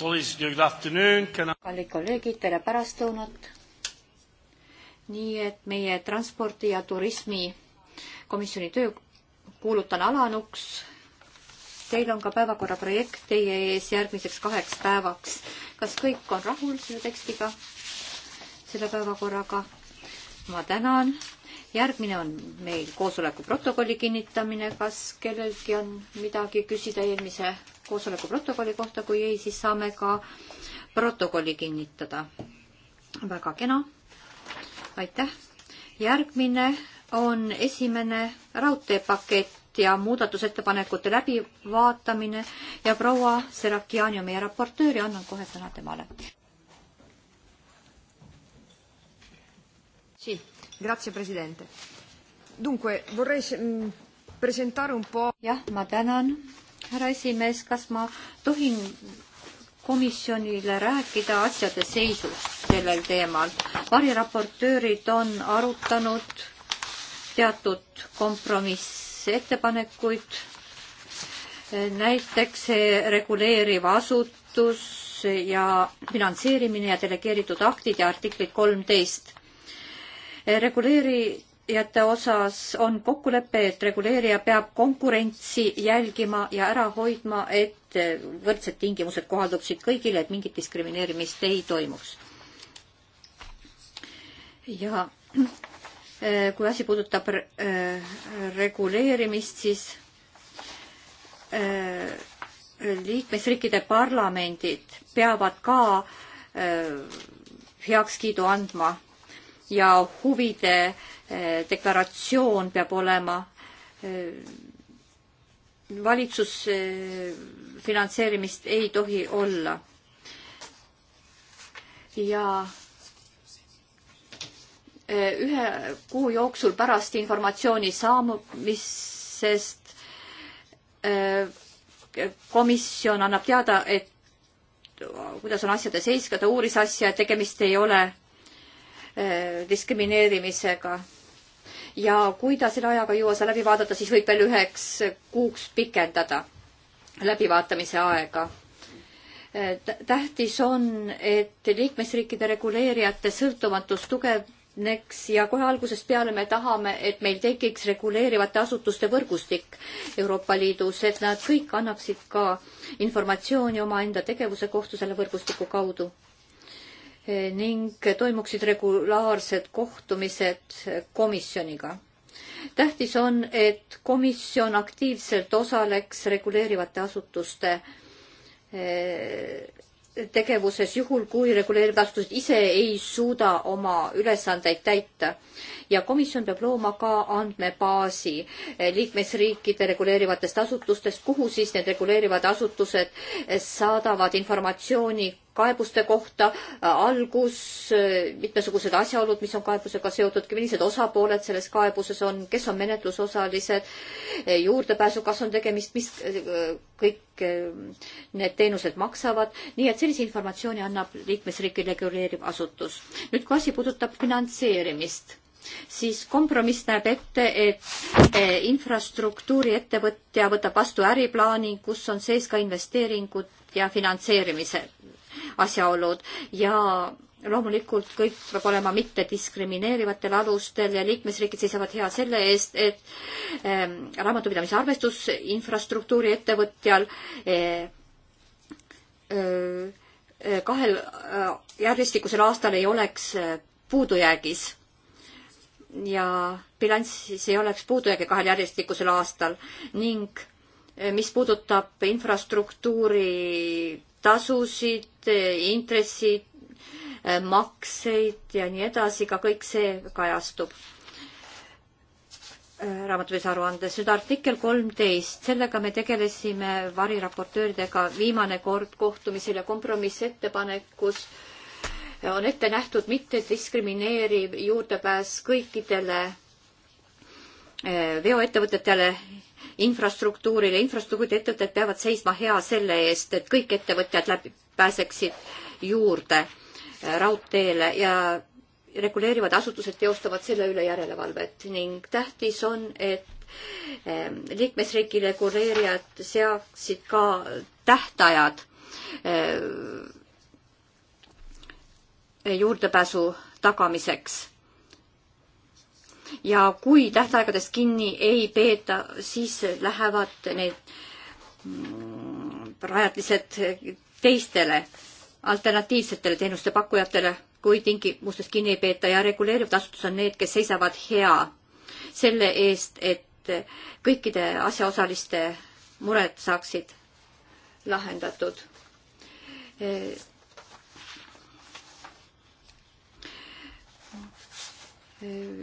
kallid kolleegid, tere pärastlõunat. nii et meie transpordi ja turismikomisjoni töö kuulutan alanuks. Teil on ka päevakorra projekt teie ees järgmiseks kaheks päevaks. kas kõik on rahul selle tekstiga, selle päevakorraga? ma tänan. järgmine on meil koosoleku protokolli kinnitamine. kas kellelgi on midagi küsida eelmise koosoleku protokolli kohta, kui ei, siis saame ka protokolli kinnitada. väga kena. aitäh. järgmine on esimene raudteepakett ja muudatusettepanekute läbivaatamine ja proua Serakiani on meie raportöör ja annan kohe sõna temale. Sì, grazie Presidente. Dunque vorrei mm, presentare un po'... Jah, ma tänan härra esimees, kas ma tohin komisjonile rääkida asjade seisust sellel teemal? variraportöörid on arutanud teatud kompromissettepanekuid, näiteks reguleeriv asutus ja finantseerimine ja delegeeritud aktid ja artiklid kolmteist reguleeri jääte osas on kokkulepe, et reguleerija peab konkurentsi jälgima ja ära hoidma, et võrdsed tingimused kohalduksid kõigile, et mingit diskrimineerimist ei toimuks. ja äh, kui asi puudutab äh, reguleerimist, siis äh, liikmesriikide parlamendid peavad ka heakskiidu andma ja huvide äh, deklaratsioon peab olema eh, valitsus eh, finantseerimist ei tohi olla. ja eh, ühe kuu jooksul pärast informatsiooni saamisest komisjon annab teada, et kuidas on asjade seis, ka ta uuris asja, et tegemist ei ole diskrimineerimisega ja kui ta selle ajaga ei jõua seda läbi vaadata, siis võib veel üheks kuuks pikendada läbivaatamise aega tähtis on, et liikmesriikide reguleerijate sõltumatus tugevneks ja kohe algusest peale me tahame, et meil tekiks reguleerivate asutuste võrgustik Euroopa Liidus, et nad kõik annaksid ka informatsiooni omaenda tegevuse kohta selle võrgustiku kaudu ning toimuksid regulaarsed kohtumised komisjoniga. tähtis on, et komisjon aktiivselt osaleks reguleerivate asutuste eh, tegevuses juhul, kui reguleerivad asutused ise ei suuda oma ülesandeid täita. ja komisjon peab looma ka andmebaasi eh, liikmesriikide reguleerivatest asutustest, kuhu siis need reguleerivad asutused eh, saadavad informatsiooni kaebuste kohta, algus, mitmesugused asjaolud, mis on kaebusega seotud, millised osapooled selles kaebuses on, kes on menetlusosalised, juurdepääsu, kas on tegemist, mis kõik eh, need teenused maksavad, nii et sellise informatsiooni annab liikmesriigi reguleeriv asutus. nüüd, kui asi puudutab finantseerimist siis kompromiss näeb ette, et eh, infrastruktuuriettevõtja võtab vastu äriplaani, kus on sees ka investeeringud ja finantseerimise asjaolud ja loomulikult kõik peab olema mittediskrimineerivatel alustel ja liikmesriigid seisavad hea selle eest, et ähm, raamatupidamise arvestus infrastruktuuri ettevõtjal äh, äh, kahel äh, järjestikusel aastal ei oleks äh, puudujäägis ja bilansis ei oleks puudujäägi kahel järjestikusel aastal ning äh, Eh, mis puudutab infrastruktuuri tasusid, eh, intressid, eh, makseid ja nii edasi, ka kõik see kajastub raamatupidamise aruandes. nüüd artikkel kolmteist, sellega me tegelesime variraportööridega viimane kord kohtumisel ja kompromissettepanekus on ette nähtud mittediskrimineeriv juurdepääs kõikidele veoettevõtetele infrastruktuurile, infrastruktuuriettevõtted peavad seisma hea selle eest, et kõik ettevõtjad läbi pääseksid juurde äh, raudteele ja reguleerivad asutused teostavad selle üle järelevalvet ning tähtis on, et ähm, liikmesriigi reguleerijad seaksid ka tähtajad äh, juurdepääsu tagamiseks ja kui tähtaegadest kinni ei peeta, siis lähevad need mm, rajatised teistele alternatiivsetele teenuste pakkujatele, kui tingimustest kinni ei peeta ja reguleerivad asutused on need, kes seisavad hea selle eest, et kõikide asjaosaliste mured saaksid lahendatud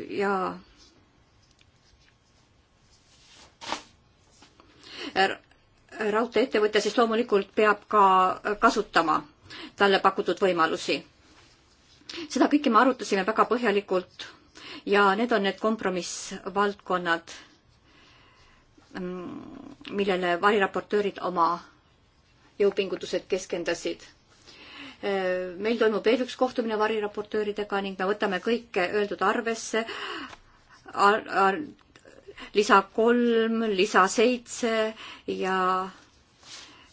ja raudteeettevõte siis loomulikult peab ka kasutama talle pakutud võimalusi. seda kõike me arutasime väga põhjalikult ja need on need kompromissvaldkonnad, mm, millele variraportöörid oma jõupingutused keskendasid meil toimub veel üks kohtumine variraportööridega ning me võtame kõike öeldud arvesse ar. Ar lisa kolm, lisa seitse ja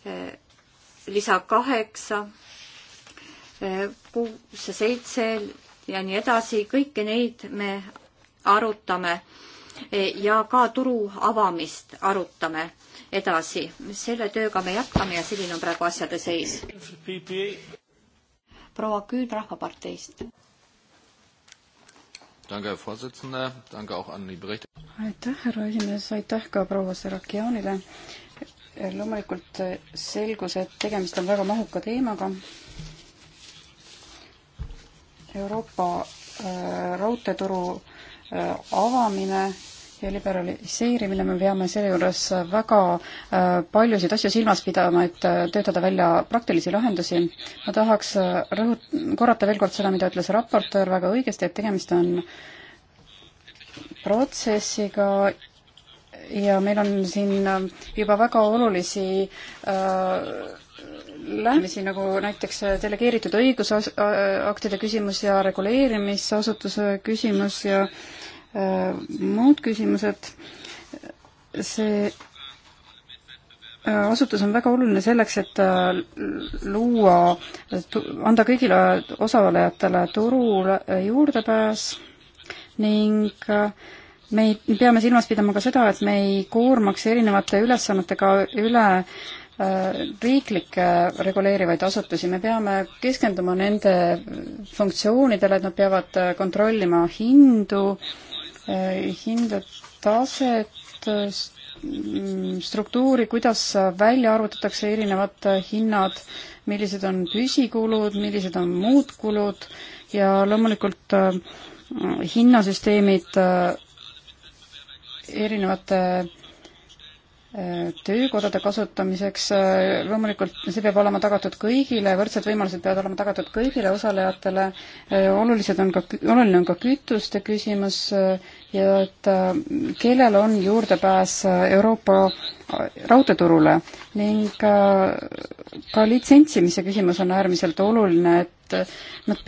eh, lisa kaheksa, eh, kuus ja seitse ja nii edasi, kõiki neid me arutame eh, ja ka turu avamist arutame edasi. selle tööga me jätkame ja selline on praegu asjade seis proua Küün Rahvaparteist. aitäh, härra esimees, aitäh ka proua Serakianile. loomulikult selgus, et tegemist on väga mahuka teemaga. Euroopa äh, raudteeturu äh, avamine ja liberaliseerimine, me peame selle juures väga äh, paljusid asju silmas pidama, et äh, töötada välja praktilisi lahendusi. ma tahaks äh, rõhut-, korrata veel kord seda, mida ütles raportöör väga õigesti, et tegemist on protsessiga ja meil on siin juba väga olulisi äh, lähemisi, nagu näiteks delegeeritud õigusaktide küsimus ja reguleerimisasutuse küsimus ja äh, Äh, muud küsimused. see äh, asutus on väga oluline selleks, et äh, luua, anda kõigile osalejatele turul juurdepääs ning me ei, peame silmas pidama ka seda, et me ei koormaks erinevate ülesannetega üle riiklikke reguleerivaid asutusi, me peame keskenduma nende funktsioonidele, et nad peavad kontrollima hindu äh, Eh, hindetaset, mm, struktuuri, kuidas välja arvutatakse erinevad hinnad, millised on püsikulud, millised on muud kulud ja loomulikult eh, hinnasüsteemid eh, erinevate töökodade kasutamiseks, loomulikult see peab olema tagatud kõigile, võrdsed võimalused peavad olema tagatud kõigile osalejatele, olulised on ka, oluline on ka kütuste küsimus, ja et äh, kellel on juurdepääs äh, Euroopa äh, raudteeturule ning ka litsentsimise küsimus on äärmiselt oluline, et nad,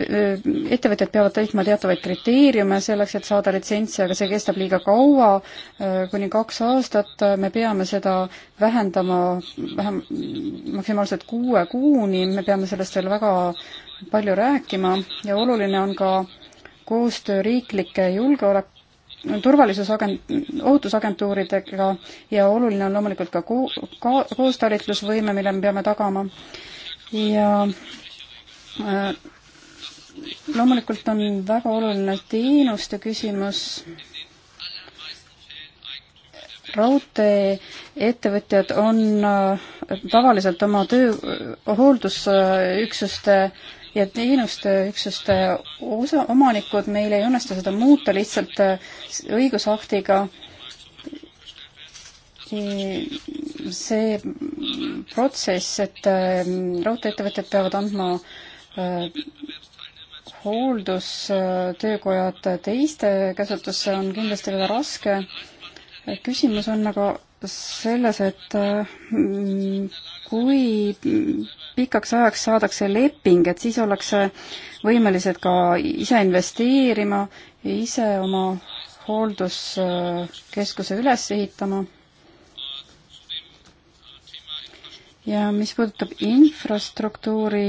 ettevõtjad peavad täitma teatavaid kriteeriume selleks, et saada litsentsi, aga see kestab liiga kaua, kuni kaks aastat, me peame seda vähendama vähem, maksimaalselt kuue kuuni, me peame sellest veel väga palju rääkima ja oluline on ka koostöö riiklike julgeolek-, turvalisusagent, ohutusagentuuridega ja oluline on loomulikult ka ko-, ka-, koostalitlusvõime, mille me peame tagama ja äh, loomulikult on väga oluline teenuste küsimus, raudtee-ettevõtjad on äh, tavaliselt oma töö hooldusüksuste äh, ja teenuste üksuste äh, osa, omanikud, meil ei õnnestu seda muuta lihtsalt äh, õigusaktiga. see protsess, et äh, raudtee-ettevõtjad peavad andma hooldustöökojad teiste käsutusse, on kindlasti väga raske. küsimus on aga selles, et kui pikaks ajaks saadakse leping, et siis ollakse võimelised ka ise investeerima ja ise oma hoolduskeskuse üles ehitama. ja mis puudutab infrastruktuuri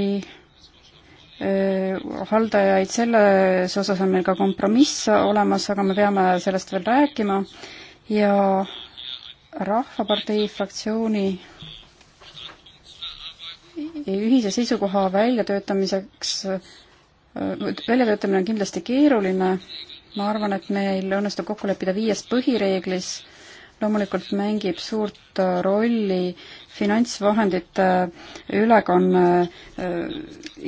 eh, haldajaid, selles osas on meil ka kompromiss olemas, aga me peame sellest veel rääkima ja Rahvapartei fraktsiooni ühise seisukoha väljatöötamiseks, väljatöötamine on kindlasti keeruline, ma arvan, et meil õnnestub kokku leppida viies põhireeglis, loomulikult mängib suurt rolli finantsvahendite ülekanne äh,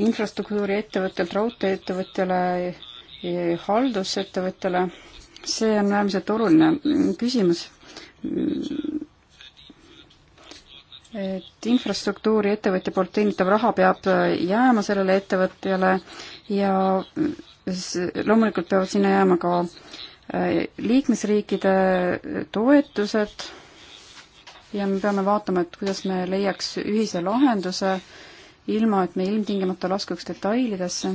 infrastruktuuri ettevõttelt raudtee-ettevõtjale, haldusettevõtjale, see on äärmiselt oluline küsimus et infrastruktuuri ettevõtja poolt teenitav raha peab äh, jääma sellele ettevõtjale ja mm, loomulikult peavad sinna jääma ka äh, liikmesriikide äh, toetused ja me peame vaatama, et kuidas me leiaks ühise lahenduse, ilma et me ilmtingimata laskuks detailidesse.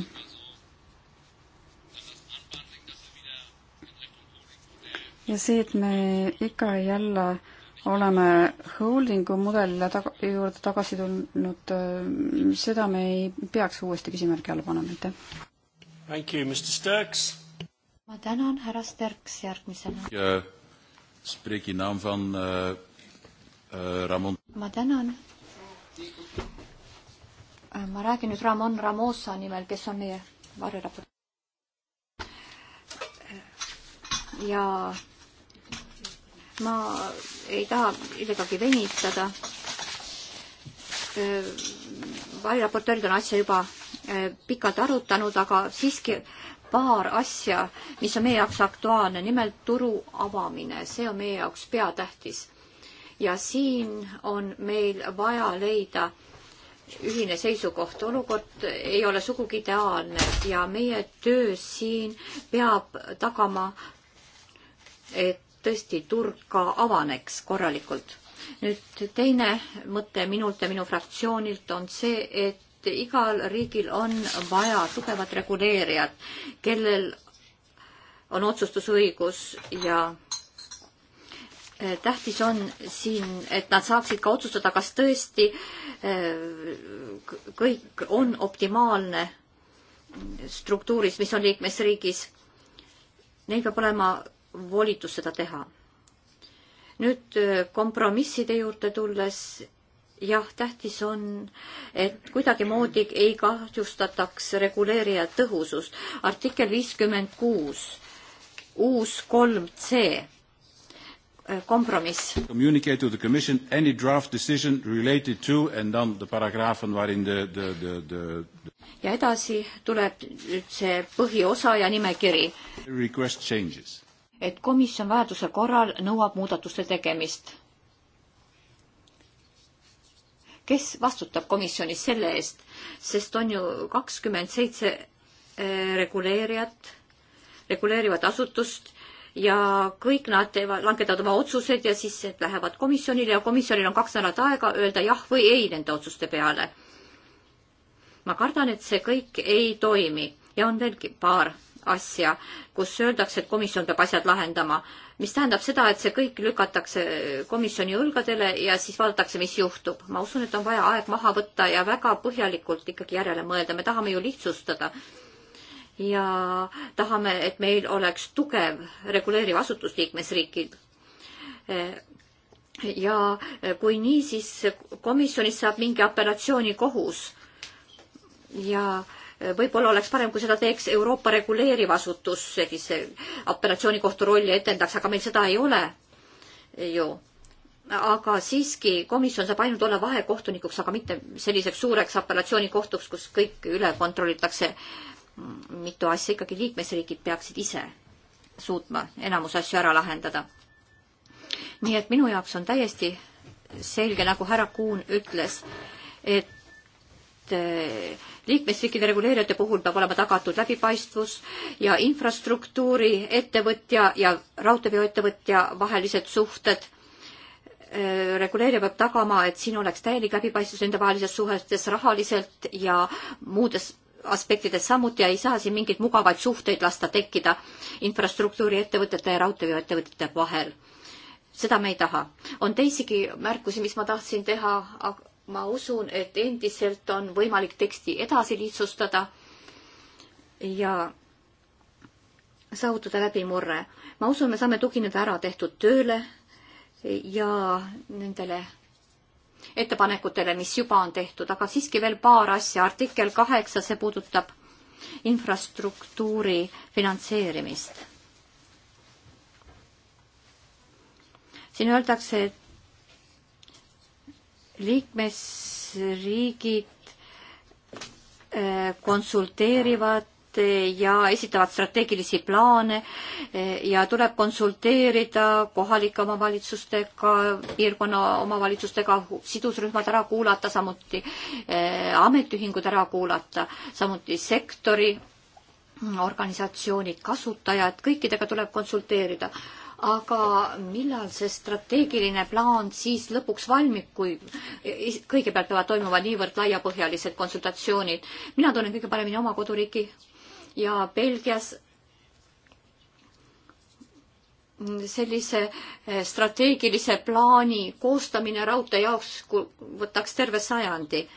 ja see, et me ikka ja jälle äh, oleme holdingu mudelile taga, juurde tagasi tulnud, äh, seda me ei peaks uuesti küsimärgi alla panema, aitäh. ma tänan, härra Sterks, järgmisena. Äh, äh, ma tänan. ma räägin nüüd Ramon Ramosa nimel, kes on meie varjuraport. ja ma ei taha millegagi venitada. variraportöörid on asja juba pikalt arutanud, aga siiski paar asja, mis on meie jaoks aktuaalne, nimelt turu avamine, see on meie jaoks peatähtis. ja siin on meil vaja leida ühine seisukoht, olukord ei ole sugugi ideaalne ja meie töö siin peab tagama, et tõesti turg ka avaneks korralikult. nüüd teine mõte minult ja minu fraktsioonilt on see, et igal riigil on vaja tugevat reguleerijat, kellel on otsustusõigus ja e, tähtis on siin, et nad saaksid ka otsustada, kas tõesti e, kõik on optimaalne struktuuris, mis on liikmesriigis. Neil peab olema volitus seda teha. nüüd äh, kompromisside juurde tulles, jah, tähtis on, et kuidagimoodi ei kahjustataks reguleerija tõhusust. artikkel viiskümmend kuus, uus kolm C äh, kompromiss. Communicate to the commission any draft decision related to en dan de paragrafen waarin de, de, de, de ja edasi tuleb nüüd see põhiosa ja nimekiri. Request changes et komisjon vajaduse korral nõuab muudatuste tegemist. kes vastutab komisjonis selle eest, sest on ju kakskümmend seitse eh, reguleerijat, reguleerivat asutust ja kõik nad teevad, langetavad oma otsused ja siis lähevad komisjonile ja komisjonil on kaks nädalat aega öelda jah või ei nende otsuste peale. ma kardan, et see kõik ei toimi ja on veelgi paar asja, kus öeldakse, et komisjon peab asjad lahendama, mis tähendab seda, et see kõik lükatakse komisjoni õlgadele ja siis vaadatakse, mis juhtub. ma usun, et on vaja aeg maha võtta ja väga põhjalikult ikkagi järele mõelda, me tahame ju lihtsustada. ja tahame, et meil oleks tugev reguleeriv asutus liikmesriigil ja kui nii, siis komisjonis saab mingi apellatsioonikohus ja äh, võib-olla oleks parem, kui seda teeks Euroopa reguleeriv asutus, sellise apellatsioonikohtu rolli etendaks, aga meil seda ei ole ju. aga siiski, komisjon saab ainult olla vahekohtunikuks, aga mitte selliseks suureks apellatsioonikohtuks, kus kõik üle kontrollitakse. mitu asja ikkagi liikmesriigid peaksid ise suutma enamus asju ära lahendada. nii et minu jaoks on täiesti selge, nagu härra Kuhn ütles, et liikmesriikide reguleerijate puhul peab olema tagatud läbipaistvus ja infrastruktuuri ettevõtja ja raudteeveoettevõtja vahelised suhted. Äh, reguleerija peab tagama, et siin oleks täielik läbipaistvus nendevahelises suhetes rahaliselt ja muudes aspektides samuti ja ei saa siin mingeid mugavaid suhteid lasta tekkida infrastruktuuri ettevõtete ja raudteeveoettevõtete vahel seda me ei taha. on teisigi märkusi, mis ma tahtsin teha, ma usun, et endiselt on võimalik teksti edasi lihtsustada ja saavutada läbimurre. ma usun, me saame tugineda ära tehtud tööle ja nendele ettepanekutele, mis juba on tehtud, aga siiski veel paar asja. artikkel kaheksa, see puudutab infrastruktuuri finantseerimist. siin öeldakse, et liikmesriigid eh, konsulteerivad eh, ja esitavad strateegilisi plaane eh, ja tuleb konsulteerida kohalike omavalitsustega, piirkonna omavalitsustega, sidusrühmad ära kuulata, samuti ametiühingud ära kuulata, samuti sektori organisatsioonid, kasutajad, kõikidega tuleb konsulteerida aga millal see strateegiline plaan siis lõpuks valmib, kui kõigepealt peavad toimuma niivõrd laiapõhjalised konsultatsioonid? mina tunnen kõige paremini oma koduriigi ja Belgias sellise eh, strateegilise plaani koostamine raudtee jaoks võtaks terve sajandi.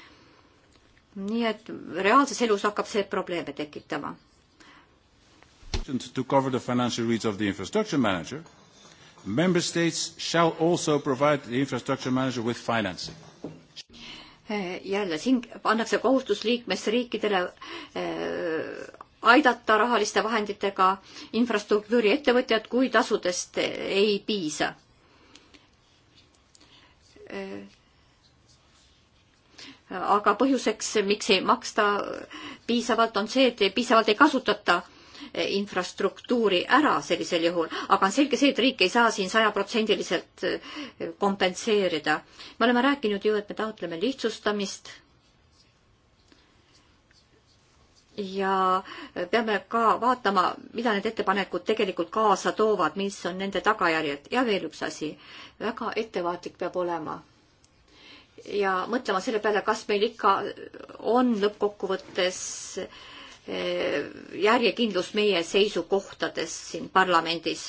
nii et reaalses elus hakkab see probleeme tekitama To cover the financial needs of the infrastructure manager, member states shall also provide the infrastructure manager with financing. Eh, jälle siin pannakse kohustus liikmesriikidele eh, aidata rahaliste vahenditega infrastruktuuri ettevõtjad, kui tasudest ei piisa eh, aga põhjuseks, miks ei maksta piisavalt, on see, et piisavalt ei kasutata infrastruktuuri ära sellisel juhul, aga on selge see, et riik ei saa siin sajaprotsendiliselt eh, kompenseerida. me oleme rääkinud ju, et me taotleme lihtsustamist ja peame ka vaatama, mida need ettepanekud tegelikult kaasa toovad, mis on nende tagajärjed ja veel üks asi, väga ettevaatlik peab olema. ja mõtlema selle peale, kas meil ikka on lõppkokkuvõttes äh, Eh, järjekindlus meie seisukohtades siin parlamendis.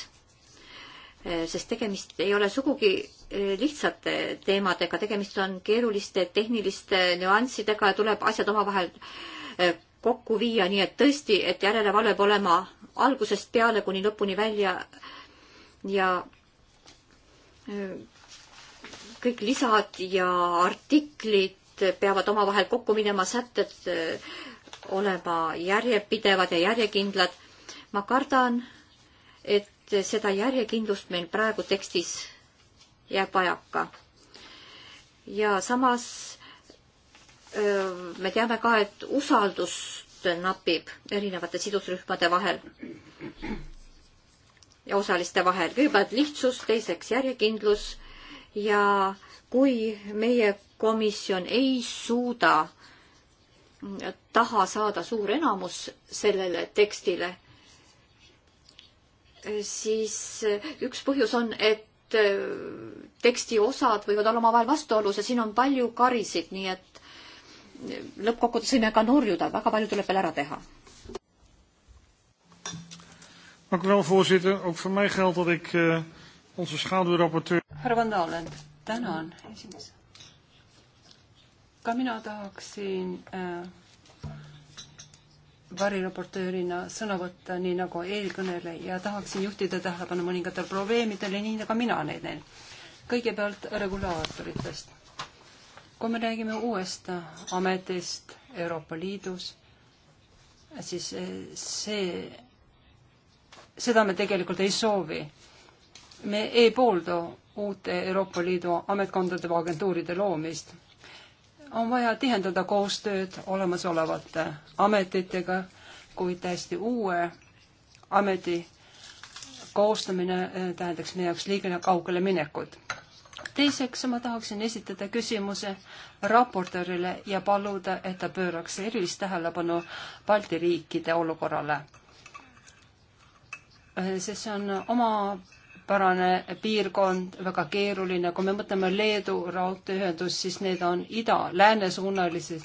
Eh, sest tegemist ei ole sugugi eh, lihtsate teemadega, tegemist on keeruliste tehniliste nüanssidega ja tuleb asjad omavahel kokku viia, nii et tõesti, et järelevalve peab olema algusest peale kuni lõpuni välja ja kõik lisad ja artiklid peavad omavahel kokku minema, sätted olema järjepidevad ja järjekindlad. ma kardan, et seda järjekindlust meil praegu tekstis jääb vajaka. ja samas me teame ka, et usaldust napib erinevate sidusrühmade vahel ja osaliste vahel. kõigepealt lihtsus, teiseks järjekindlus ja kui meie komisjon ei suuda taha saada suur enamus sellele tekstile, siis üks põhjus on, et teksti osad võivad olla omavahel vastuolus ja siin on palju karisid, nii et lõppkokkuvõttes võime ka norjuda, väga palju tuleb veel ära teha. Dank u wel, voorzitter. Ook voor mij geldt dat ik uh, onze schaduwrapporteur. Herr Van Dalen, tänan. Esimese ka mina tahaksin äh, variraportöörina sõna võtta, nii nagu eelkõneleja, tahaksin juhtida tähelepanu mõningatele probleemidele, nii nagu mina neid näen. kõigepealt regulaatoritest. kui me räägime uuest ametist Euroopa Liidus, siis äh, see, seda me tegelikult ei soovi. me ei poolda uute Euroopa Liidu ametkondade või agentuuride loomist on vaja tihendada koostööd olemasolevate ametitega, kuid täiesti uue ameti koostamine eh, tähendaks meie jaoks liiga kaugele minekut. teiseks ma tahaksin esitada küsimuse raportöörile ja paluda, et ta pööraks erilist tähelepanu Balti riikide olukorrale. Eh, sest see on oma pärane piirkond, väga keeruline. kui me mõtleme Leedu raudteeühendust, siis need on ida-läänesuunalised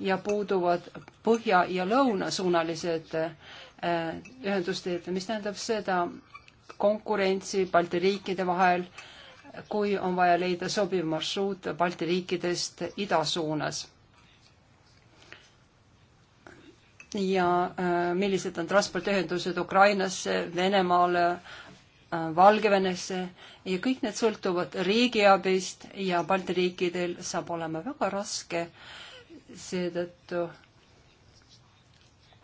ja puuduvad põhja- ja lõunasuunalised äh, ühendusteed, mis tähendab seda konkurentsi Balti riikide vahel, kui on vaja leida sobiv marsruut Balti riikidest ida suunas. ja äh, millised on transpordiühendused Ukrainasse, Venemaale, Äh, Valgevenesse ja kõik need sõltuvad riigiabist ja Balti riikidel saab olema väga raske seetõttu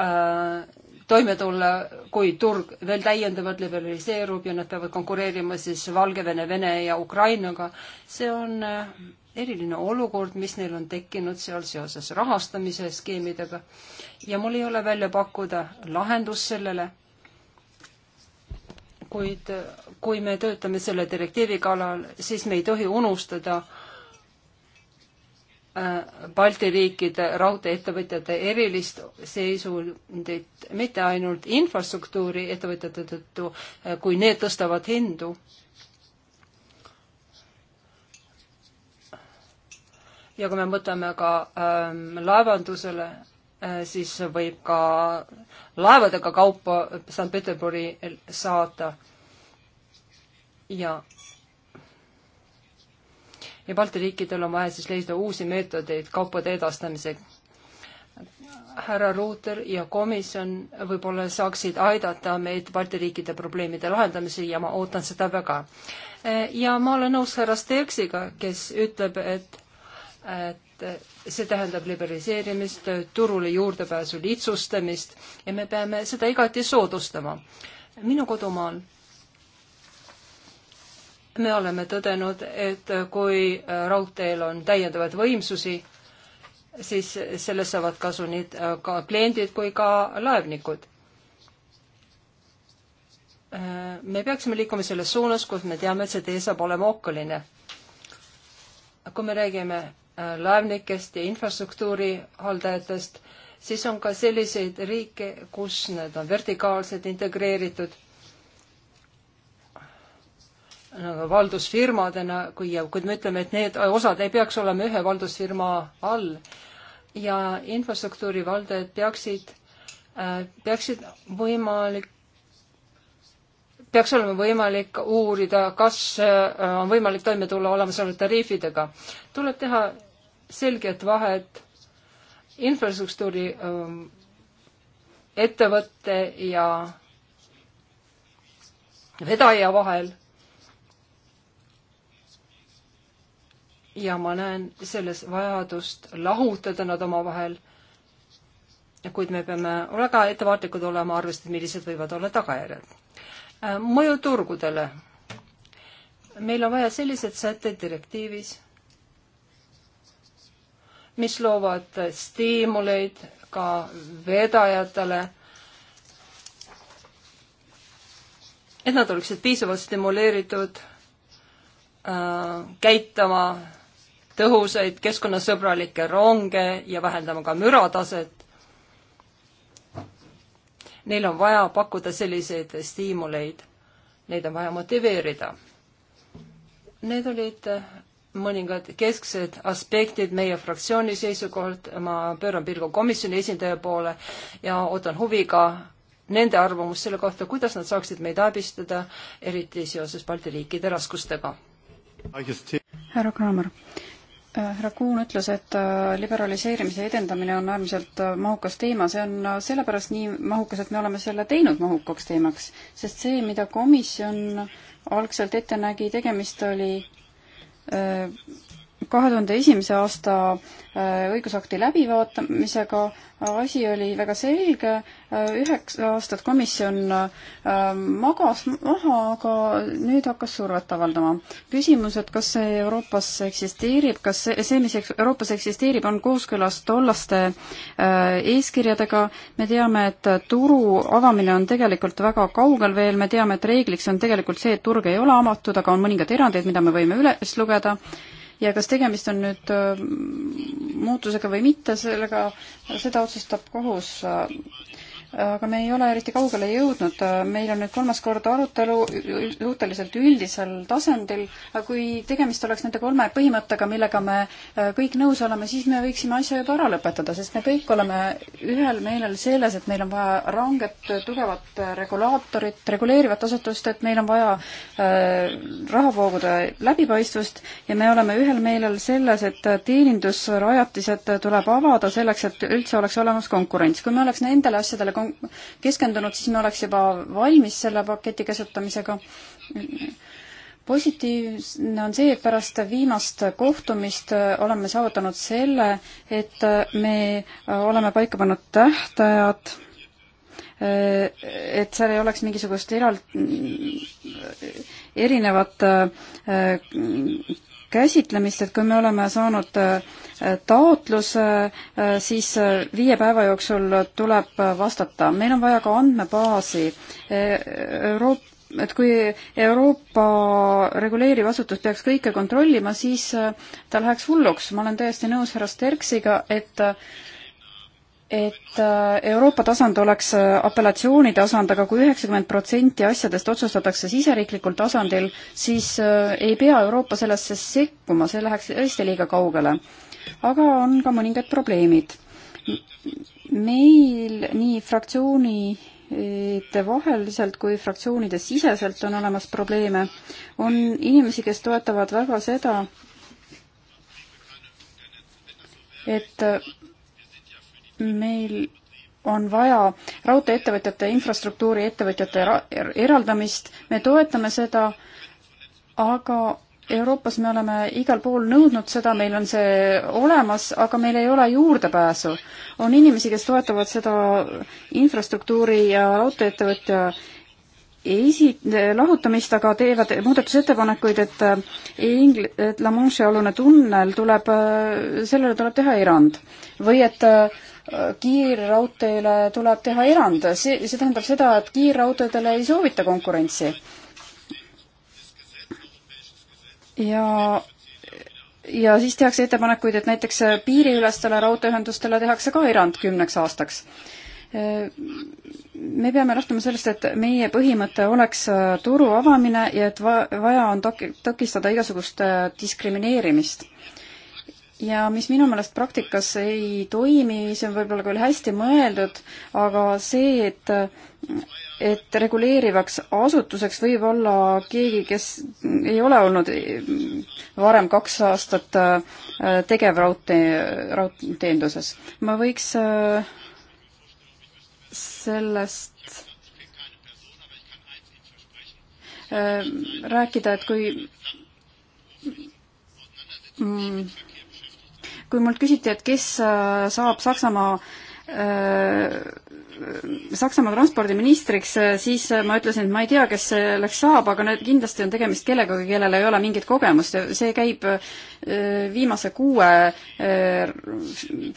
äh, toime tulla, kui turg veel täiendavalt liberaliseerub ja nad peavad konkureerima siis Valgevene, Vene ja Ukrainaga. see on äh, eriline olukord, mis neil on tekkinud seal seoses rahastamise skeemidega ja mul ei ole välja pakkuda lahendust sellele kuid kui me töötame selle direktiivi kallal, siis me ei tohi unustada äh, Balti riikide raudtee-ettevõtjate erilist seisundit mitte ainult infrastruktuuri ettevõtjate tõttu, äh, kui need tõstavad hindu, ja kui me mõtleme ka ähm, laevandusele, Äh, siis võib ka laevadega kaupa Sankt-Peterburi saata. ja, ja Balti riikidel on vaja siis leida uusi meetodeid kaupade edastamiseks. härra Ruuter ja komisjon võib-olla saaksid aidata meid Balti riikide probleemide lahendamisel ja ma ootan seda väga. Äh, ja ma olen nõus härra Sterksiga, kes ütleb, et et see tähendab liberaliseerimist, turule juurdepääsu lihtsustamist ja me peame seda igati soodustama. minu kodumaal me oleme tõdenud, et kui raudteel on täiendavaid võimsusi, siis sellest saavad kasu nii äh, ka kliendid kui ka laevnikud. Äh, me peaksime liikuma selles suunas, kus me teame, et see tee saab olema okkaline. kui me räägime laevnikest ja infrastruktuuri haldajatest, siis on ka selliseid riike, kus need on vertikaalselt integreeritud nagu valdusfirmadena, kui, kuid me ütleme, et need osad ei peaks olema ühe valdusfirma all ja infrastruktuuri valdajad peaksid, äh, peaksid võimalik peaks olema võimalik uurida, kas äh, on võimalik toime tulla olemasolevate tariifidega. tuleb teha selget vahet infrastruktuuri ähm, ettevõtte ja vedaja vahel. ja ma näen selles vajadust lahutada nad omavahel. kuid me peame väga ettevaatlikud olema, arvestades, millised võivad olla tagajärjed. Äh, mõju turgudele. meil on vaja sellised sätted direktiivis mis loovad stiimuleid ka vedajatele, et nad oleksid piisavalt stimuleeritud äh, käitama tõhusaid keskkonnasõbralikke ronge ja vähendama ka mürataset. Neil on vaja pakkuda selliseid stiimuleid, neid on vaja motiveerida. Need olid äh, mõningad kesksed aspektid meie fraktsiooni seisukohalt, ma pööran pilgu komisjoni esindaja poole ja ootan huviga nende arvamust selle kohta, kuidas nad saaksid meid abistada, eriti seoses Balti riikide raskustega. härra Kraamer äh, härra Kuhn ütles, et äh, liberaliseerimise edendamine on äärmiselt äh, mahukas teema, see on sellepärast nii mahukas, et me oleme selle teinud mahukaks teemaks, sest see, mida komisjon algselt ette nägi, tegemist oli äh, kahe tuhande esimese aasta äh, õigusakti läbivaatamisega asi oli väga selge, äh, üheksa aastat komisjon äh, magas maha, aga nüüd hakkas survet avaldama. küsimus, et kas see Euroopas eksisteerib, kas see, see, mis Euroopas eksisteerib, on kooskõlas tollaste eeskirjadega, me teame, et turu avamine on tegelikult väga kaugel veel, me teame, et reegliks on tegelikult see, et turg ei ole avatud, aga on mõningad erandid, mida me võime üles lugeda ja kas tegemist on nüüd äh, muutusega või mitte, sellega, seda otsustab kohus aga me ei ole eriti kaugele jõudnud. meil on nüüd kolmas kord arutelu suhteliselt üldisel tasandil, aga kui tegemist oleks nende kolme põhimõttega, millega me äh, kõik nõus oleme, siis me võiksime asja juba ära lõpetada, sest me kõik oleme ühel meelel selles, et meil on vaja ranget, tugevat regulaatorit, reguleerivat asutust, et meil on vaja äh, rahavoogude läbipaistvust ja me oleme ühel meelel selles, et teenindusrajatised tuleb avada selleks, et üldse oleks olemas konkurents. kui me oleks nendele asjadele konkurents keskendunud, siis me oleks juba valmis selle paketi käsutamisega. positiivne on see, et pärast viimast kohtumist oleme saavutanud selle, et me oleme paika pannud tähtajad, et seal ei oleks mingisugust eral-, erinevat käsitlemist, et kui me oleme saanud äh, taotluse, äh, siis äh, viie päeva jooksul tuleb vastata. meil on vaja ka andmebaasi e, Euroopa et kui Euroopa reguleeriv asutus peaks kõike kontrollima, siis ta läheks hulluks. ma olen täiesti nõus härra Sterksiga, et et äh, Euroopa tasand oleks äh, apellatsiooni tasand, aga kui üheksakümmend protsenti asjadest otsustatakse siseriiklikul tasandil, siis äh, ei pea Euroopa sellesse sekkuma, see läheks tõesti liiga kaugele. aga on ka mõningad probleemid. meil nii fraktsioonide vaheliselt kui fraktsioonide siseselt on olemas probleeme. on inimesi, kes toetavad väga seda, et meil on vaja raudteeettevõtjate, infrastruktuuri ettevõtjate er-, eraldamist, me toetame seda, aga Euroopas me oleme igal pool nõudnud seda, meil on see olemas, aga meil ei ole juurdepääsu. on inimesi, kes toetavad seda infrastruktuuri ja raudteeettevõtja esi-, lahutamist, aga teevad muudatusettepanekuid, et äh, Ingl-, et La Manche'i alune tunnel tuleb, äh, sellele tuleb teha erand. või et äh, kiirraudteele tuleb teha erand, see, see tähendab seda, et kiirraudteedele ei soovita konkurentsi. ja ja siis tehakse ettepanekuid, et näiteks piiriülestele raudteeühendustele tehakse ka erand kümneks aastaks. me peame lähtuma sellest, et meie põhimõte oleks turu avamine ja et va-, vaja on tok-, takistada igasugust diskrimineerimist ja mis minu meelest praktikas ei toimi, see on võib-olla küll hästi mõeldud, aga see, et et reguleerivaks asutuseks võib olla keegi, kes ei ole olnud varem kaks aastat äh, tegev raudtee, raudteeenduses. ma võiks äh, sellest äh, rääkida, et kui mm, kui mult küsiti, et kes äh, saab Saksamaa äh, Saksamaa transpordiministriks, äh, siis ma ütlesin, et ma ei tea, kes selleks saab, aga need kindlasti on tegemist kellegagi, kellel ei ole mingit kogemust ja see käib viimase kuue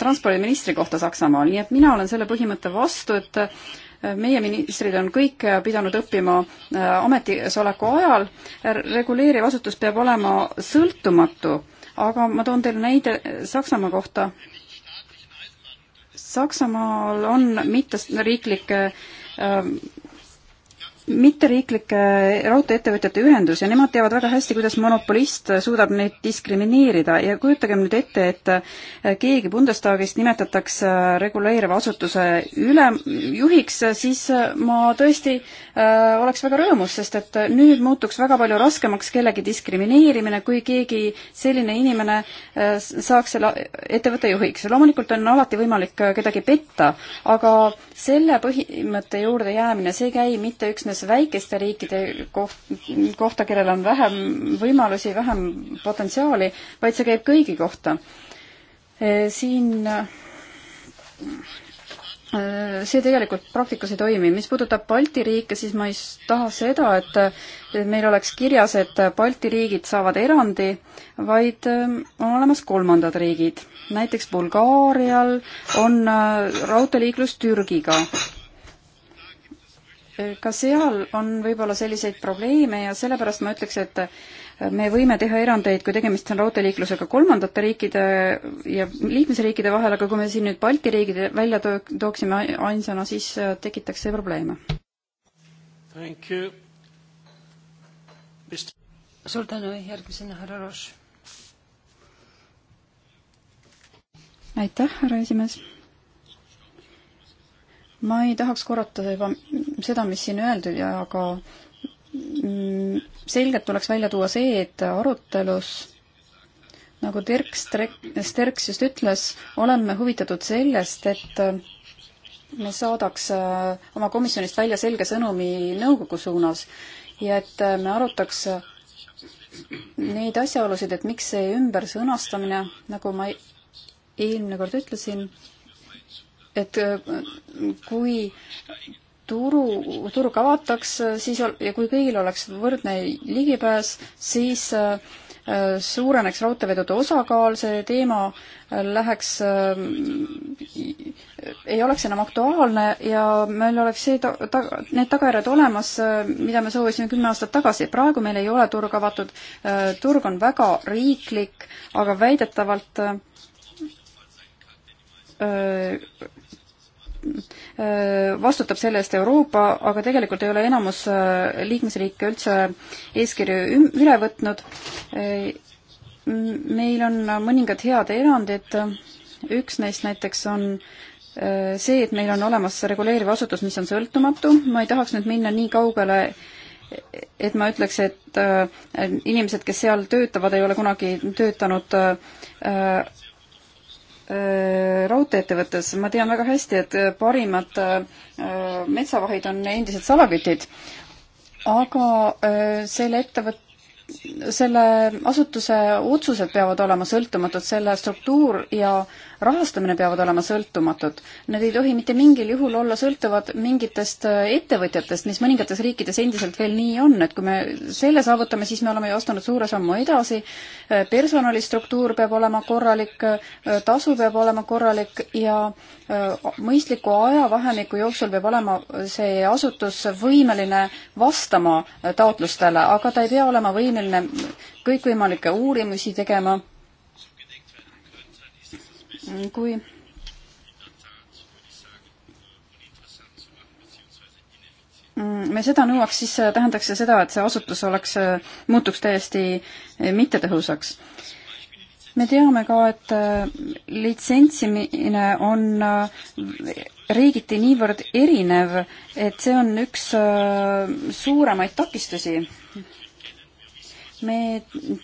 transpordiministri kohta Saksamaal, nii et mina olen selle põhimõtte vastu, et meie ministrid on kõik pidanud õppima ametisoleku ajal, reguleeriv asutus peab olema sõltumatu aga ma toon teile näide Saksamaa kohta. Saksamaal on mitteriiklike ähm, mitteriiklike raudtee-ettevõtjate ühendus ja nemad teavad väga hästi, kuidas monopolist suudab neid diskrimineerida ja kujutagem nüüd ette, et äh, keegi Bundestagist nimetatakse äh, reguleeriva asutuse üle, juhiks, äh, siis ma tõesti äh, oleks väga rõõmus, sest et nüüd muutuks väga palju raskemaks kellegi diskrimineerimine, kui keegi selline inimene äh, saaks selle ettevõtte juhiks. loomulikult on alati võimalik kedagi petta, aga selle põhimõtte juurde jäämine, see ei käi mitte üksnes mõeldes väikeste riikide koht, kohta, kellel on vähem võimalusi, vähem potentsiaali, vaid see käib kõigi kohta. E, siin e, see tegelikult praktikas ei toimi. mis puudutab Balti riike, siis ma ei taha seda, et meil oleks kirjas, et Balti riigid saavad erandi, vaid e, on olemas kolmandad riigid. näiteks Bulgaarial on raudteeliiklus Türgiga ka seal on võib-olla selliseid probleeme ja sellepärast ma ütleks, et me võime teha erandeid, kui tegemist on raudteeliiklusega kolmandate riikide ja liikmesriikide vahel, aga kui me siin nüüd Balti riigid välja tooksime ainsana, siis äh, tekitaks see probleeme. suur tänu, järgmisena härra Roš. aitäh, härra esimees ma ei tahaks korrata juba seda, mis siin öeldud ja aga mm, selgelt tuleks välja tuua see, et arutelus nagu Dirk Sterks just ütles, oleme huvitatud sellest, et me saadaks äh, oma komisjonist välja selge sõnumi nõukogu suunas ja et äh, me arutaks äh, neid asjaolusid, et miks see ümbersõnastamine, nagu ma e-, eelmine kord ütlesin, et äh, kui turu, turg avataks, äh, siis ol-, ja kui kõigil oleks võrdne ligipääs, siis äh, suureneks raudteevedude osakaal, see teema läheks, ei oleks enam aktuaalne ja meil oleks see ta-, ta-, need tagajärjed olemas, mida me soovisime kümme aastat tagasi. praegu meil ei ole turg avatud, turg on väga riiklik, aga väidetavalt äh, Äh, äh, vastutab selle eest Euroopa, aga tegelikult ei ole enamus äh, liikmesriike üldse eeskirju üle võtnud. meil on mõningad head erandid, üks neist näiteks on see, et meil on olemas reguleeriv asutus, mis on sõltumatu, ma ei tahaks nüüd minna nii kaugele, et ma ütleks, et inimesed, kes seal töötavad, ei ole kunagi töötanud Äh, raudtee-ettevõttes ma tean väga hästi, et parimad äh, metsavahid on endised salakütid, aga äh, selle ettevõtte selle asutuse otsused peavad olema sõltumatud, selle struktuur ja äh, rahastamine peavad olema sõltumatud. Nad ei tohi mitte mingil juhul olla sõltuvad mingitest äh, ettevõtjatest, mis mõningates riikides endiselt veel nii on, et kui me selle saavutame, siis me oleme ju astunud suure sammu edasi. Äh, personalistruktuur peab olema korralik, äh, tasu peab olema korralik ja mõistliku ajavahemiku jooksul peab olema see asutus võimeline vastama taotlustele, aga ta ei pea olema võimeline kõikvõimalikke uurimusi tegema kui me seda nõuaks, siis tähendaks see seda, et see asutus oleks, muutuks täiesti mittetõhusaks. me teame ka, et äh, litsentsimine on äh, riigiti niivõrd erinev, et see on üks äh, suuremaid takistusi me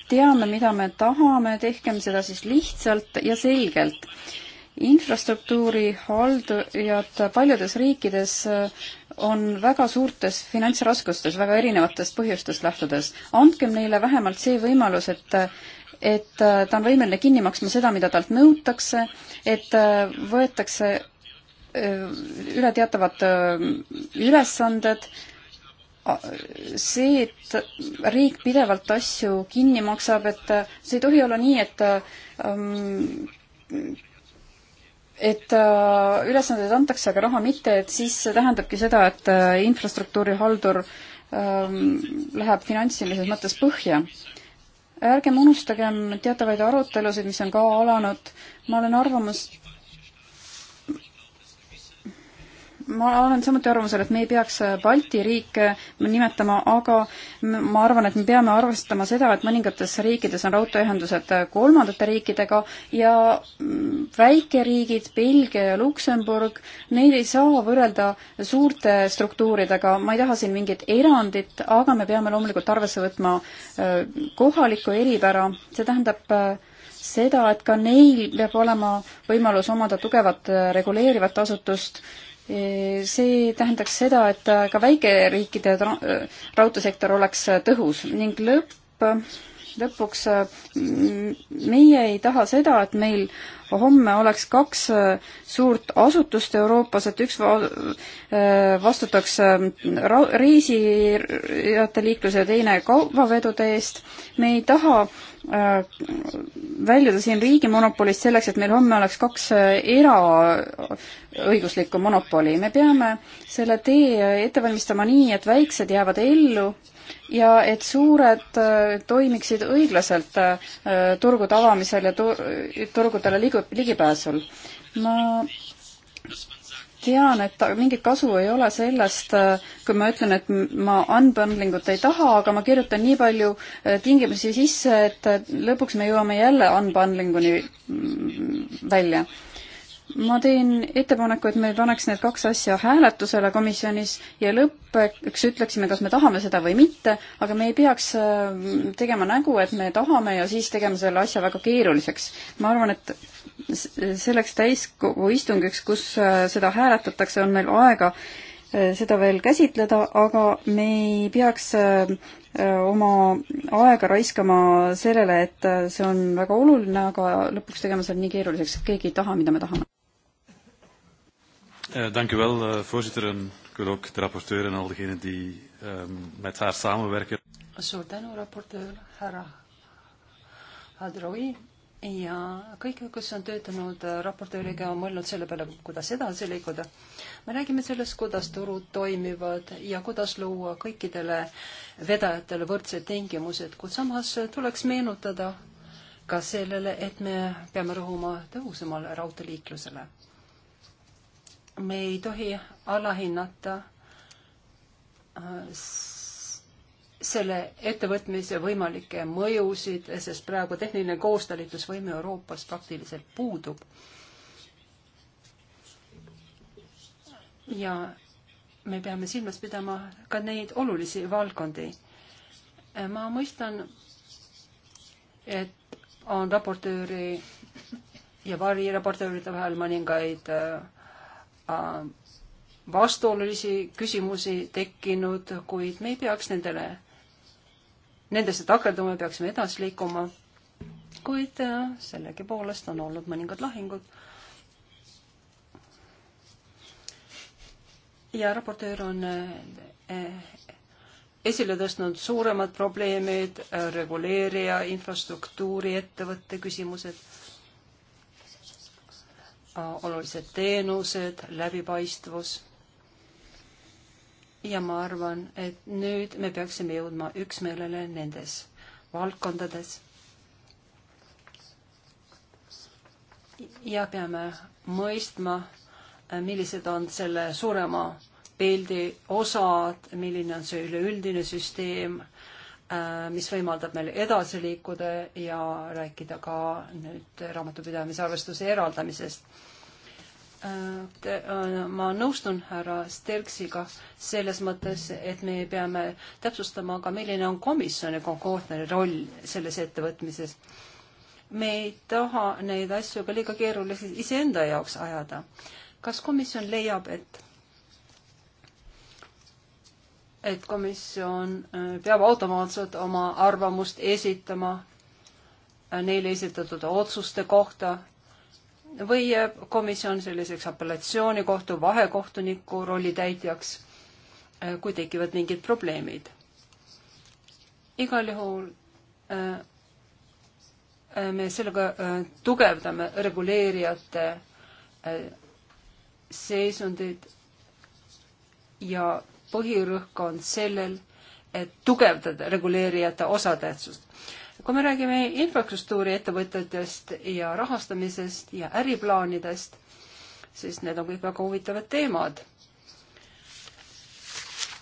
teame, mida me tahame, tehkem seda siis lihtsalt ja selgelt. infrastruktuuri haldujad paljudes riikides äh, on väga suurtes finantsraskustes väga erinevatest põhjustest lähtudes. andkem neile vähemalt see võimalus, et et äh, ta on võimeline kinni maksma seda, mida talt nõutakse, et äh, võetakse üle teatavad ülesanded see, et riik pidevalt asju kinni maksab, et see ei tohi olla nii, et ähm, et äh, ülesanded antakse, aga raha mitte, et siis see tähendabki seda, et äh, infrastruktuuri haldur ähm, läheb finantsilises mõttes põhja. ärgem unustagem teatavaid arutelusid, mis on ka alanud. ma olen arvamust, ma olen samuti arvamusel, et me ei peaks äh, Balti riike äh, nimetama, aga ma arvan, et me peame arvestama seda, et mõningates riikides on raudteeühendused äh, kolmandate riikidega ja väikeriigid, Belgia ja Luksemburg, neid ei saa võrrelda suurte struktuuridega, ma ei taha siin mingit erandit, aga me peame loomulikult arvesse võtma kohalikku eripära, see tähendab seda, et ka neil peab olema võimalus omada tugevat reguleerivat asutust äh, see tähendaks seda, et ka väikeriikide raudteesektor oleks tõhus ning lõpp, lõpuks mm, meie ei taha seda, et meil homme oleks kaks äh, suurt asutust Euroopas, et üks äh, vastutaks mm, reisijate liikluse ja teine kaubavedude eest. me ei taha äh, Äh, väljuda siin riigimonopolist selleks, et meil homme oleks kaks äh, eraõiguslikku monopoli. me peame selle tee äh, ette valmistama nii, et väiksed jäävad ellu ja et suured toimiksid õiglaselt turgude avamisel ja turgudele ligu-, ligipääsul. ma tean, et mingit kasu ei ole sellest, kui ma ütlen, et ma unbundling ut ei taha, aga ma kirjutan nii palju äh, tingimusi sisse, et äh, lõpuks me jõuame jälle unbundling uni mm, välja. ma teen ettepaneku, et me paneks need kaks asja hääletusele komisjonis ja lõpuks ütleksime, kas me tahame seda või mitte, aga me ei peaks äh, tegema nägu, et me tahame ja siis tegema selle asja väga keeruliseks. ma arvan, et selleks täiskogu istungiks, kus äh, seda hääletatakse, on meil aega äh, seda veel käsitleda, aga me ei peaks äh, oma aega raiskama sellele, et see on väga oluline, aga lõpuks tegema selle nii keeruliseks, et keegi ei taha, mida me tahame. Eh, dank u wel, eh, voorzitter, en ik wil ook de rapporteur en al degenen die ehm, met haar samenwerken. suur tänu, raportöör härra Hadrovi ja kõik, kes on töötanud äh, raportööriga, on mõelnud selle peale, kuidas edasi liikuda. me räägime sellest, kuidas turud toimivad ja kuidas luua kõikidele vedajatele võrdsed tingimused, kuid samas tuleks meenutada ka sellele, et me peame rõhuma tõhusamale raudteeliiklusele. me ei tohi alahinnata äh, selle ettevõtmise võimalikke mõjusid, sest praegu tehniline koostalitusvõime Euroopas praktiliselt puudub. ja me peame silmas pidama ka neid olulisi valdkondi. ma mõistan, et on raportööri ja variraportööride vahel mõningaid äh, äh, vastuolulisi küsimusi tekkinud, kuid me ei peaks nendele nendesse takerduma, peaksime edasi liikuma. kuid äh, sellegipoolest on olnud mõningad lahingud. ja raportöör on äh, äh, esile tõstnud suuremad probleemid, reguleerija, infrastruktuuri, ettevõtte küsimused, olulised teenused, läbipaistvus ja ma arvan, et nüüd me peaksime jõudma üksmeelele nendes valdkondades. ja peame mõistma, millised on selle suurema pildi osad, milline on see üleüldine süsteem, mis võimaldab meil edasi liikuda ja rääkida ka nüüd raamatupidamise arvestuse eraldamisest Äh, ma nõustun härra Sterksiga selles mõttes, et me peame täpsustama ka, milline on komisjoni kohtade roll selles ettevõtmises. me ei taha neid asju ka liiga keeruliseks iseenda jaoks ajada. kas komisjon leiab, et et komisjon äh, peab automaatselt oma arvamust esitama äh, neile esitatud otsuste kohta või jääb komisjon selliseks apellatsioonikohtu vahekohtuniku rolli täitjaks, äh, kui tekivad mingid probleemid. igal juhul äh, äh, me sellega tugevdame reguleerijate seisundit ja põhirõhk on sellel, et tugevdada reguleerijate osatähtsust kui me räägime infrastruktuuri ettevõtetest ja rahastamisest ja äriplaanidest, siis need on kõik väga huvitavad teemad.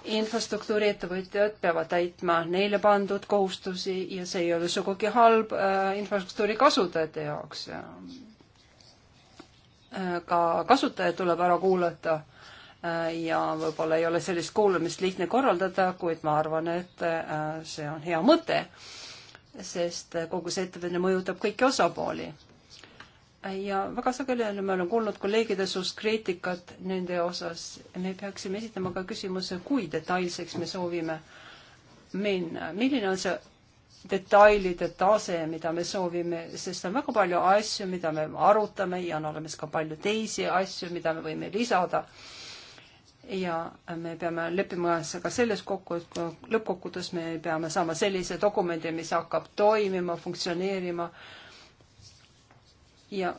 infrastruktuuri ettevõtjad peavad täitma neile pandud kohustusi ja see ei ole sugugi halb äh, infrastruktuuri kasutajate jaoks ja äh, ka kasutajad tuleb ära kuulata äh, ja võib-olla ei ole sellist kuulamist lihtne korraldada, kuid ma arvan, et äh, see on hea mõte sest kogu see ettevõtmine mõjutab kõiki osapooli. ja väga sageli me oleme kuulnud kolleegide suust kriitikat nende osas. me peaksime esitama ka küsimuse, kui detailseks me soovime minna, milline on see detailide tase, mida me soovime, sest on väga palju asju, mida me arutame ja on olemas ka palju teisi asju, mida me võime lisada äh, ja me peame leppima ka selles kokku, et lõppkokkuvõttes me peame saama sellise dokumendi, mis hakkab toimima, funktsioneerima. ja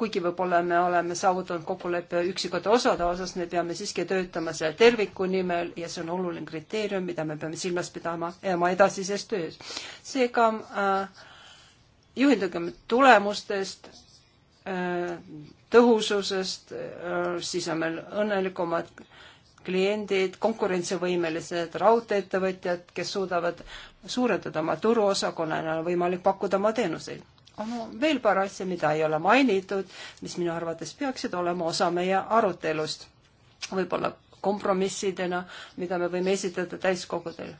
kuigi võib-olla me oleme saavutanud kokkuleppe üksikute osade osas, me peame siiski töötama selle terviku nimel ja see on oluline kriteerium, mida me peame silmas pidama oma edasises töös. seega äh, juhindugem tulemustest äh, tõhususest, äh, siis on meil õnnelikumad kliendid, konkurentsivõimelised raudtee-ettevõtjad, kes suudavad suurendada oma turuosakonna ja on võimalik pakkuda oma teenuseid. on veel paar asja, mida ei ole mainitud, mis minu arvates peaksid olema osa meie arutelust. võib-olla kompromissidena, mida me võime esitada täiskogudel.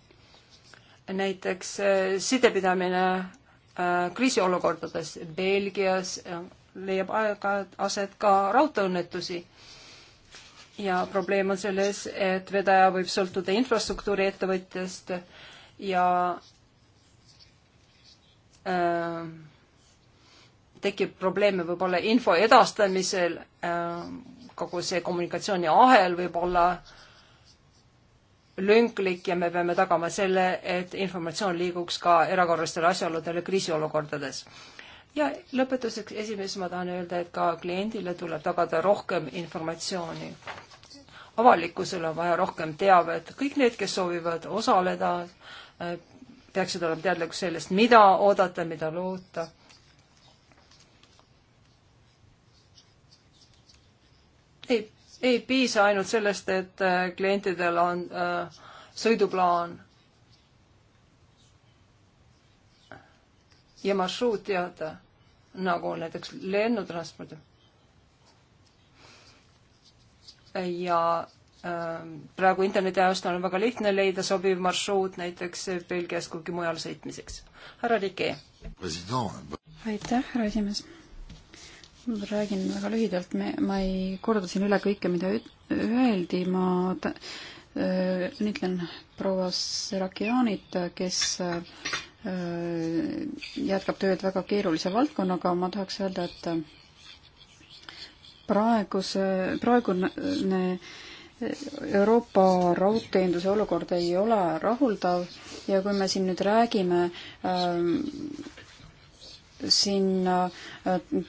näiteks äh, sidepidamine äh, kriisiolukordades Belgias leiab aeg-ajalt aset ka raudteeõnnetusi. ja probleem on selles, et vedaja võib sõltuda infrastruktuuriettevõtjast ja äh, tekib probleeme võib-olla info edastamisel äh,, kogu see kommunikatsiooniahel võib olla lünklik ja me peame tagama selle, et informatsioon liiguks ka erakorralistel asjaoludel ja kriisiolukordades ja lõpetuseks esimees, ma tahan öelda, et ka kliendile tuleb tagada rohkem informatsiooni. avalikkusel on vaja rohkem teavet, kõik need, kes soovivad osaleda, äh, peaksid olema teadlikud sellest, mida oodata, mida loota. ei, ei piisa ainult sellest, et äh, klientidel on äh, sõiduplaan ja marsruut teada nagu näiteks lennutransport. ja ähm, praegu interneti ajast on väga lihtne leida sobiv marsruut näiteks Belgias kuhugi mujal sõitmiseks. härra Rike. aitäh, härra esimees. räägin väga lühidalt, me, ma ei korda siin üle kõike, mida öeldi, ma ta, äh, ütlen proua Serakianit, kes äh, Äh, jätkab tööd väga keerulise valdkonnaga, ma tahaks öelda, et praeguse, praegune Euroopa raudteeinduse olukord ei ole rahuldav ja kui me siin nüüd räägime ähm, siin äh,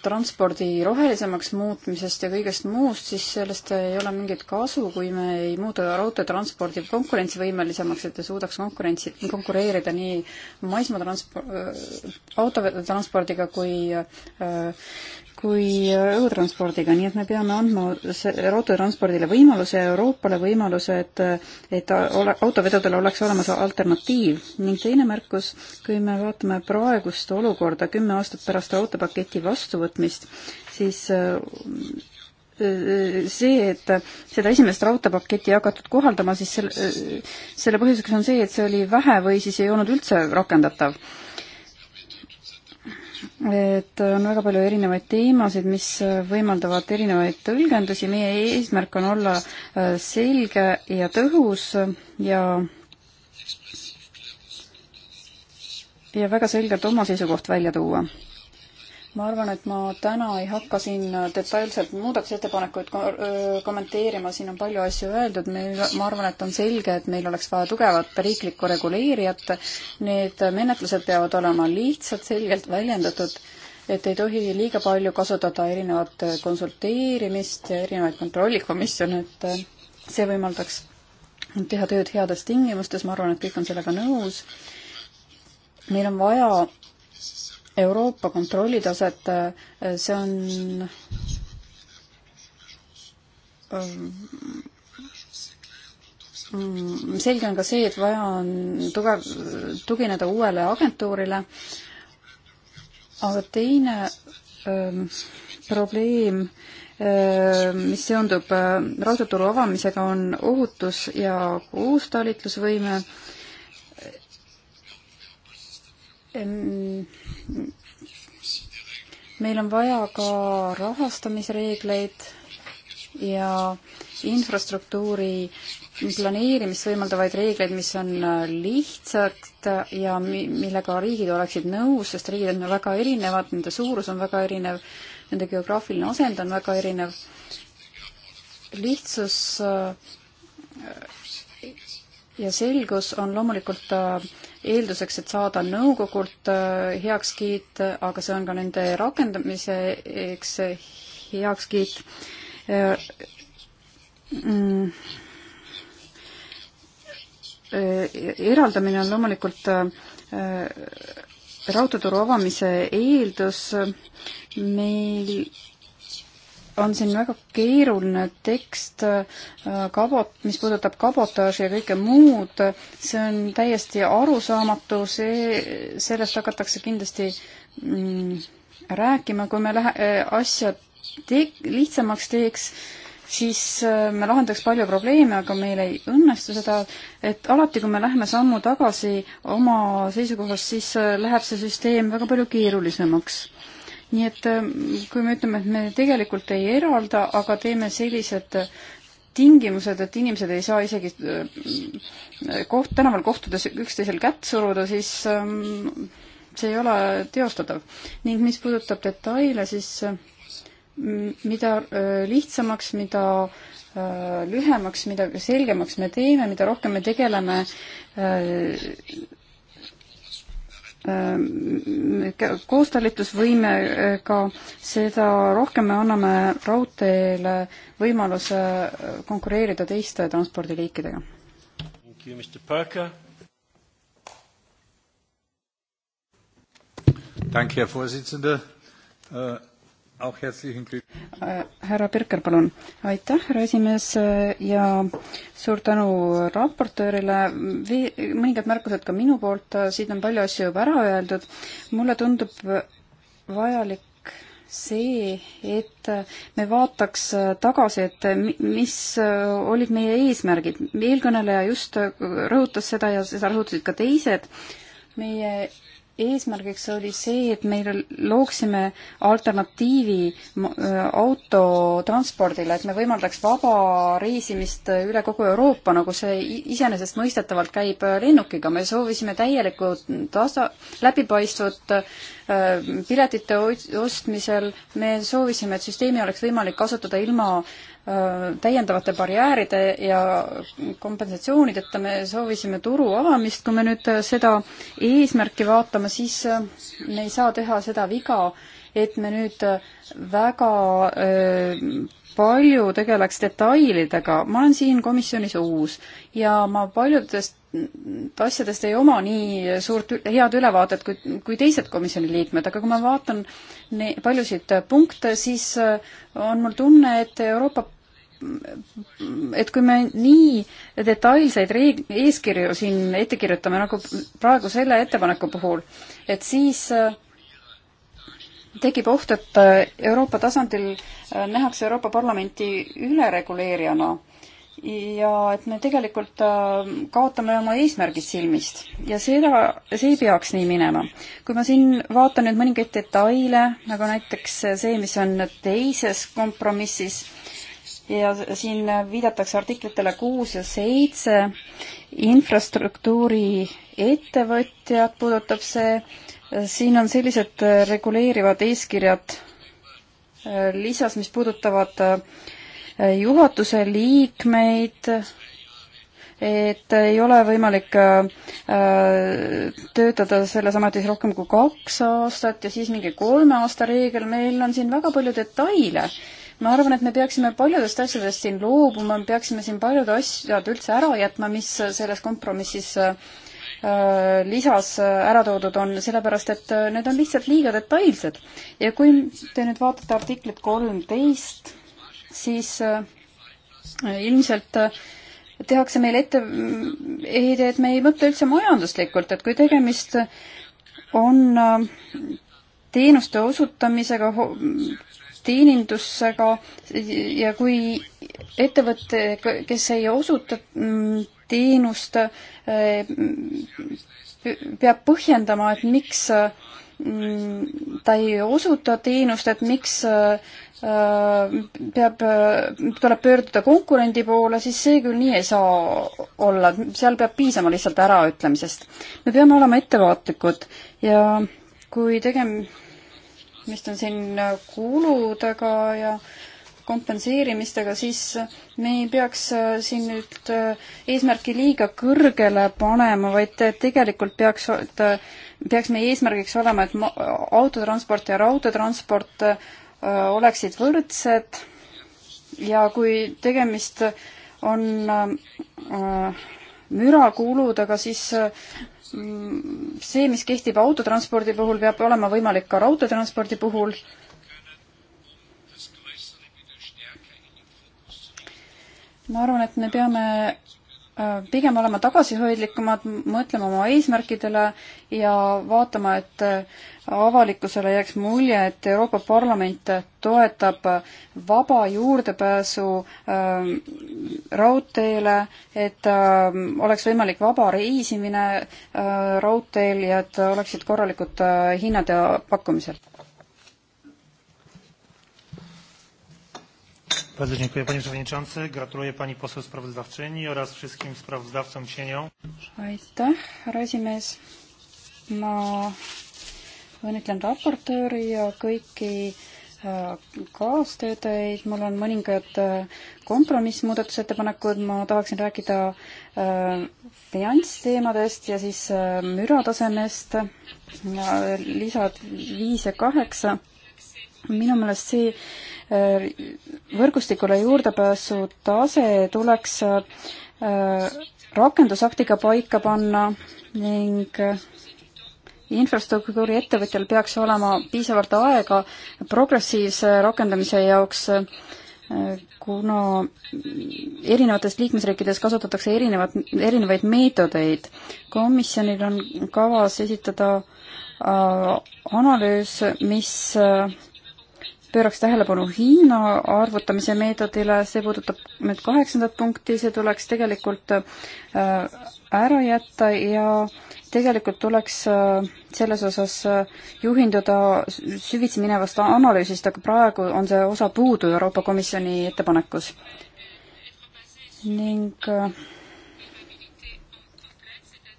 transpordi rohelisemaks muutmisest ja kõigest muust, siis sellest ei ole mingit kasu, kui me ei muuda raudteetranspordi konkurentsivõimelisemaks, et ta suudaks konkurentsi, konkureerida nii maismaatranspor-, äh, autotranspordiga kui äh, kui õhutranspordiga, nii et me peame andma raudteetranspordile võimaluse ja Euroopale võimaluse, et, et ole, autovedudel oleks olemas alternatiiv. ning teine märkus, kui me vaatame praegust olukorda kümme aastat pärast raudteepaketi vastuvõtmist, siis äh, äh, see, et seda esimest raudteepaketti ei hakatud kohaldama, siis selle, äh, selle põhjuseks on see, et see oli vähe või siis ei olnud üldse rakendatav et on väga palju erinevaid teemasid, mis võimaldavad erinevaid tõlgendusi, meie eesmärk on olla äh, selge ja tõhus ja ja väga selgelt oma seisukoht välja tuua ma arvan, et ma täna ei hakka siin detailselt muudatusettepanekuid kommenteerima, siin on palju asju öeldud, meil, ma arvan, et on selge, et meil oleks vaja tugevat riiklikku reguleerijat. Need menetlused peavad olema lihtsalt, selgelt väljendatud, et ei tohi liiga palju kasutada erinevat konsulteerimist ja erinevaid kontrollikomisjone, et see võimaldaks teha tööd heades tingimustes, ma arvan, et kõik on sellega nõus. meil on vaja Euroopa kontrollitaset, äh, see on äh, selge on ka see, et vaja on tugev, tugineda uuele agentuurile, aga teine öö, ähm, probleem, äh, mis seondub raudteeturu avamisega, on ohutus ja koostalitlusvõime meil on vaja ka rahastamisreegleid ja infrastruktuuri planeerimist võimaldavaid reegleid, mis on lihtsad ja mi-, millega riigid oleksid nõus, sest riigid on väga erinevad, nende suurus on väga erinev, nende geograafiline asend on väga erinev. lihtsus äh, ja selgus on loomulikult äh, eelduseks, et saada nõukogult äh, heakskiit, aga see on ka nende rakendamiseks äh, heakskiit. Äh, mm, eraldamine on loomulikult raudteeturu avamise eeldus. meil on siin väga keeruline tekst, äh, kabot-, mis puudutab kabotaaži ja kõike muud, see on täiesti arusaamatu, see, sellest hakatakse kindlasti mm, rääkima, kui me lähe-, äh, asja te-, lihtsamaks teeks, siis äh, me lahendaks palju probleeme, aga meil ei õnnestu seda, et alati, kui me läheme sammu tagasi oma seisukohast, siis läheb see süsteem väga palju keerulisemaks nii et äh, kui me ütleme, et me tegelikult ei eralda, aga teeme sellised tingimused, et inimesed ei saa isegi äh, koht, tänaval kohtudes üksteisel kätt suruda, siis ähm, see ei ole teostatav. ning mis puudutab detaile, siis äh, mida lihtsamaks, mida lühemaks, mida selgemaks me teeme, mida rohkem me tegeleme Ehm, koostalitusvõime eh, ka, seda rohkem me anname raudteele võimaluse eh, konkureerida teiste transpordiliikidega. Danke, Herr Vorsitzender. Äh, Äh, härra Pirker, palun. aitäh, härra esimees äh, ja suur tänu raportöörile. mõningad märkused ka minu poolt, äh, siin on palju asju juba ära öeldud. mulle tundub vajalik see, et me vaataks tagasi, et mis olid meie eesmärgid. eelkõneleja just rõhutas seda ja seda rõhutasid ka teised. meie eesmärgiks oli see, et meil looksime alternatiivi äh, autotranspordile, et me võimaldaks vaba reisimist üle kogu Euroopa, nagu see iseenesestmõistetavalt käib äh, lennukiga. me soovisime täielikku tasa, läbipaistvat äh, piletite ostmisel, me soovisime, et süsteemi oleks võimalik kasutada ilma täiendavate barjääride ja kompensatsioonideta me soovisime turu avamist, kui me nüüd seda eesmärki vaatame, siis me ei saa teha seda viga, et me nüüd väga äh, palju tegeleks detailidega, ma olen siin komisjonis uus ja ma paljudest asjadest ei oma nii suurt, head ülevaadet kui, kui teised komisjoni liikmed, aga kui ma vaatan ne, paljusid punkte, siis äh, on mul tunne, et Euroopa et kui me nii detailseid reeg-, eeskirju siin ette kirjutame, nagu praegu selle ettepaneku puhul, et siis äh, tekib oht, et äh, Euroopa tasandil äh, nähakse Euroopa Parlamenti ülereguleerijana ja et me tegelikult kaotame oma eesmärgid silmist ja seda, see ei peaks nii minema. kui ma siin vaatan nüüd mõningaid detaile, nagu näiteks see, mis on teises kompromissis, ja siin viidatakse artiklitele kuus ja seitse. infrastruktuuri ettevõtjad puudutab see, siin on sellised reguleerivad eeskirjad äh, lisas, mis puudutavad äh, juhatuse liikmeid, et ei ole võimalik äh, töötada selles ametis rohkem kui kaks aastat ja siis mingi kolme aasta reegel, meil on siin väga palju detaile ma arvan, et me peaksime paljudest asjadest siin loobuma, me peaksime siin paljud asjad üldse ära jätma, mis selles kompromissis äh, lisas äh, ära toodud on, sellepärast et äh, need on lihtsalt liiga detailsed. ja kui te nüüd vaatate artiklit kolmteist, siis ilmselt tehakse meile etteheide, mm, et me ei mõtle üldse majanduslikult, et kui tegemist on teenuste osutamisega teenindusega ja kui ettevõte, kes ei osuta mm, teenust, eh, peab põhjendama, et miks mm, ta ei osuta teenust, et miks eh, peab, tuleb pöörduda konkurendi poole, siis see küll nii ei saa olla, seal peab piisama lihtsalt äraütlemisest. me peame olema ettevaatlikud ja kui tegem-, tegemist on siin kuludega ja kompenseerimistega, siis me ei peaks äh, siin nüüd äh, eesmärki liiga kõrgele panema, vaid tegelikult peaks, äh, peaks meie eesmärgiks olema, et autotransport ja raudteetransport oleksid võrdsed ja kui tegemist on mürakuludega, siis Mm, see, mis kehtib autotranspordi puhul, peab olema võimalik ka raudteetranspordi puhul. ma arvan, et me peame äh, pigem olema tagasihoidlikumad, mõtlema oma eesmärkidele ja vaatama, et äh, avalikkusele jääks mulje, et Euroopa Parlament toetab vaba juurdepääsu äh, raudteele, et äh, oleks võimalik vaba reisimine äh, raudteel ja et oleksid korralikud äh, hinnad ja pakkumised. Bardzo dziękuję panie przewodniczący. Gratuluję pani poseł sprawozdawczyni oraz wszystkim sprawozdawcom cieniom. Aitäh, härra esimees. Ma õnnitlen raportööri ja kõiki äh, kaastöötajaid, mul on mõningad äh, kompromissmuudatusettepanekud, ma tahaksin rääkida äh, finantsteemadest ja siis müratasemest, lisad viis ja kaheksa. minu meelest see võrgustikule juurdepääsu tase tuleks rakendusaktiga paika panna ning infrastruktuuriettevõtjal peaks olema piisavalt aega progressiivse rakendamise jaoks, kuna erinevates liikmesriikides kasutatakse erinevat, erinevaid meetodeid. komisjonil on kavas esitada äh, analüüs, mis äh, pööraks tähelepanu Hiina arvutamise meetodile, see puudutab nüüd kaheksandat punkti, see tuleks tegelikult äh, ära jätta ja äh, tegelikult tuleks äh, selles osas äh, juhinduda süvitsi minevast analüüsist, aga praegu on see osa puudu Euroopa Komisjoni ettepanekus. ning äh,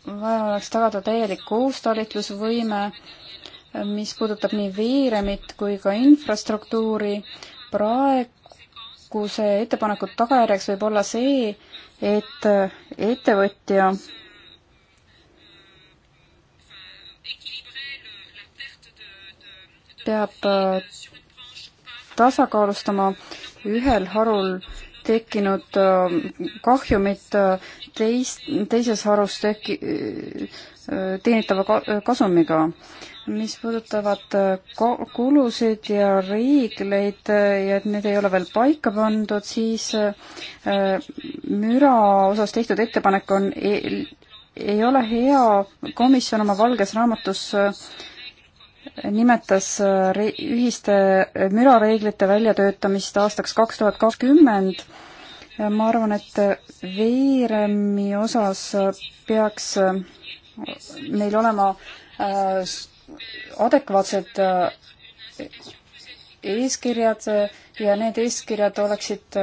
vaja oleks tagada täielik koostalitlusvõime, mis puudutab nii veeremit kui ka infrastruktuuri. praeguse ettepaneku tagajärjeks võib olla see, et ettevõtja peab äh, tasakaalustama ühel harul tekkinud äh, kahjumit äh, teist, teises harus teki-, teenitava kasumiga. mis puudutavad kulusid ja reegleid ja et need ei ole veel paika pandud, siis müra osas tehtud ettepanek on, e-, ei ole hea, komisjon oma valges raamatus nimetas äh, ühiste äh, mürareeglite väljatöötamist aastaks kaks tuhat kakskümmend. ma arvan, et äh, veeremi osas peaks meil olema adekvaatsed eeskirjad ja need eeskirjad oleksid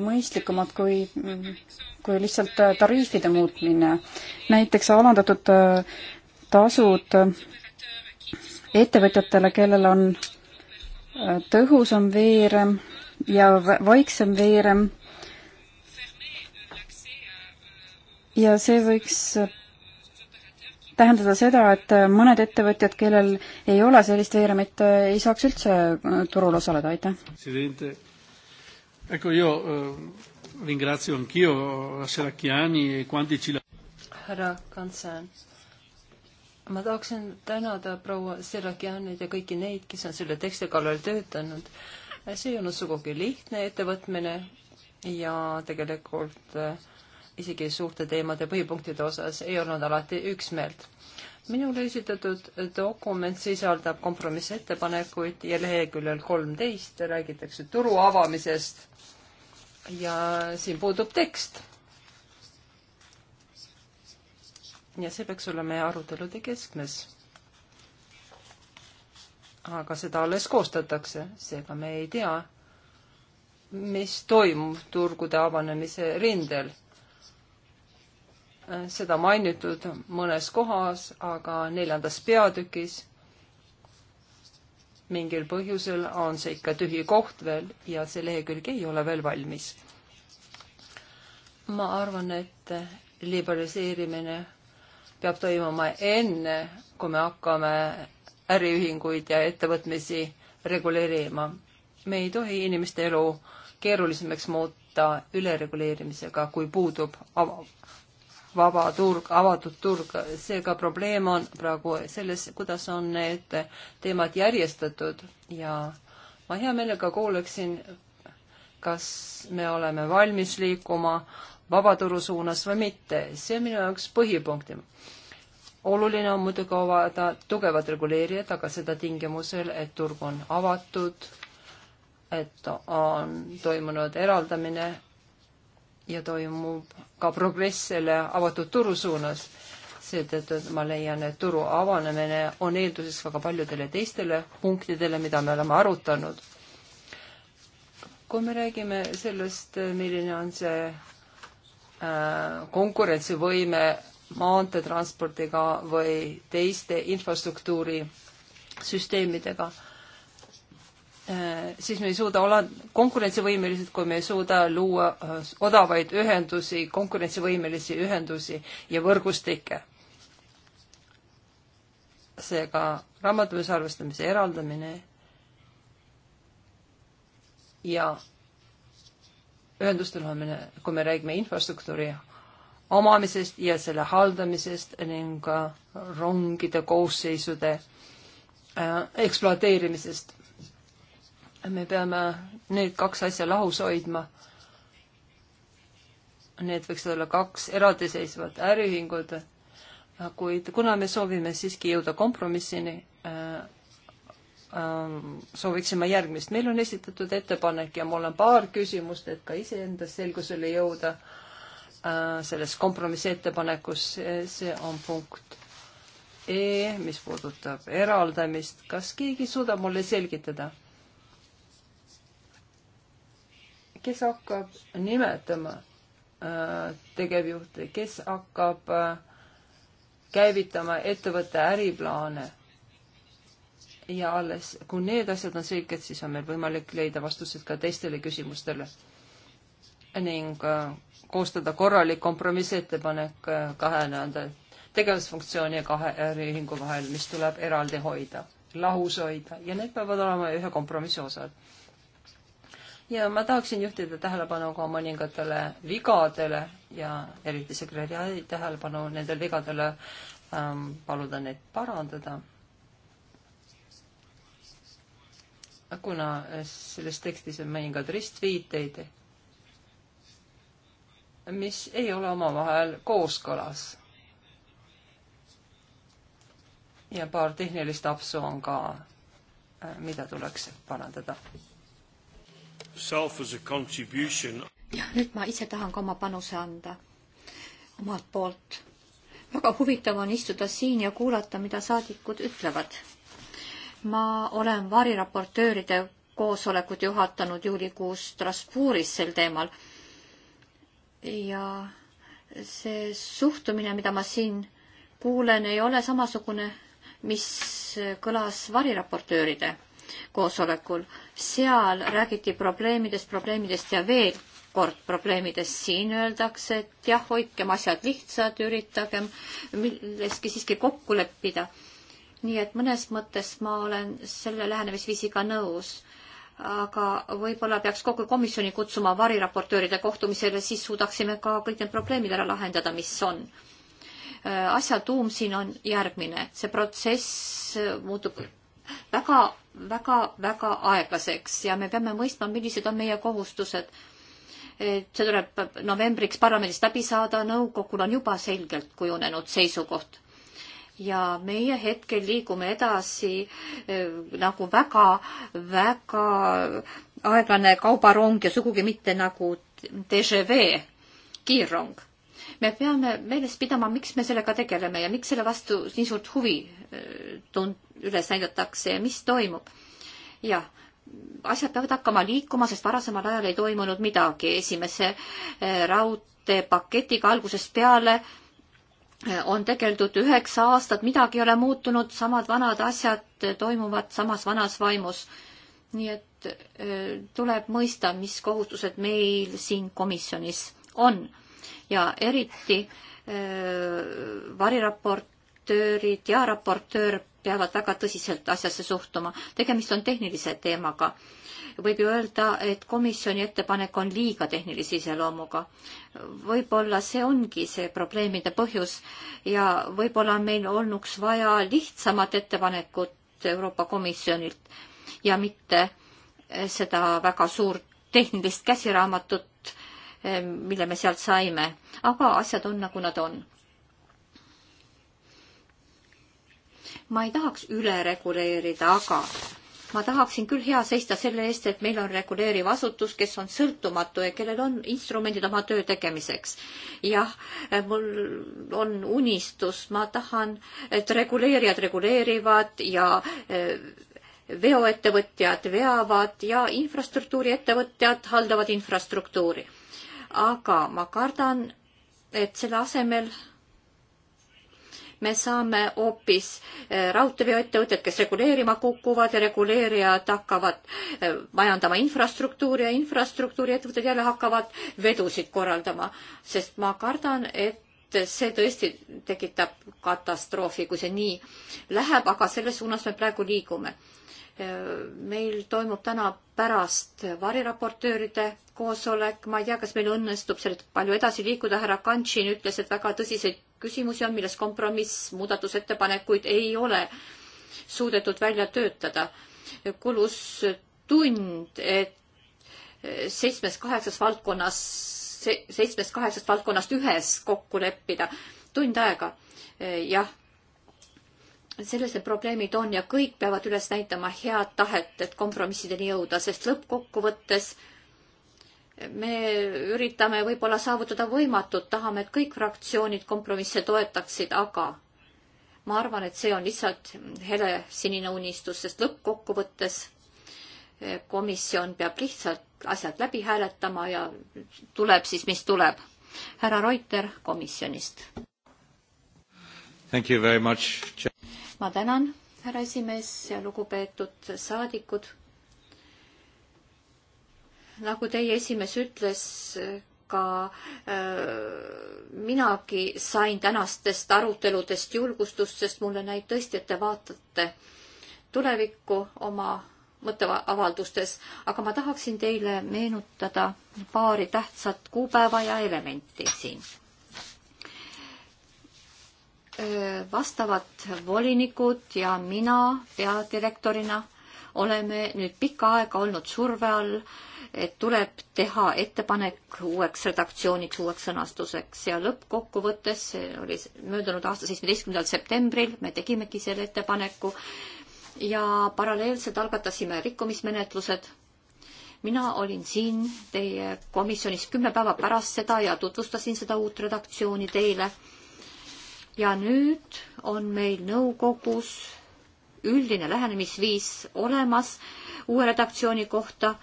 mõistlikumad kui, kui lihtsalt tariifide muutmine. näiteks alandatud tasud ettevõtjatele, kellel on äh, tõhusam veerem ja vaiksem veerem. ja see võiks äh, tähendada seda, et äh, mõned ettevõtjad, kellel ei ole sellist veeremit, ei saaks üldse turul osaleda, aitäh. härra e Kantsler ma tahaksin tänada proua Serakianit ja kõiki neid, kes on selle teksti kallal töötanud. see ei olnud sugugi lihtne ettevõtmine ja tegelikult eh, isegi suurte teemade põhipunktide osas ei olnud alati üksmeelt. minule esitatud dokument sisaldab kompromissettepanekuid ja leheküljel kolmteist räägitakse turu avamisest ja siin puudub tekst ja see peaks olema meie arutelude keskmes. aga seda alles koostatakse, seega me ei tea, mis toimub turgude avanemise rindel. seda mainitud mõnes kohas, aga neljandas peatükis mingil põhjusel on see ikka tühi koht veel ja see lehekülg ei ole veel valmis. ma arvan, et liberaliseerimine peab toimuma enne, kui me hakkame äriühinguid ja ettevõtmisi reguleerima. me ei tohi inimeste elu keerulisemaks muuta ülereguleerimisega, kui puudub ava, vaba turg, avatud turg. seega probleem on praegu selles, kuidas on need teemad järjestatud ja ma hea meelega kuulaksin, kas me oleme valmis liikuma äh, vabaturu suunas või mitte. see on minu jaoks põhipunkt. oluline on muidugi avada tugevad reguleerijad, aga seda tingimusel, et turg on avatud, et on toimunud eraldamine ja toimub ka progress selle avatud turu suunas. seetõttu ma leian, et turu avanemine on eelduseks väga paljudele teistele punktidele, mida me oleme arutanud kui me räägime sellest, milline on see konkurentsivõime maanteetranspordiga või teiste infrastruktuurisüsteemidega, äh, siis me ei suuda olla konkurentsivõimelised, kui me ei suuda luua äh, odavaid ühendusi, konkurentsivõimelisi ühendusi ja võrgustikke. seega raamatupidamise arvestamise eraldamine ja ühenduste loomine, kui me räägime infrastruktuuri omamisest ja selle haldamisest ning ka äh, rongide koosseisude äh, ekspluateerimisest. me peame need kaks asja lahus hoidma. Need võiksid olla kaks eraldiseisvat äriühingut, äh, kuid kuna me soovime siiski jõuda kompromissini, Ähm, sooviksime järgmist. meil on esitatud ettepanek ja mul on paar küsimust, et ka iseendas selgusele jõuda äh, selles kompromissettepanekus. see on punkt E, mis puudutab eraldamist. kas keegi suudab mulle selgitada? kes hakkab nimetama äh, tegevjuhte, kes hakkab äh, käivitama ettevõtte äriplaane ja alles, kui need asjad on selged, siis on meil võimalik leida vastused ka teistele küsimustele ning äh, koostada korralik kompromissettepanek äh, kahe nende tegevusfunktsiooni ja kahe äriühingu äh, vahel, mis tuleb eraldi hoida, lahus hoida ja need peavad olema ühe kompromissi osad. ja ma tahaksin juhtida tähelepanu ka mõningatele vigadele ja eriti sekretäri tähelepanu nendele vigadele ähm,, paluda neid parandada kuna selles tekstis on mõningad ristviiteid, mis ei ole omavahel kooskõlas. ja paar tehnilist apsu on ka, mida tuleks parandada. jah, nüüd ma ise tahan ka oma panuse anda omalt poolt. väga huvitav on istuda siin ja kuulata, mida saadikud ütlevad ma olen variraportööride koosolekut juhatanud juulikuus Strasbourgis sel teemal. ja see suhtumine, mida ma siin kuulen, ei ole samasugune, mis kõlas variraportööride koosolekul. seal räägiti probleemidest, probleemidest ja veel kord probleemidest. siin öeldakse, et jah, hoidkem asjad lihtsad, üritagem milleski siiski kokku leppida nii et mõnes mõttes ma olen selle lähenemisviisiga nõus aga võib-olla peaks kogu komisjoni kutsuma variraportööride kohtumisele, siis suudaksime ka kõik need probleemid ära lahendada, mis on. Äh, asja tuum siin on järgmine, see protsess äh, muutub väga, väga, väga aeglaseks ja me peame mõistma, millised on meie kohustused. see tuleb novembriks parlamendis läbi saada, nõukogul on juba selgelt kujunenud seisukoht ja meie hetkel liigume edasi eh, nagu väga-väga aeglane kaubarong ja sugugi mitte nagu DŽV kiirrong. me peame meeles pidama, miks me sellega tegeleme ja miks selle vastu nii suurt huvi eh, tund-, üles näidatakse ja mis toimub. jah, asjad peavad hakkama liikuma, sest varasemal ajal ei toimunud midagi esimese eh, raudteepaketiga algusest peale on tegeldud üheksa aastat, midagi ei ole muutunud, samad vanad asjad toimuvad samas vanas vaimus. nii et äh, tuleb mõista, mis kohustused meil siin komisjonis on ja eriti äh, variraportöörid ja raportöör peavad väga tõsiselt asjasse suhtuma. tegemist on tehnilise teemaga võib ju öelda, et komisjoni ettepanek on liiga tehnilise iseloomuga. võib-olla see ongi see probleemide põhjus ja võib-olla meil olnuks vaja lihtsamat ettepanekut Euroopa Komisjonilt ja mitte seda väga suurt tehnilist käsiraamatut, mille me sealt saime, aga asjad on, nagu nad on. ma ei tahaks üle reguleerida, aga ma tahaksin küll hea seista selle eest, et meil on reguleeriv asutus, kes on sõltumatu ja kellel on instrumendid oma töö tegemiseks. jah, mul on unistus, ma tahan, et reguleerijad reguleerivad ja eh, veoettevõtjad veavad ja infrastruktuuriettevõtjad haldavad infrastruktuuri. aga ma kardan, et selle asemel me saame hoopis eh, raudteeveoettevõtted, kes reguleerima kukuvad ja reguleerijad hakkavad eh, majandama infrastruktuuri ja infrastruktuuriettevõtted jälle hakkavad vedusid korraldama, sest ma kardan, et see tõesti tekitab katastroofi, kui see nii läheb, aga selles suunas me praegu liigume eh, meil toimub täna pärast variraportööride koosolek, ma ei tea, kas meil õnnestub sellest palju edasi liikuda, härra Kantšin ütles, et väga tõsiseid küsimusi on, milles kompromiss, muudatusettepanekuid ei ole suudetud välja töötada. kulus tund, et seitsmes-kaheksas valdkonnas, seitsmest-kaheksast valdkonnast ühes kokku leppida. tund aega, jah. selles need probleemid on ja kõik peavad üles näitama head tahet, et kompromissideni jõuda, sest lõppkokkuvõttes äh, me üritame võib-olla saavutada võimatut, tahame, et kõik fraktsioonid kompromisse toetaksid, aga ma arvan, et see on lihtsalt hele sinine unistus, sest lõppkokkuvõttes komisjon peab lihtsalt asjad läbi hääletama ja tuleb siis, mis tuleb. härra Reuter komisjonist. ma tänan, härra esimees ja lugupeetud saadikud nagu teie esimees ütles, ka äh, minagi sain tänastest aruteludest julgustust, sest mulle näib tõesti, et te vaatate tulevikku oma mõtteavaldustes, aga ma tahaksin teile meenutada paari tähtsat kuupäeva ja elementi siin. Äh, vastavad volinikud ja mina peadirektorina oleme nüüd pikka aega olnud surve all äh, et tuleb teha ettepanek uueks redaktsiooniks, uueks sõnastuseks ja lõppkokkuvõttes oli möödunud aasta seitsmeteistkümnendal septembril, me tegimegi selle ettepaneku ja paralleelselt algatasime rikkumismenetlused. mina olin siin teie komisjonis kümme päeva pärast seda ja tutvustasin seda uut redaktsiooni teile. ja nüüd on meil nõukogus üldine lähenemisviis olemas uue redaktsiooni kohta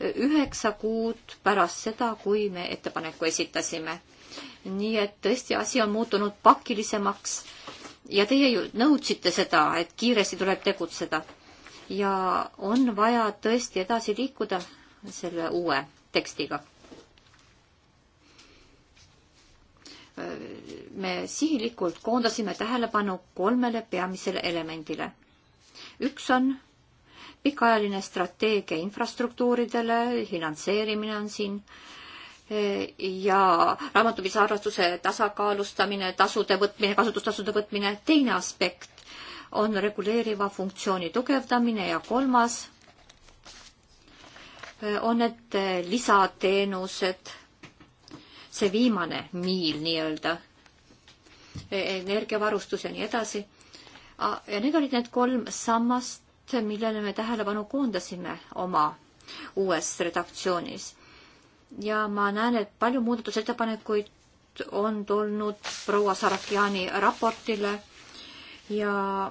üheksa kuud pärast seda, kui me ettepaneku esitasime. nii et tõesti, asi on muutunud pakilisemaks ja teie ju nõudsite seda, et kiiresti tuleb tegutseda. ja on vaja tõesti edasi liikuda selle uue tekstiga. me sihilikult koondasime tähelepanu kolmele peamisele elemendile. üks on pikaajaline strateegia infrastruktuuridele, finantseerimine on siin e, ja raamatupidamise arvestuse tasakaalustamine, tasude võtmine, kasutustasude võtmine. teine aspekt on reguleeriva funktsiooni tugevdamine ja kolmas e, on need lisateenused, see viimane miil nii-öelda, e, energiavarustus ja nii edasi. ja need olid need kolm sammast, teemat, millele me tähelepanu koondasime oma uues redaktsioonis. ja ma näen, et palju muudatusettepanekuid on tulnud proua Sarakiani raportile ja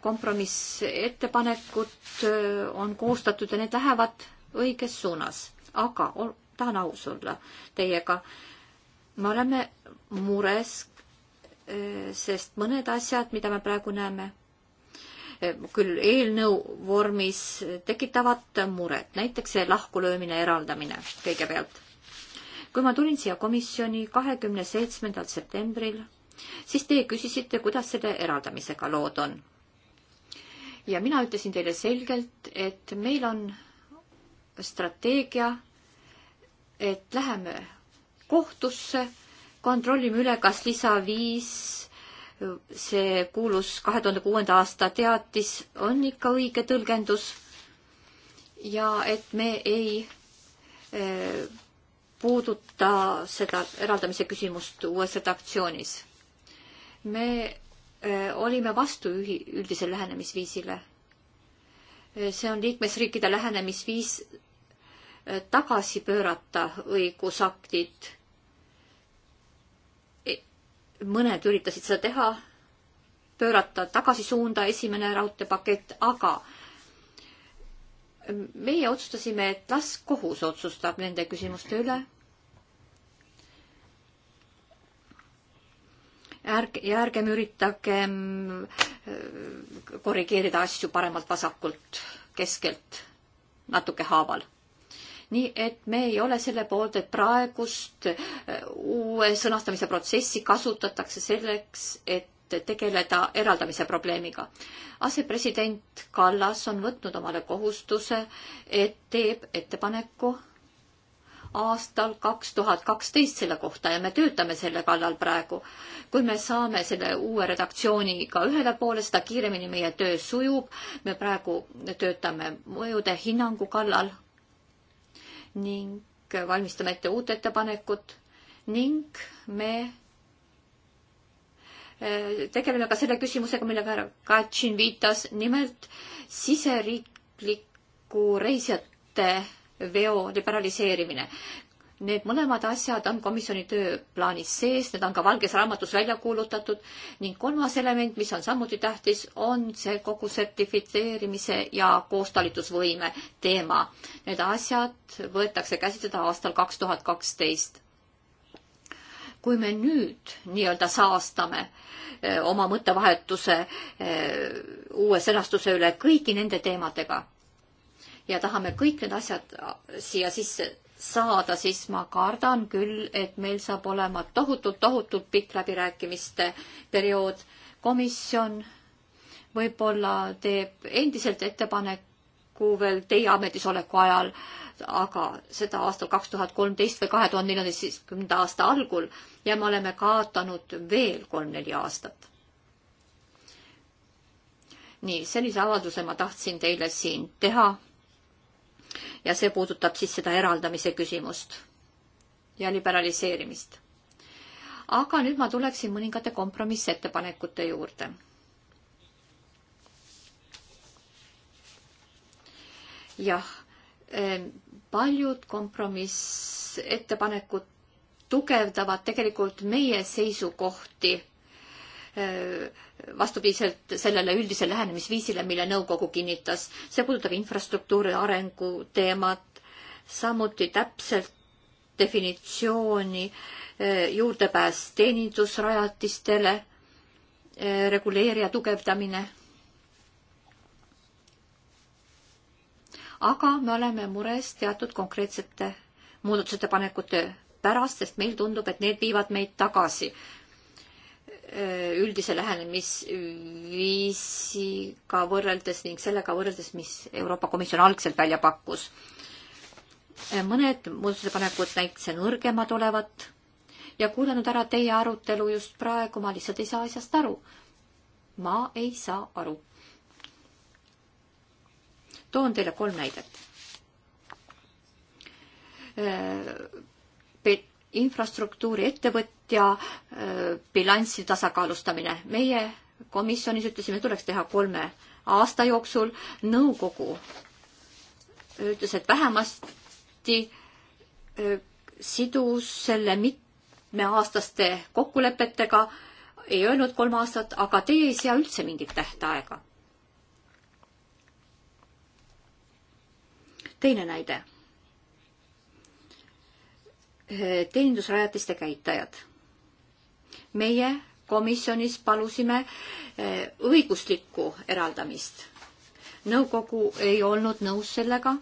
kompromissettepanekud äh, on koostatud ja need lähevad õiges suunas, aga tahan aus olla teiega. me oleme mures, äh, sest mõned asjad, mida me praegu näeme, küll eelnõu vormis tekitavad muret, näiteks see lahkulöömine, eraldamine kõigepealt. kui ma tulin siia komisjoni kahekümne seitsmendal septembril, siis teie küsisite, kuidas selle eraldamisega lood on. ja mina ütlesin teile selgelt, et meil on strateegia, et läheme kohtusse, kontrollime üle, kas lisa viis see kuulus kahe tuhande kuuenda aasta teatis on ikka õige tõlgendus ja et me ei eh, puuduta seda eraldamise küsimust uues redaktsioonis. me eh, olime vastu üldisele lähenemisviisile. Eh, see on liikmesriikide lähenemisviis tagasi pöörata õigusaktid mõned üritasid seda teha, pöörata tagasi suunda esimene raudteepakett, aga meie otsustasime, et las kohus otsustab nende küsimuste üle. ärge, ja ärgem üritagem äh, korrigeerida asju paremalt vasakult, keskelt, natuke haaval nii et me ei ole selle poolt, et praegust äh, uue sõnastamise protsessi kasutatakse selleks, et tegeleda eraldamise probleemiga. asepresident Kallas on võtnud omale kohustuse, et teeb ettepaneku aastal kaks tuhat kaksteist selle kohta ja me töötame selle kallal praegu. kui me saame selle uue redaktsiooniga ühele poole, seda kiiremini meie töö sujub. me praegu töötame mõjude hinnangu kallal ning valmistame ette uut ettepanekut ning me eh, tegeleme ka selle küsimusega, millega härra Katšin viitas, nimelt siseriikliku reisijate veo liberaliseerimine. Need mõlemad asjad on komisjoni tööplaanis sees, need on ka valges raamatus välja kuulutatud ning kolmas element, mis on samuti tähtis, on see kogu sertifitseerimise ja koostalitusvõime teema. Need asjad võetakse käsitleda aastal kaks tuhat kaksteist kui me nüüd nii-öelda saastame öö, eh, oma mõttevahetuse eh, uue sõnastuse üle kõigi nende teemadega ja tahame kõik need asjad siia sisse saada, siis ma kardan küll, et meil saab olema tohutult, tohutult pikk läbirääkimiste periood. komisjon võib-olla teeb endiselt ettepaneku veel teie ametisoleku ajal, aga seda aastal kaks tuhat kolmteist või kahe tuhande neljateistkümnenda aasta algul ja me oleme kaotanud veel kolm-neli aastat. nii, sellise avalduse ma tahtsin teile siin teha ja see puudutab siis seda eraldamise küsimust ja liberaliseerimist. aga nüüd ma tuleksin mõningate kompromissettepanekute juurde. jah, paljud kompromissettepanekud tugevdavad tegelikult meie seisukohti Äh, vastupidiselt sellele üldisele lähenemisviisile, mille nõukogu kinnitas. see puudutab infrastruktuuri arengu teemat, samuti täpselt definitsiooni äh, juurdepääs teenindusrajatistele, äh, reguleerija tugevdamine aga me oleme mures teatud konkreetsete muudatusettepanekute pärast, sest meil tundub, et need viivad meid tagasi Äh, üldise lähenemisviisiga võrreldes ning sellega võrreldes, mis Euroopa Komisjon algselt välja pakkus. Äh, mõned muudatusettepanekud näiteks nõrgemad olevat ja kuulanud ära teie arutelu just praegu, ma lihtsalt ei saa asjast aru. ma ei saa aru. toon teile kolm näidet äh, infrastruktuuri ettevõtja äh, bilanssi tasakaalustamine. meie komisjonis ütlesime, tuleks teha kolme aasta jooksul. nõukogu ütles, et vähemasti äh, sidus selle mitmeaastaste kokkulepetega, ei öelnud kolm aastat, aga teie ei sea üldse mingit tähtaega. teine näide teenindusrajatiste käitajad. meie komisjonis palusime eh, õiguslikku eraldamist. nõukogu ei olnud nõus sellega,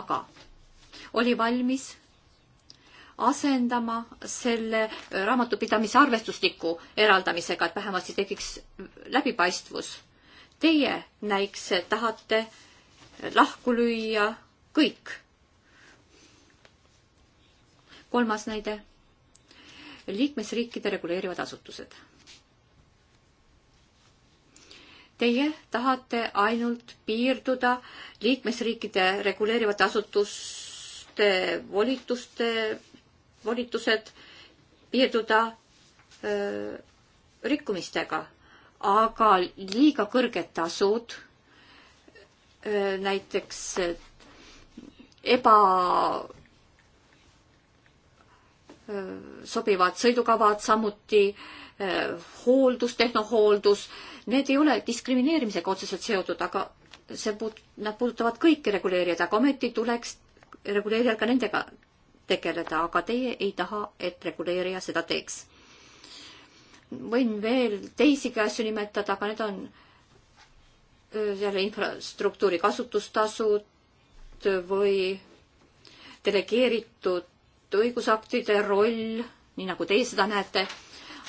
aga oli valmis asendama selle raamatupidamise arvestusliku eraldamisega, et vähemasti tekiks läbipaistvus. Teie näiks, tahate lahku lüüa kõik kolmas näide, liikmesriikide reguleerivad asutused. Teie tahate ainult piirduda liikmesriikide reguleerivate asutuste volituste, volitused piirduda öö, rikkumistega, aga liiga kõrged tasud, näiteks eba sobivad sõidukavad, samuti äh, hooldus, tehnohooldus, need ei ole diskrimineerimisega otseselt seotud, aga see puut-, nad puudutavad kõiki reguleerijaid, aga ometi tuleks reguleerijal ka nendega tegeleda, aga teie ei taha, et reguleerija seda teeks. võin veel teisigi asju nimetada, aga need on äh, jälle infrastruktuuri kasutustasud või delegeeritud õigusaktide roll, nii nagu teie seda näete.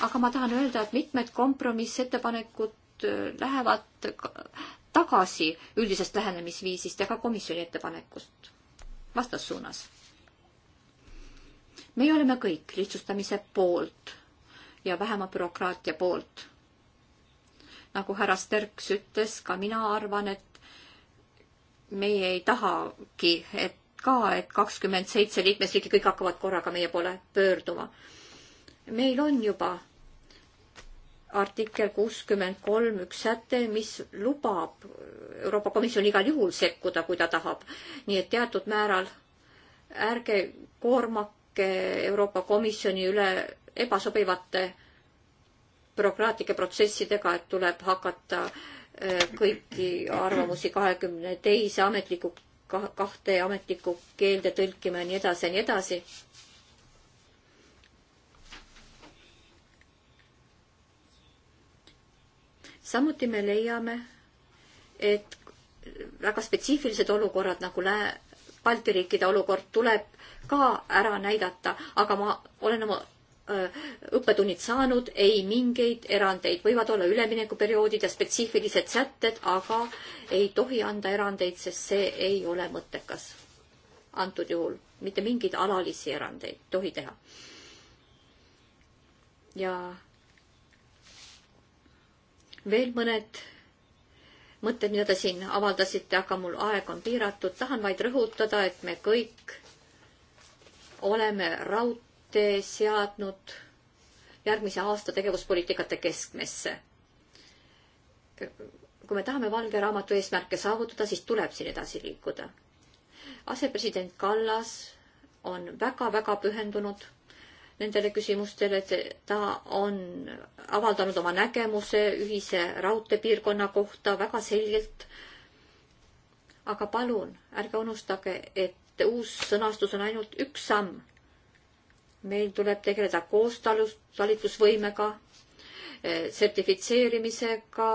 aga ma tahan öelda, et mitmed kompromissettepanekud äh, lähevad tagasi üldisest lähenemisviisist ja ka komisjoni ettepanekust vastassuunas. meie oleme kõik lihtsustamise poolt ja vähema bürokraatia poolt. nagu härra Sterks ütles, ka mina arvan, et meie ei tahagi, et ka, et kakskümmend seitse liikmesriiki kõik hakkavad korraga meie poole pöörduma. meil on juba artikkel kuuskümmend kolm üks säte, mis lubab Euroopa Komisjon igal juhul sekkuda, kui ta tahab. nii et teatud määral ärge koormake Euroopa Komisjoni üle ebasobivate bürokraatlike protsessidega, et tuleb hakata äh, kõiki arvamusi kahekümne teise ametliku kahte ametlikku keelde tõlkima ja nii edasi ja nii edasi. samuti me leiame, et väga spetsiifilised olukorrad nagu Lää-, Balti riikide olukord tuleb ka ära näidata, aga ma olen oma Äh, õppetunnid saanud, ei mingeid erandeid, võivad olla üleminekuperioodid ja spetsiifilised sätted, aga ei tohi anda erandeid, sest see ei ole mõttekas. antud juhul mitte mingeid alalisi erandeid tohi teha. ja veel mõned mõtted, mida te siin avaldasite, aga mul aeg on piiratud, tahan vaid rõhutada, et me kõik oleme raud-, olete seadnud järgmise aasta tegevuspoliitikate keskmesse. kui me tahame valge raamatu eesmärke saavutada, siis tuleb siin edasi liikuda. asepresident Kallas on väga-väga pühendunud nendele küsimustele, et ta on avaldanud oma nägemuse ühise raudteepiirkonna kohta väga selgelt. aga palun ärge unustage, et uus sõnastus on ainult üks samm meil tuleb tegeleda koostalus, talitlusvõimega, eh, sertifitseerimisega,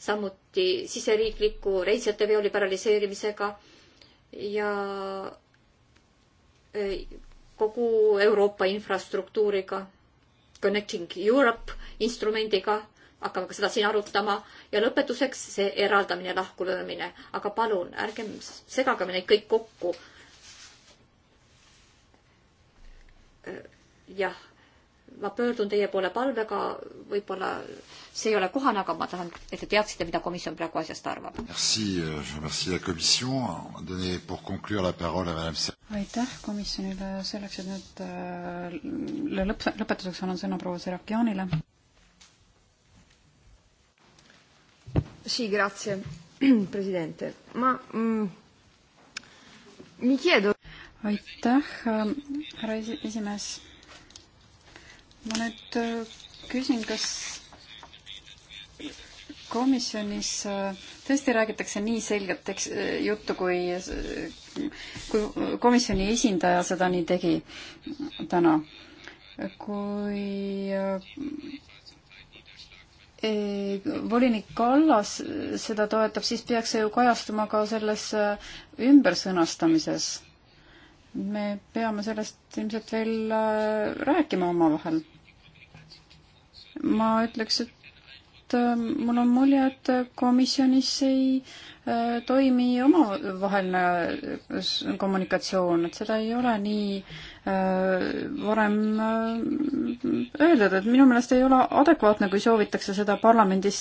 samuti siseriikliku reisijateveo liberaliseerimisega ja eh, kogu Euroopa infrastruktuuriga, Connecting Europe instrumendiga, hakkame ka seda siin arutama ja lõpetuseks see eraldamine, lahkulöömine. aga palun, ärgem segage me neid kõik kokku Äh, jah, ma pöördun teie poole palvega, võib-olla see ei ole kohane, aga ma tahan, et te teaksite, mida komisjon praegu asjast arvab. Äh, aitäh komisjonile selleks, et nüüd äh, lõpp, lõpetuseks annan sõna proua Serakianile. Sì, grazie Presidente. Ma mh, mm, mi chiedo aitäh, härra esimees. ma nüüd äh, küsin, kas komisjonis äh, tõesti räägitakse nii selgelt eks, äh, juttu, kui, kui komisjoni esindaja seda nii tegi täna. kui volinik Kallas seda toetab, siis peaks see ju kajastuma ka selles ümbersõnastamises me peame sellest ilmselt veel äh, rääkima omavahel. ma ütleks, et et äh, mul on mulje, et komisjonis ei äh, toimi omavaheline äh, kommunikatsioon, et seda ei ole nii varem öeldud, et minu meelest ei ole adekvaatne, kui soovitakse seda parlamendis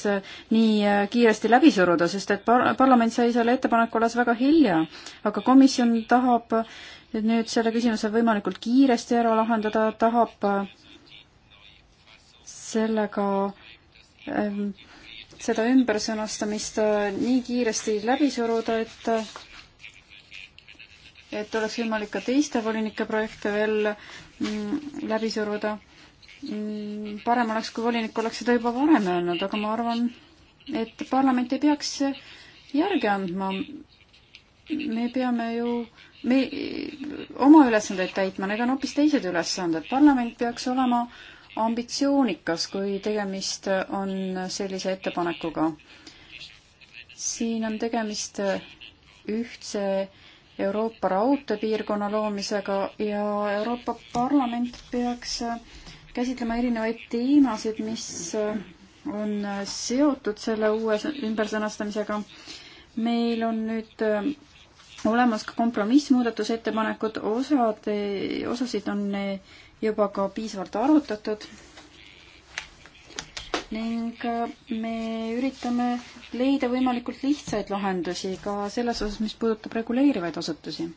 nii kiiresti läbi suruda, sest et par-, parlament sai selle ettepaneku alles väga hilja. aga komisjon tahab nüüd selle küsimuse võimalikult kiiresti ära lahendada, tahab sellega äh, Ähm, seda ümbersõnastamist äh, nii kiiresti läbi suruda, et äh, et oleks võimalik ka teiste volinike projekte veel mm, läbi suruda. Mm, parem oleks, kui volinik oleks seda juba varem öelnud, aga ma arvan, et parlament ei peaks järgi andma. me peame ju, me oma ülesandeid täitma, need on hoopis teised ülesanded. parlament peaks olema äh, ambitsioonikas, kui tegemist on sellise ettepanekuga. siin on tegemist ühtse Euroopa raudteepiirkonna loomisega ja Euroopa Parlament peaks käsitlema erinevaid teemasid, mis on seotud selle uue ümbersõnastamisega. meil on nüüd äh, olemas ka kompromissmuudatusettepanekud, osad, osasid on äh, juba ka piisavalt arutatud ning äh, me üritame leida võimalikult lihtsaid lahendusi ka selles osas, mis puudutab reguleerivaid asutusi.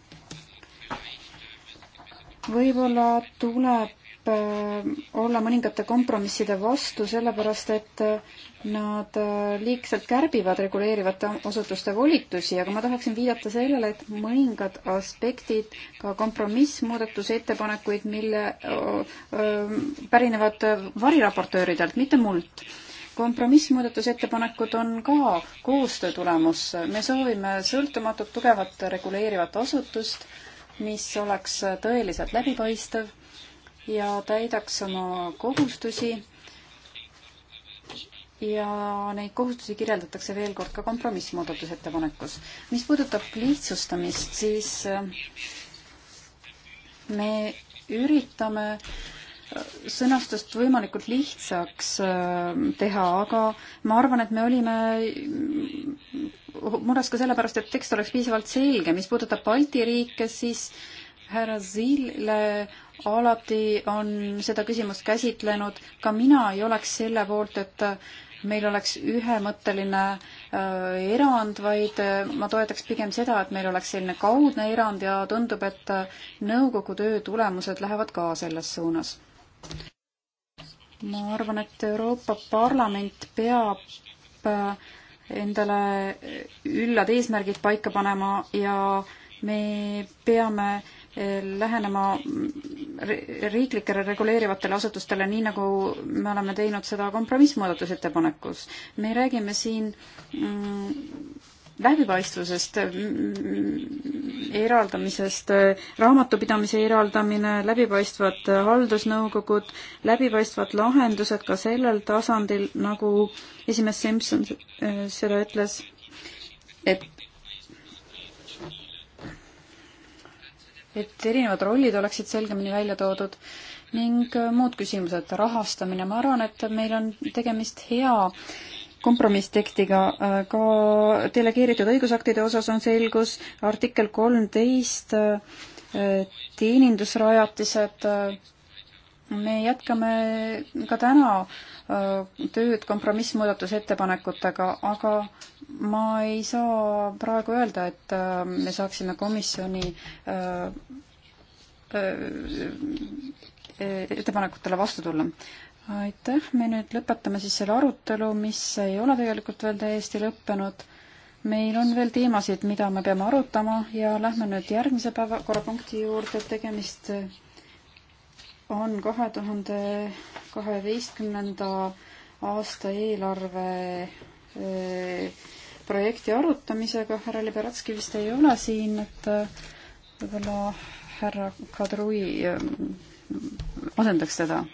võib-olla tuleb Äh, olla mõningate kompromisside vastu, sellepärast et äh, nad äh, liigselt kärbivad reguleerivate asutuste volitusi, aga ma tahaksin viidata sellele, et mõningad aspektid, ka kompromissmuudatusettepanekuid, mille öö, öö, pärinevad variraportööridelt, mitte mult kompromissmuudatusettepanekud on ka koostöö tulemus. me soovime sõltumatut tugevat reguleerivat asutust, mis oleks tõeliselt läbipaistev ja täidaks oma kohustusi. ja neid kohustusi kirjeldatakse veel kord ka kompromissmuudatusettepanekus. mis puudutab lihtsustamist, siis äh, me üritame äh, sõnastust võimalikult lihtsaks äh, teha, aga ma arvan, et me olime mm, mures ka sellepärast, et tekst oleks piisavalt selge. mis puudutab Balti riike, siis härra Zille alati on seda küsimust käsitlenud, ka mina ei oleks selle poolt, et meil oleks ühemõtteline äh, erand, vaid äh, ma toetaks pigem seda, et meil oleks selline kaudne erand ja tundub, et äh, nõukogu töö tulemused lähevad ka selles suunas. ma arvan, et Euroopa Parlament peab äh, endale üllad eesmärgid paika panema ja me peame äh, lähenema riiklikele reguleerivatele asutustele, nii nagu me oleme teinud seda kompromissmuudatusettepanekus. me räägime siin mm, läbipaistvusest, mm, eraldamisest, raamatupidamise eraldamine, läbipaistvad haldusnõukogud, läbipaistvad lahendused ka sellel tasandil, nagu esimees Simson äh, seda ütles, et et erinevad rollid oleksid selgemini välja toodud ning äh, muud küsimused, rahastamine, ma arvan, et meil on tegemist hea kompromisstekstiga, äh, ka delegeeritud õigusaktide osas on selgus, artikkel kolmteist, äh, teenindusrajatised, me jätkame ka täna äh, tööd kompromissmuudatusettepanekutega, aga ma ei saa praegu öelda, et äh, me saaksime komisjoni äh, ettepanekutele vastu tulla. aitäh, me nüüd lõpetame siis selle arutelu, mis ei ole tegelikult veel täiesti lõppenud. meil on veel teemasid, mida me peame arutama ja lähme nüüd järgmise päevakorrapunkti juurde, tegemist on kahe tuhande kaheteistkümnenda aasta eelarve eh, projekti arutamisega. härra Liberatski vist ei ole siin, et eh, võib-olla härra Kadri eh, asendaks teda.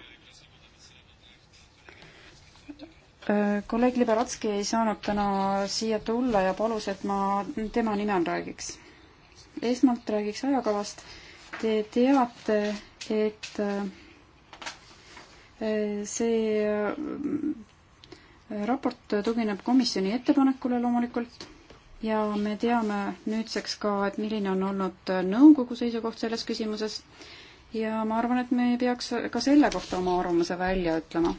kolleeg Liberatski ei saanud täna siia tulla ja palus, et ma tema nimel räägiks. esmalt räägiks ajakavast Te teate, et äh, see äh, raport tugineb komisjoni ettepanekule loomulikult ja me teame nüüdseks ka, et milline on olnud nõukogu seisukoht selles küsimuses ja ma arvan, et me ei peaks ka selle kohta oma arvamuse välja ütlema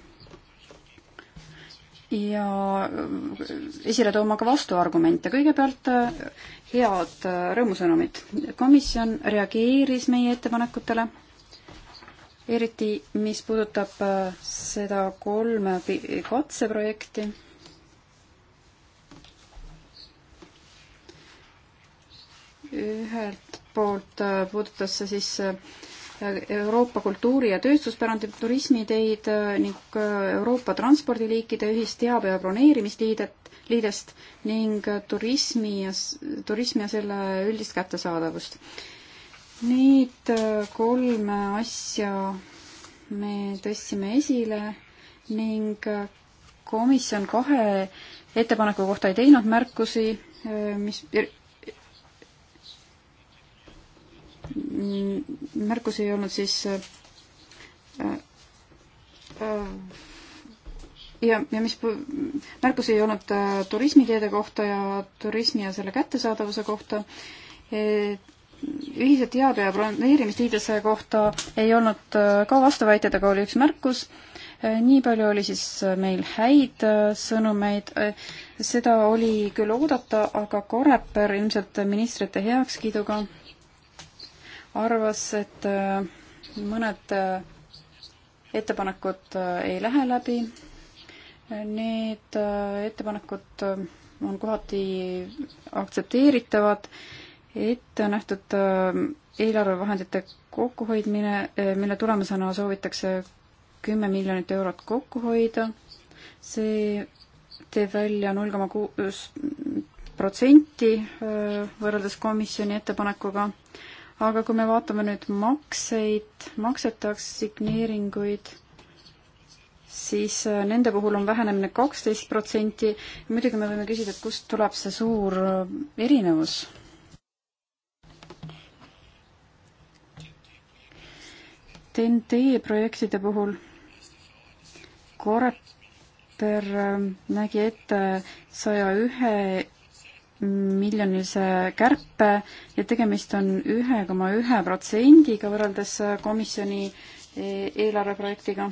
ja esile tooma ka vastuargumente. kõigepealt äh, head äh, rõõmusõnumid. komisjon reageeris meie ettepanekutele, eriti mis puudutab äh, seda kolme katseprojekti. ühelt poolt puudutas see siis Euroopa kultuuri- ja tööstuspärandi turismiteid ning Euroopa transpordiliikide ühisteabe- ja broneerimisliidet, liidest ning turismi ja, turismi ja selle üldist kättesaadavust. Neid kolme asja me tõstsime esile ning komisjon kahe ettepaneku kohta ei teinud märkusi, mis Mm, märkus ei olnud siis äh, äh, ja, ja mis märkusi ei olnud äh, turismiteede kohta ja turismi ja selle kättesaadavuse kohta e, ühise teabe ja planeerimisliidese kohta ei olnud ka vastuväited, aga oli üks märkus. nii palju oli siis meil häid sõnumeid. seda oli küll oodata, aga Koreper ilmselt ministrite heakskiiduga arvas, et äh, mõned äh, ettepanekud äh, ei lähe läbi. Need ettepanekud on kohati aktsepteeritavad, ette nähtud eelarvevahendite kokkuhoidmine, mille tulemusena soovitakse kümme miljonit eurot kokku hoida. see teeb välja null koma kuus protsenti võrreldes komisjoni ettepanekuga aga kui me vaatame nüüd makseid, maksetaks signeeringuid, siis äh, nende puhul on vähenemine kaksteist protsenti. muidugi me võime küsida, et kust tuleb see suur äh, erinevus? TNT projektide puhul Koreper äh, nägi ette saja ühe miljonilise kärpe ja tegemist on ühe koma ühe protsendiga võrreldes äh, komisjoni äh, eelarveprojektiga.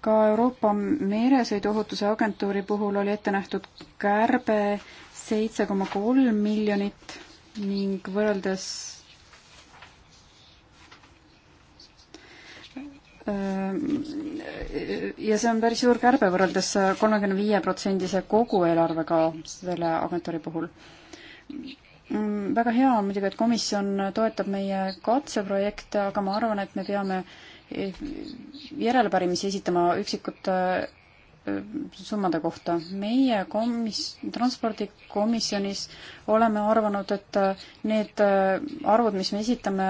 ka Euroopa Meresõiduohutuse Agentuuri puhul oli ette nähtud kärbe seitse koma kolm miljonit ning võrreldes Ehm, ja see on päris suur kärbe võrreldes kolmekümne viie protsendise kogu eelarvega selle agentuuri puhul. Mm, väga hea on muidugi, et komisjon toetab meie katseprojekte, aga ma arvan, et me peame eh, järelepärimisi esitama üksikute summade kohta. meie komis-, transpordikomisjonis oleme arvanud, et äh, need äh, arvud, mis me esitame,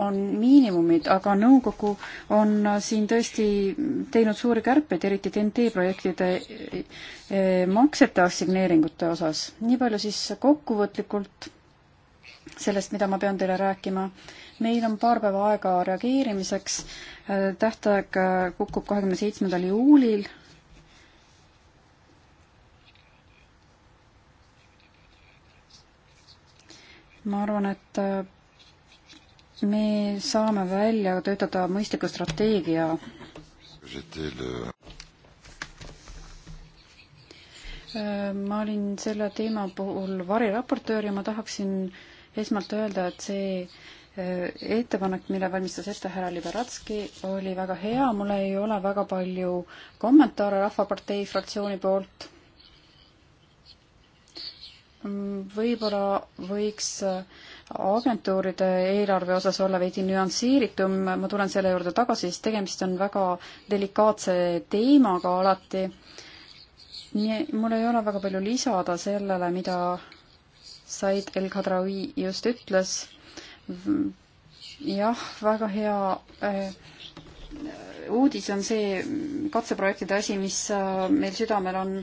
on miinimumid, aga nõukogu on äh, siin tõesti teinud suuri kärpeid, eriti TNT projektide maksete assigneeringute osas. nii palju siis kokkuvõtlikult sellest, mida ma pean teile rääkima. meil on paar päeva aega reageerimiseks, tähtaeg kukub kahekümne seitsmendal juulil ma arvan, et äh, me saame välja töötada mõistliku strateegia. Äh, ma olin selle teema puhul variraportöör ja ma tahaksin esmalt öelda, et see äh, ettepanek, mille valmistas ette härra Liberatski, oli väga hea, mul ei ole väga palju kommentaare Rahvapartei fraktsiooni poolt Mm, võib-olla võiks äh, agentuuride eelarve osas olla veidi nüansseeritum, ma tulen selle juurde tagasi, sest tegemist on väga delikaatse teemaga alati. nii, mul ei ole väga palju lisada sellele, mida Said El-Kadraoui just ütles. jah, väga hea äh, uudis on see katseprojektide asi, mis äh, meil südamel on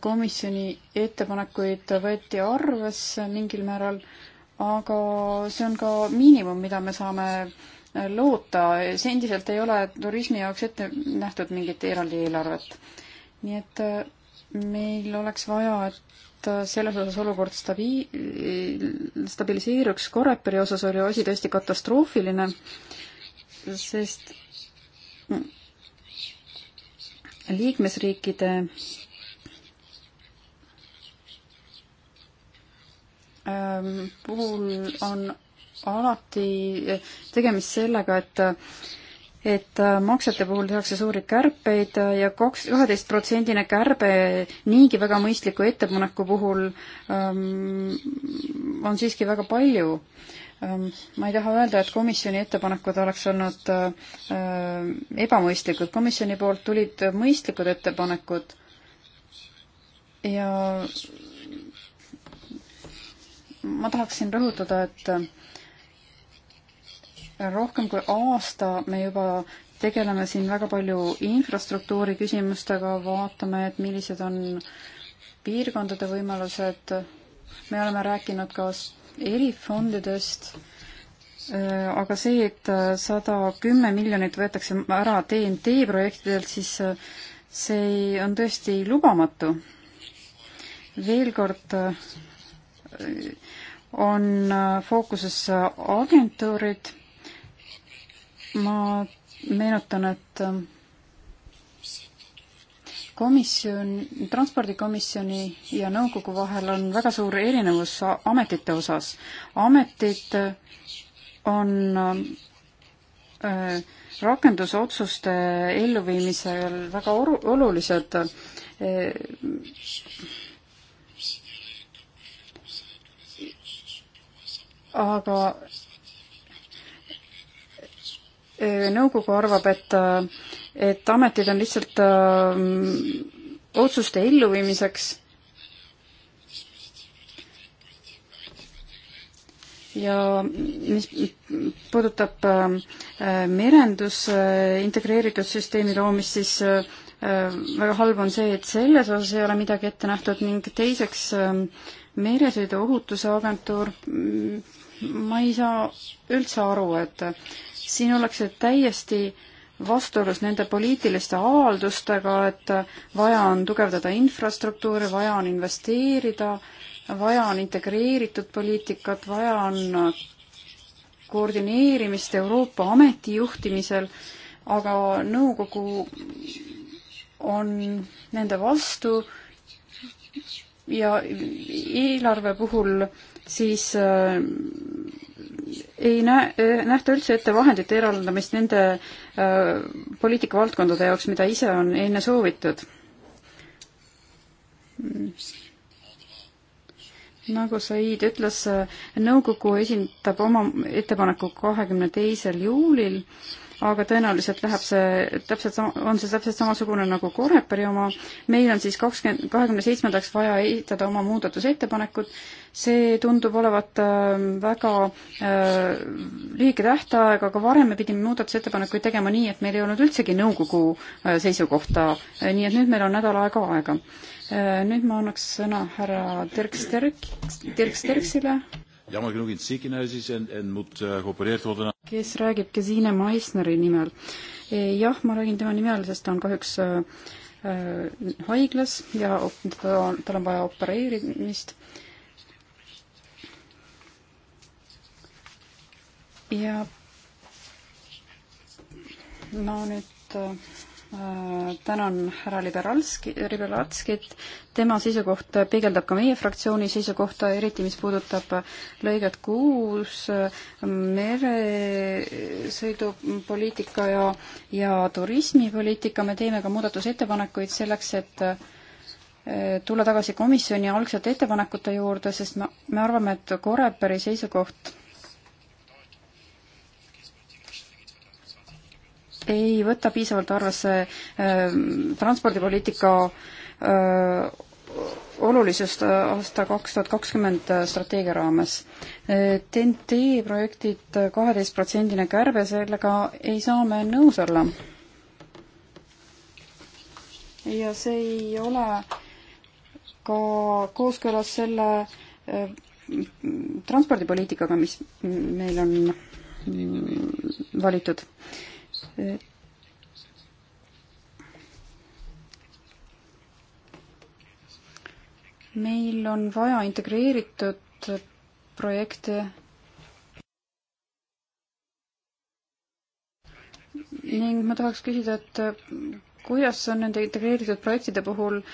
komisjoni ettepanekuid võeti arvesse mingil määral, aga see on ka miinimum, mida me saame loota, see endiselt ei ole turismi jaoks ette nähtud mingit eraldi eelarvet. nii et äh, meil oleks vaja, et äh, selles osas olukord stabi-, stabiliseeruks, Koreperi osas oli asi tõesti katastroofiline, sest mm, liikmesriikide Ehm, puhul on alati tegemist sellega, et et äh, maksete puhul tehakse suuri kärpeid ja kaks, kaheteistprotsendine kärbe niigi väga mõistliku ettepaneku puhul ähm, on siiski väga palju ähm,. ma ei taha öelda, et komisjoni ettepanekud oleks olnud äh, ebamõistlikud, komisjoni poolt tulid mõistlikud ettepanekud ja ma tahaksin rõhutada, et rohkem kui aasta me juba tegeleme siin väga palju infrastruktuuri küsimustega, vaatame, et millised on piirkondade võimalused. me oleme rääkinud ka erifondidest, aga see, et sada kümme miljonit võetakse ära TNT projektidelt, siis see on tõesti lubamatu. veel kord on äh, fookuses agentuurid. ma meenutan, et äh, komisjon, transpordikomisjoni ja nõukogu vahel on väga suur erinevus ametite osas. ametid äh, on rakendusotsuste elluviimisel väga olulised aga äh, nõukogu arvab, et, äh, et ametid on lihtsalt öö, äh, otsuste elluviimiseks. ja mis puudutab merendus integreeritud süsteemi loomist, siis öö, väga halb on see, et selles osas ei ole midagi ette nähtud ning teiseks meresõiduohutuse agentuur mm, ma ei saa üldse aru, et siin ollakse täiesti vastuolus nende poliitiliste avaldustega, et vaja on tugevdada infrastruktuuri, vaja on investeerida, vaja on integreeritud poliitikat, vaja on koordineerimist Euroopa ameti juhtimisel, aga nõukogu on nende vastu ja eelarve puhul siis äh, ei näe, äh, nähta üldse ette vahendite eraldamist nende äh, poliitikavaldkondade jaoks, mida ise on enne soovitud. nagu Said ütles, äh, nõukogu esindab oma ettepaneku kahekümne teisel juulil äh, aga tõenäoliselt läheb see täpselt sama, on see täpselt samasugune nagu Coreperi oma. meil on siis kakskümmend, kahekümne seitsmendaks vaja esitada oma muudatusettepanekud. see tundub olevat ähm, väga äh, lühike tähtaeg, aga varem me pidime muudatusettepanekuid tegema nii, et meil ei olnud üldsegi nõukogu äh, seisukohta, äh, nii et nüüd meil on nädal aega aega. Äh, nüüd ma annaks sõna härra Dirk Sterk, Dirk Sterksile jammer genoeg in het ziekenhuis is en, en moet uh, geopereerd worden. kes räägib Gesine Meissneri nimel? Eh, jah, ma räägin tema nimel, sest ta on kahjuks äh, haiglas ja ta, tal on vaja opereerimist. ja no nüüd äh, Äh, tänan härra Liberalski, Liberalskit, tema seisukoht peegeldab ka meie fraktsiooni seisukohta, eriti mis puudutab lõiget kuus, äh, meresõidupoliitika ja, ja turismipoliitika, me teeme ka muudatusettepanekuid selleks, et äh, tulla tagasi komisjoni algsete ettepanekute juurde, sest me, me arvame, et Koreperi seisukoht ei võta piisavalt arvesse äh, transpordipoliitika äh, olulisust aasta kaks tuhat kakskümmend strateegia raames. TNT äh, projektid kaheteistprotsendine kärbe, sellega ei saa me nõus olla. ja see ei ole ka kooskõlas selle äh, transpordipoliitikaga, mis meil on valitud äh, meil on vaja integreeritud projekte ning ma tahaks küsida, et kuidas on nende integreeritud projektide puhul äh,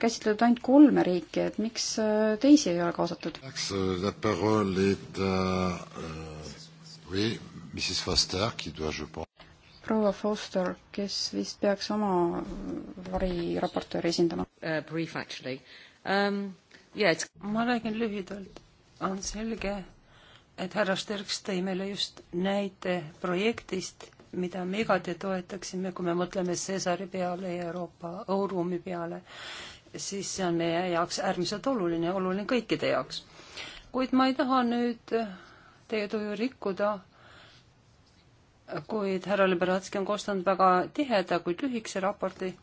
käsitletud ainult kolme riiki, et miks äh, teisi ei ole kaasatud? Äh, Mrs Foster, qui doit, je pense proua Foster, kes vist peaks oma variraportööri esindama uh,. Brief actually um,. Yeah, it's... ma räägin lühidalt. on selge, et härra Sterks tõi meile just näite projektist, mida me igati toetaksime, kui me mõtleme Cäsari peale ja Euroopa õhuruumi peale, siis see on meie jaoks äärmiselt oluline, oluline kõikide jaoks. kuid ma ei taha nüüd teie tuju rikkuda kuid härra Liberatski on koostanud väga tiheda, kuid lühikese raporti.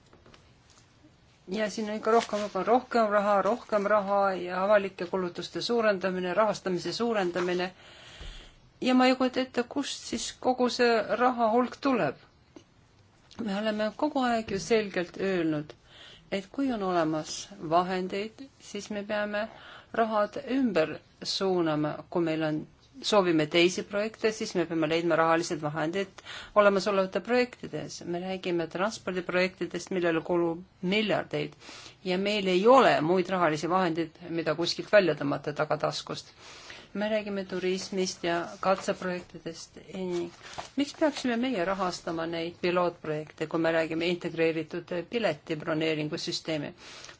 ja siin on ikka rohkem, rohkem raha, rohkem raha ja avalike kulutuste suurendamine, rahastamise suurendamine. ja ma ei kujuta ette, kust siis kogu see raha hulk tuleb. me oleme kogu aeg ju selgelt öelnud, et kui on olemas vahendeid, siis me peame rahad ümber suunama, kui meil on soovime teisi projekte, siis me peame leidma rahalised vahendid olemasolevate projektides. me räägime transpordiprojektidest, millele kulub miljardeid ja meil ei ole muid rahalisi vahendeid, mida kuskilt välja tõmmata tagataskust me räägime turismist ja katseprojektidest. miks peaksime meie rahastama neid pilootprojekte, kui me räägime integreeritud pileti broneeringusüsteemi?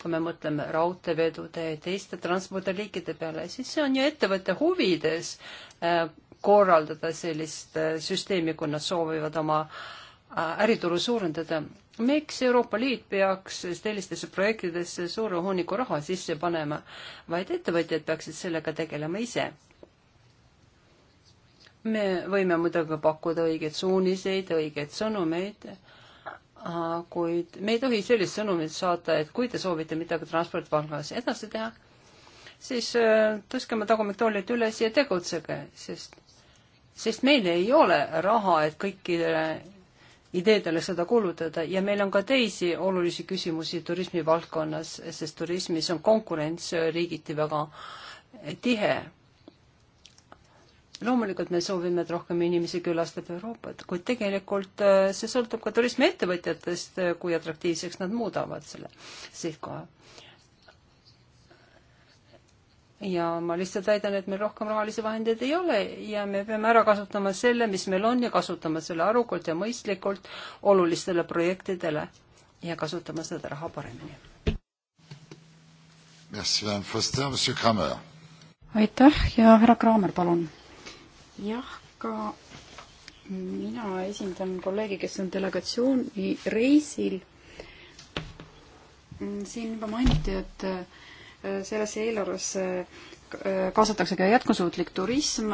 kui me mõtleme raudteevedude ja teiste transpordiliikide peale, siis see on ju ettevõtte huvides äh, korraldada sellist äh, süsteemi, kui nad soovivad oma äh, ärituru äh, suurendada. miks Euroopa Liit peaks sellistesse projektidesse suure hooniku raha sisse panema, vaid ettevõtjad peaksid sellega tegelema ise? me võime muidugi pakkuda õigeid suuniseid, õigeid sõnumeid, äh, kuid me ei tohi sellist sõnumit saata, et kui te soovite midagi transpordivaldkonnas edasi teha, siis äh, tõstke oma tagumiktoolid üles ja tegutsege, sest, sest meil ei ole raha, et kõikidele ideedele seda kulutada ja meil on ka teisi olulisi küsimusi turismi valdkonnas, sest turismis on konkurents riigiti väga tihe. loomulikult me soovime, et rohkem inimesi külastab Euroopat, kuid tegelikult äh, see sõltub ka turismiettevõtjatest, äh, kui atraktiivseks nad muudavad selle sihtkoha ja ma lihtsalt väidan, et meil rohkem rahalisi vahendeid ei ole ja me peame ära kasutama selle, mis meil on ja kasutama selle arukalt ja mõistlikult olulistele projektidele ja kasutama seda raha paremini. aitäh ja härra Kraamer, palun. jah, ka mina esindan kolleegi, kes on delegatsiooni reisil. Mm, siin juba mainiti, et sellesse eelarvesse äh, kaasatakse ka jätkusuutlik turism,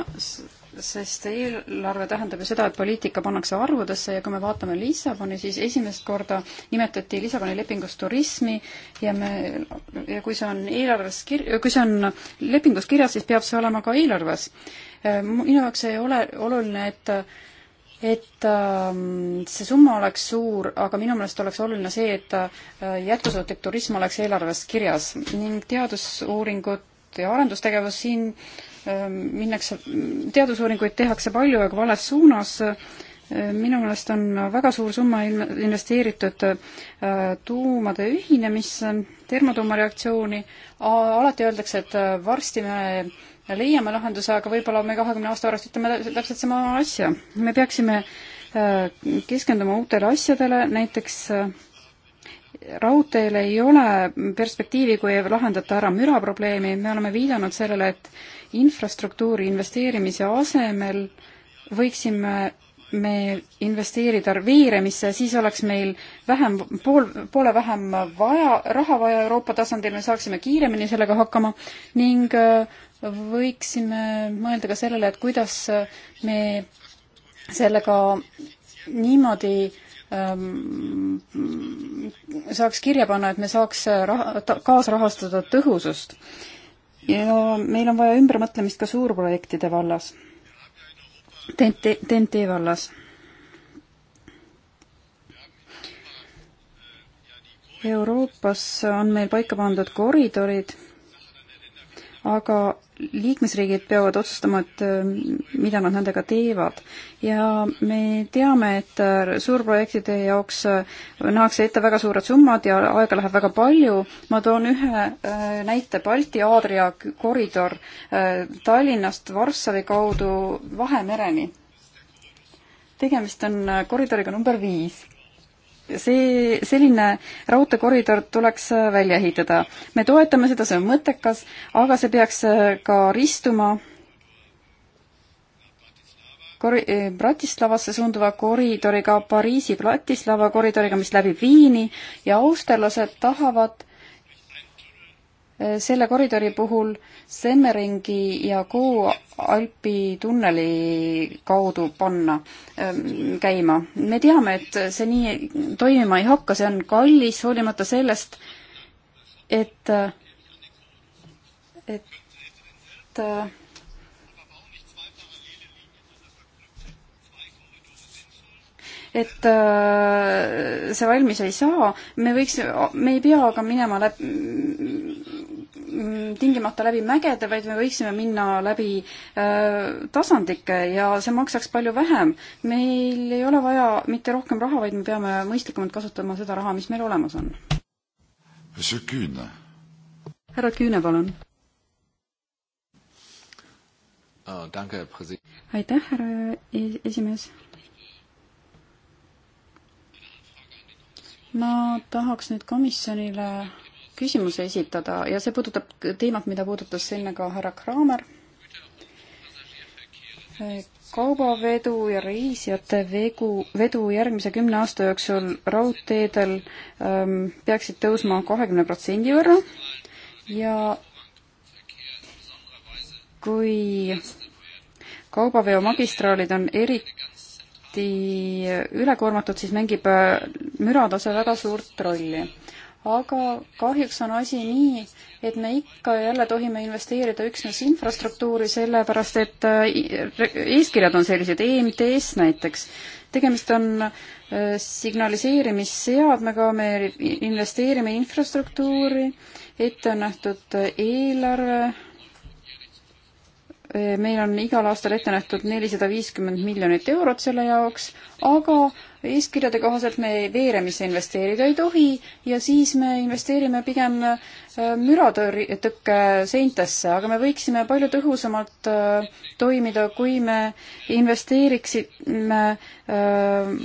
sest eelarve tähendab ju seda, et poliitika pannakse arvudesse ja kui me vaatame Lissaboni, siis esimest korda nimetati Lissaboni lepingus turismi ja me, ja kui see on eelarves kir-, kui see on lepingus kirjas, siis peab see olema ka eelarves. Äh, minu jaoks ei ole oluline, et et ähm, see summa oleks suur, aga minu meelest oleks oluline see, et äh, jätkusuutlik turism oleks eelarves kirjas ning teadusuuringud ja arendustegevus siin ähm, minnakse, teadusuuringuid tehakse palju, aga vales suunas. Äh, minu meelest on väga suur summa investeeritud äh, tuumade ühinemisse, termotuumareaktsiooni. alati öeldakse, et varsti me leiame lahenduse, aga võib-olla me kahekümne aasta pärast ütleme täpselt sama asja. me peaksime äh, keskenduma uutele asjadele, näiteks äh, raudteel ei ole perspektiivi, kui ei lahendata ära müraprobleemi, me oleme viidanud sellele, et infrastruktuuri investeerimise asemel võiksime me investeerida veeremisse, siis oleks meil vähem, pool, poole vähem vaja, raha vaja Euroopa tasandil, me saaksime kiiremini sellega hakkama ning äh, võiksime mõelda ka sellele, et kuidas me sellega niimoodi ähm, saaks kirja panna, et me saaks raha, kaasrahastada tõhusust. ja meil on vaja ümbermõtlemist ka suurprojektide vallas TNT, TNT vallas. Euroopas on meil paika pandud koridorid aga liikmesriigid peavad otsustama, et äh, mida nad nendega teevad. ja me teame, et äh, suurprojektide jaoks äh, nähakse ette väga suured summad ja aega läheb väga palju. ma toon ühe näite, Balti-Aadria koridor Tallinnast Varssavi kaudu Vahemereni. tegemist on koridoriga number viis see, selline raudteekoridor tuleks äh, välja ehitada. me toetame seda, see on mõttekas, aga see peaks äh, ka ristuma kor-, äh, Bratislavasse suunduva koridoriga, Pariisi Bratislava koridoriga, mis läbib Viini ja austerlased tahavad Äh, selle koridori puhul Semmeringi ja Koo Alpi tunneli kaudu panna ähm,, käima. me teame, et see nii toimima ei hakka, see on kallis, hoolimata sellest, et, äh, et äh, et äh, see valmis ei saa, me võiks, me ei pea aga minema läb-, tingimata läbi mägede, vaid me võiksime minna läbi äh, tasandike ja see maksaks palju vähem. meil ei ole vaja mitte rohkem raha, vaid me peame mõistlikumalt kasutama seda raha, mis meil olemas on. härra Küüne, palun oh,. aitäh, härra e-, esimees ma tahaks nüüd komisjonile küsimuse esitada ja see puudutab teemat, mida puudutas enne ka härra Kraamer. kaubavedu ja reisijate vegu, vedu järgmise kümne aasta jooksul raudteedel ähm, peaksid tõusma kahekümne protsendi võrra ja kui kaubaveo magistraalid on eriti eriti ülekoormatud, siis mängib äh, müratase väga suurt rolli. aga kahjuks on asi nii, et me ikka ja jälle tohime investeerida üksnes infrastruktuuri, sellepärast et äh, e-, eeskirjad on sellised, EMTS näiteks, tegemist on äh, signaliseerimisseadmega, me investeerime infrastruktuuri, ette on nähtud eelarve meil on igal aastal ette nähtud nelisada viiskümmend miljonit eurot selle jaoks, aga eeskirjade kohaselt me veeremisse investeerida ei tohi ja siis me investeerime pigem äh, müratõkke seintesse, aga me võiksime palju tõhusamalt äh, toimida, kui me investeeriksime äh,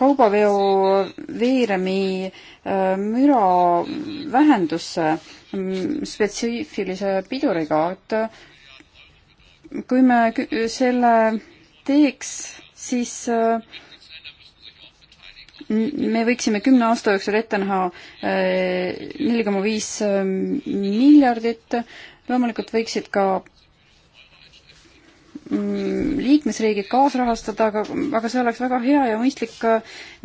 kaubaveo veeremi müra vähendusse mm, spetsiifilise piduriga, et kui me selle teeks, siis äh, me võiksime kümne aasta jooksul ette näha äh, neli koma viis äh, miljardit, loomulikult võiksid ka mm, liikmesriigid kaasrahastada, aga, aga see oleks väga hea ja mõistlik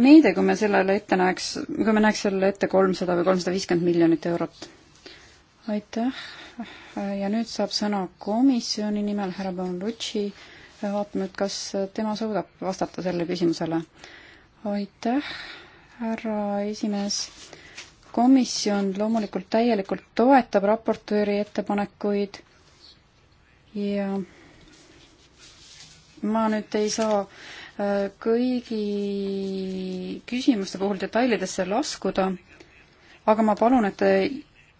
meede, kui me sellele ette näeks, kui me näeks sellele ette kolmsada või kolmsada viiskümmend miljonit eurot. aitäh ja nüüd saab sõna komisjoni nimel härra Bonrucci. vaatame, et kas tema suudab vastata sellele küsimusele. aitäh, härra esimees. komisjon loomulikult täielikult toetab raportööri ettepanekuid ja ma nüüd ei saa äh, kõigi küsimuste puhul detailidesse laskuda, aga ma palun, et te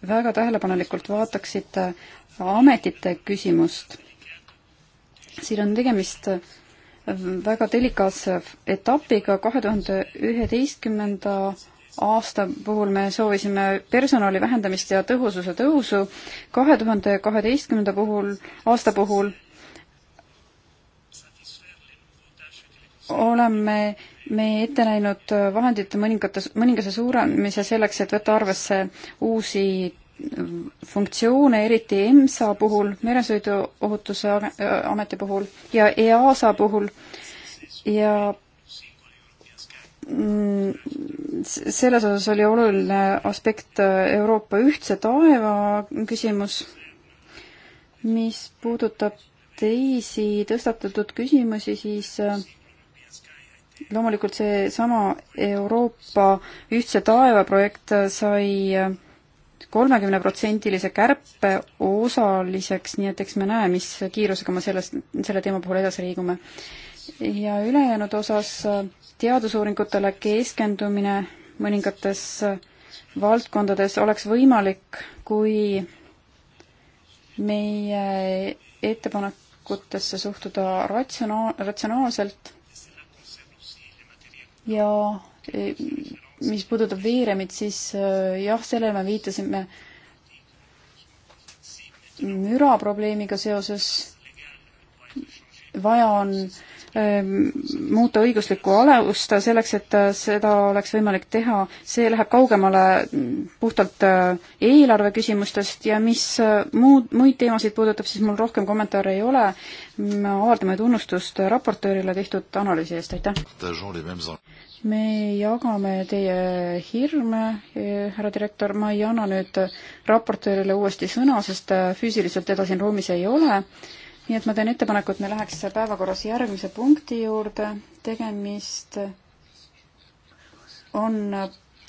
väga tähelepanelikult vaataksite äh, ametite küsimust. siin on tegemist äh, väga delikaatse etapiga, kahe tuhande üheteistkümnenda aasta puhul me soovisime personali vähendamist ja tõhususe tõusu, kahe tuhande kaheteistkümnenda puhul, aasta puhul oleme me ette näinud vahendite mõningates, mõningase suurenemise selleks, et võtta arvesse uusi funktsioone, eriti EMSA puhul, meresõiduohutuse ameti puhul ja EASA puhul ja mm, selles osas oli oluline aspekt Euroopa ühtse taeva küsimus, mis puudutab teisi tõstatatud küsimusi, siis äh, loomulikult seesama Euroopa ühtse taeva projekt sai kolmekümneprotsendilise kärpe osaliseks, nii et eks me näe, mis kiirusega me selles, selle teema puhul edasi liigume. ja ülejäänud osas teadusuuringutele keskendumine mõningates valdkondades oleks võimalik, kui meie ettepanekutesse suhtuda ratsionaal-, ratsionaalselt ja e, mis puudutab veeremit, siis e, jah, sellele me viitasime müraprobleemiga seoses. vaja on äh, Ähm, muuta õiguslikku alevust selleks, et äh, seda oleks võimalik teha, see läheb kaugemale mm, puhtalt äh, eelarve küsimustest ja mis äh, muud, muid teemasid puudutab, siis mul rohkem kommentaare ei ole. me avaldame tunnustust raportöörile tehtud analüüsi eest, aitäh! me jagame teie hirme, eh, härra direktor, ma ei anna nüüd raportöörile uuesti sõna, sest füüsiliselt teda siin ruumis ei ole nii et ma teen ettepaneku, et me läheks päevakorras järgmise punkti juurde. tegemist on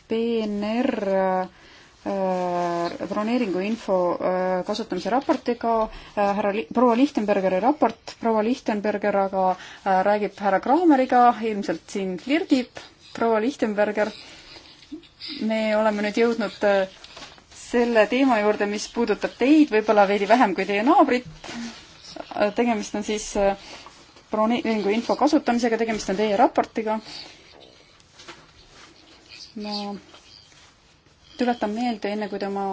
PNR äh, broneeringu info äh, kasutamise raportiga, äh, härra, proua Lichtenbergeri raport, proua Lichtenberger aga räägib härra Kraameriga, ilmselt siin flirdib proua Lichtenberger. me oleme nüüd jõudnud selle teema juurde, mis puudutab teid võib-olla veidi vähem kui teie naabrit tegemist on siis broneeringu info kasutamisega, tegemist on teie raportiga. ma tuletan meelde, enne kui te oma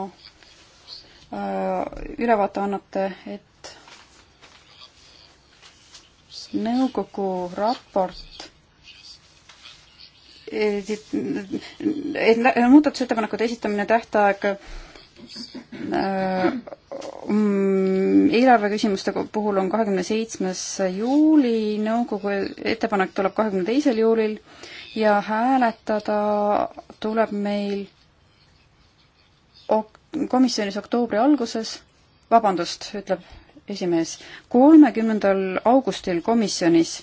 ülevaate annate, et nõukogu raport et muudatusettepanekute esitamise tähtaeg Äh, mm, eelarve küsimuste puhul on kahekümne seitsmes juuli, nõukogu ettepanek tuleb kahekümne teisel juulil ja hääletada tuleb meil ok-, komisjonis oktoobri alguses, vabandust, ütleb esimees, kolmekümnendal augustil komisjonis.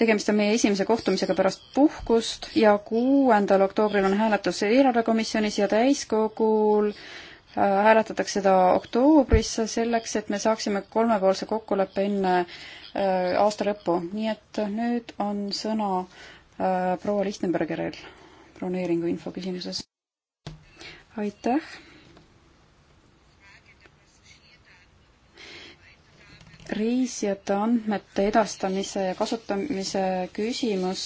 tegemist on meie esimese kohtumisega pärast puhkust ja kuuendal oktoobril on hääletus eelarvekomisjonis ja täiskogul Äh, hääletatakse ta oktoobris selleks, et me saaksime kolmepoolse kokkuleppe enne äh, aasta lõppu. nii et nüüd on sõna äh, proua Lichtenbergeril broneeringu info küsimuses. aitäh. reisijate andmete edastamise ja kasutamise küsimus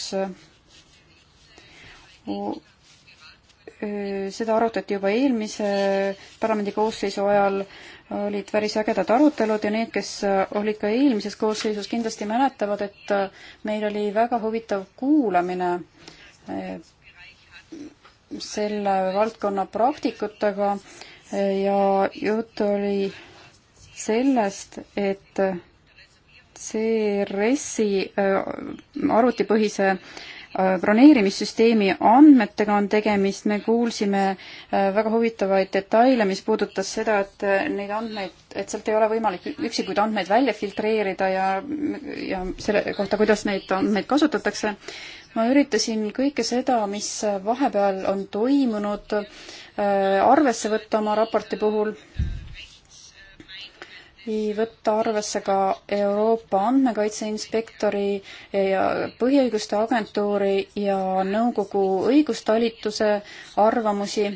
seda arutati juba eelmise parlamendi koosseisu ajal, olid päris ägedad arutelud ja need, kes olid ka eelmises koosseisus, kindlasti mäletavad, et meil oli väga huvitav kuulamine selle valdkonna praktikutega ja jutt oli sellest, et CRS-i arvutipõhise äh, Äh, broneerimissüsteemi andmetega on tegemist, me kuulsime äh, väga huvitavaid detaile, mis puudutas seda, et äh, neid andmeid, et sealt ei ole võimalik üksikuid andmeid välja filtreerida ja, ja selle kohta, kuidas neid andmeid kasutatakse. ma üritasin kõike seda, mis vahepeal on toimunud, arvesse võtta oma raporti puhul võtta arvesse ka Euroopa Andmekaitse Inspektori ja Põhiõiguste Agentuuri ja nõukogu õigustalituse arvamusi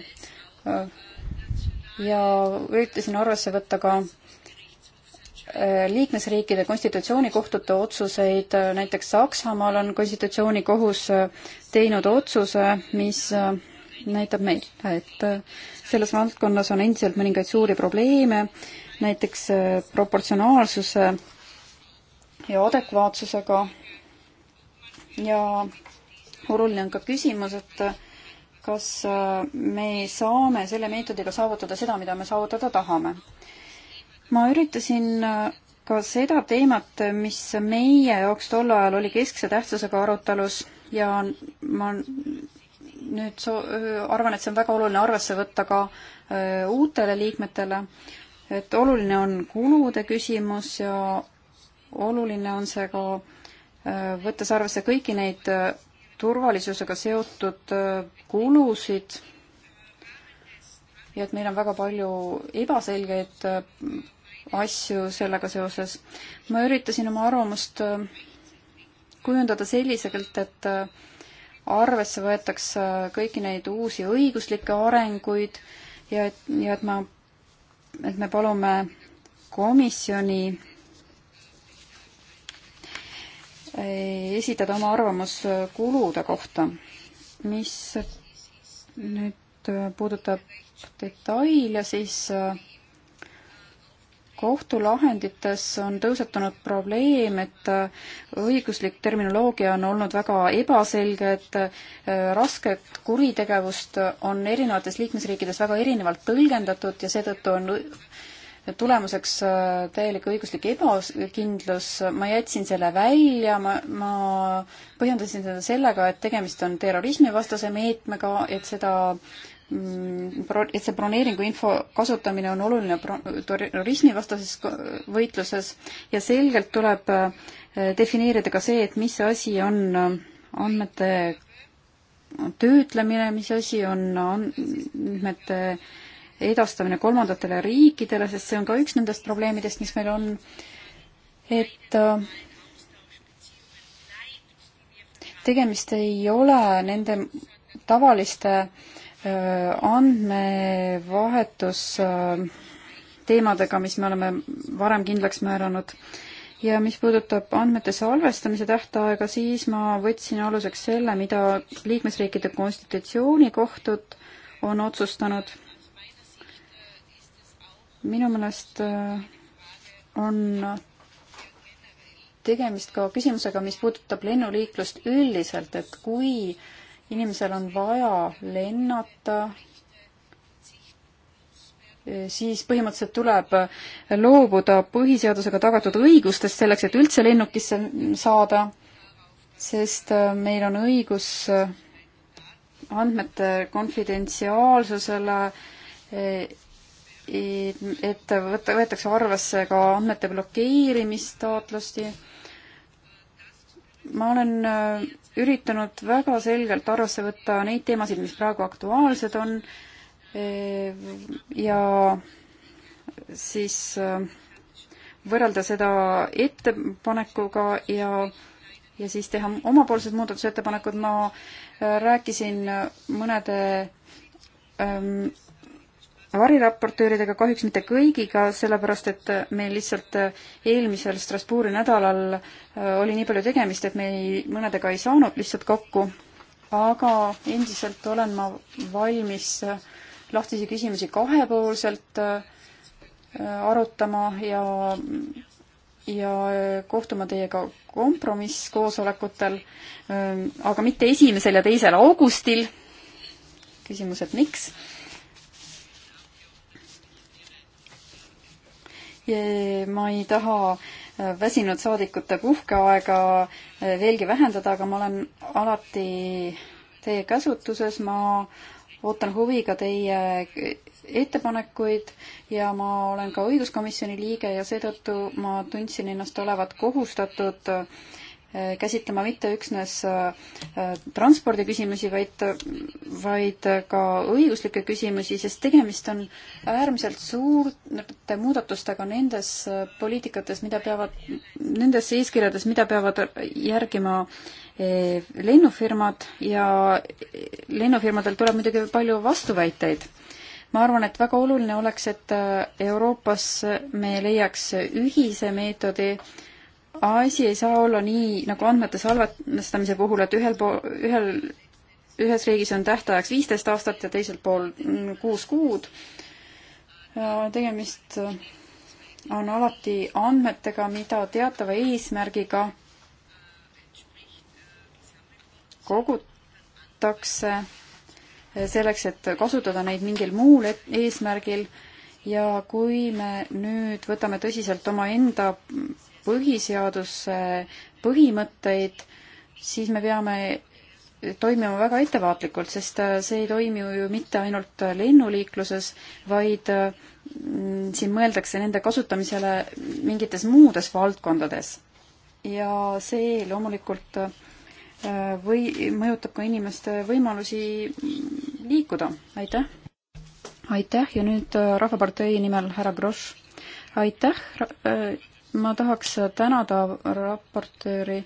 ja üritasin arvesse võtta ka äh, liikmesriikide konstitutsioonikohtute otsuseid, näiteks Saksamaal on konstitutsioonikohus äh, teinud otsuse, mis äh, näitab meile, et selles valdkonnas on endiselt mõningaid suuri probleeme näiteks äh, proportsionaalsuse ja adekvaatsusega. ja oluline on ka küsimus, et äh, kas äh, me saame selle meetodiga saavutada seda, mida me saavutada tahame. ma üritasin ka seda teemat, mis meie jaoks tol ajal oli keskse tähtsusega arutelus ja ma nüüd so-, arvan, et see on väga oluline arvesse võtta ka uutele liikmetele, et oluline on kulude küsimus ja oluline on see ka äh, võttes arvesse kõiki neid äh, turvalisusega seotud äh, kulusid ja et meil on väga palju ebaselgeid asju sellega seoses. ma üritasin oma arvamust kujundada selliselt, et arvesse võetaks kõiki neid uusi õiguslikke arenguid ja et, ja et ma et me palume komisjoni eh, esitada oma arvamus kulude kohta, mis nüüd eh, puudutab detaile, siis eh, kohtulahendites on tõusetunud probleem, et äh, õiguslik terminoloogia on olnud väga ebaselge, et äh, rasket kuritegevust on erinevates liikmesriikides väga erinevalt tõlgendatud ja seetõttu on äh, tulemuseks täielik õiguslik ebakindlus, ma jätsin selle välja, ma, ma põhjendasin seda sellega, et tegemist on terrorismivastase meetmega, et seda Mm, et see broneeringu info kasutamine on oluline terrorismivastases võitluses ja selgelt tuleb äh, defineerida ka see, et mis asi on äh, andmete töötlemine, mis asi on andmete edastamine kolmandatele riikidele, sest see on ka üks nendest probleemidest, mis meil on, et äh, tegemist ei ole nende tavaliste äh, Äh, andmevahetus äh, teemadega, mis me oleme varem kindlaks määranud. ja mis puudutab andmete salvestamise tähtaega, siis ma võtsin aluseks selle, mida liikmesriikide konstitutsioonikohtud on otsustanud. minu meelest äh, on tegemist ka küsimusega, mis puudutab lennuliiklust üldiselt, et kui äh, inimesel on vaja lennata, siis põhimõtteliselt tuleb loobuda põhiseadusega tagatud õigustest selleks, et üldse lennukisse saada, sest äh, meil on õigus äh, andmete konfidentsiaalsusele, äh, et võtta, võetakse arvesse ka andmete blokeerimist taotlusti. ma olen üritanud väga selgelt arvesse võtta neid teemasid, mis praegu aktuaalsed on eh, ja siis eh, võrrelda seda ettepanekuga ja, ja siis teha omapoolsed muudatusettepanekud, ma eh, rääkisin mõnede ehm, variraportööridega, kahjuks mitte kõigiga, sellepärast et meil lihtsalt eelmisel Strasbourgi nädalal äh, oli nii palju tegemist, et me ei, mõnedega ei saanud lihtsalt kokku. aga endiselt olen ma valmis äh, lahtisi küsimusi kahepoolselt äh, arutama ja, ja kohtuma teiega kompromisskoosolekutel, aga mitte esimesel ja teisel augustil. küsimus, et miks ma ei taha äh, väsinud saadikute puhkeaega äh, veelgi vähendada, aga ma olen alati teie käsutuses, ma ootan huviga teie ettepanekuid ja ma olen ka õiguskomisjoni liige ja seetõttu ma tundsin ennast olevat kohustatud äh, Äh, käsitlema mitte üksnes äh, äh, transpordiküsimusi, vaid, vaid ka õiguslikke küsimusi, sest tegemist on äärmiselt suurte muudatustega nendes poliitikates, mida peavad, nendes eeskirjades, mida peavad järgima lennufirmad ja lennufirmadel tuleb muidugi palju vastuväiteid ma arvan, et väga oluline oleks, et Euroopas me leiaks ühise meetodi asi ei saa olla nii nagu andmete salvestamise puhul, et ühel pool, ühel, ühes riigis on tähtajaks viisteist aastat ja teisel pool kuus kuud. tegemist on alati andmetega, mida teatava eesmärgiga kogutakse selleks, et kasutada neid mingil muul e-, eesmärgil ja kui me nüüd võtame tõsiselt omaenda põhiseaduse põhimõtteid, siis me peame toimima väga ettevaatlikult, sest äh, see ei toimi ju mitte ainult lennuliikluses, vaid mm, siin mõeldakse nende kasutamisele mingites muudes valdkondades. ja see loomulikult äh, või mõjutab ka inimeste võimalusi liikuda. aitäh! aitäh ja nüüd äh, Rahvapartei nimel härra Grosch. aitäh, ma tahaks tänada raportööri,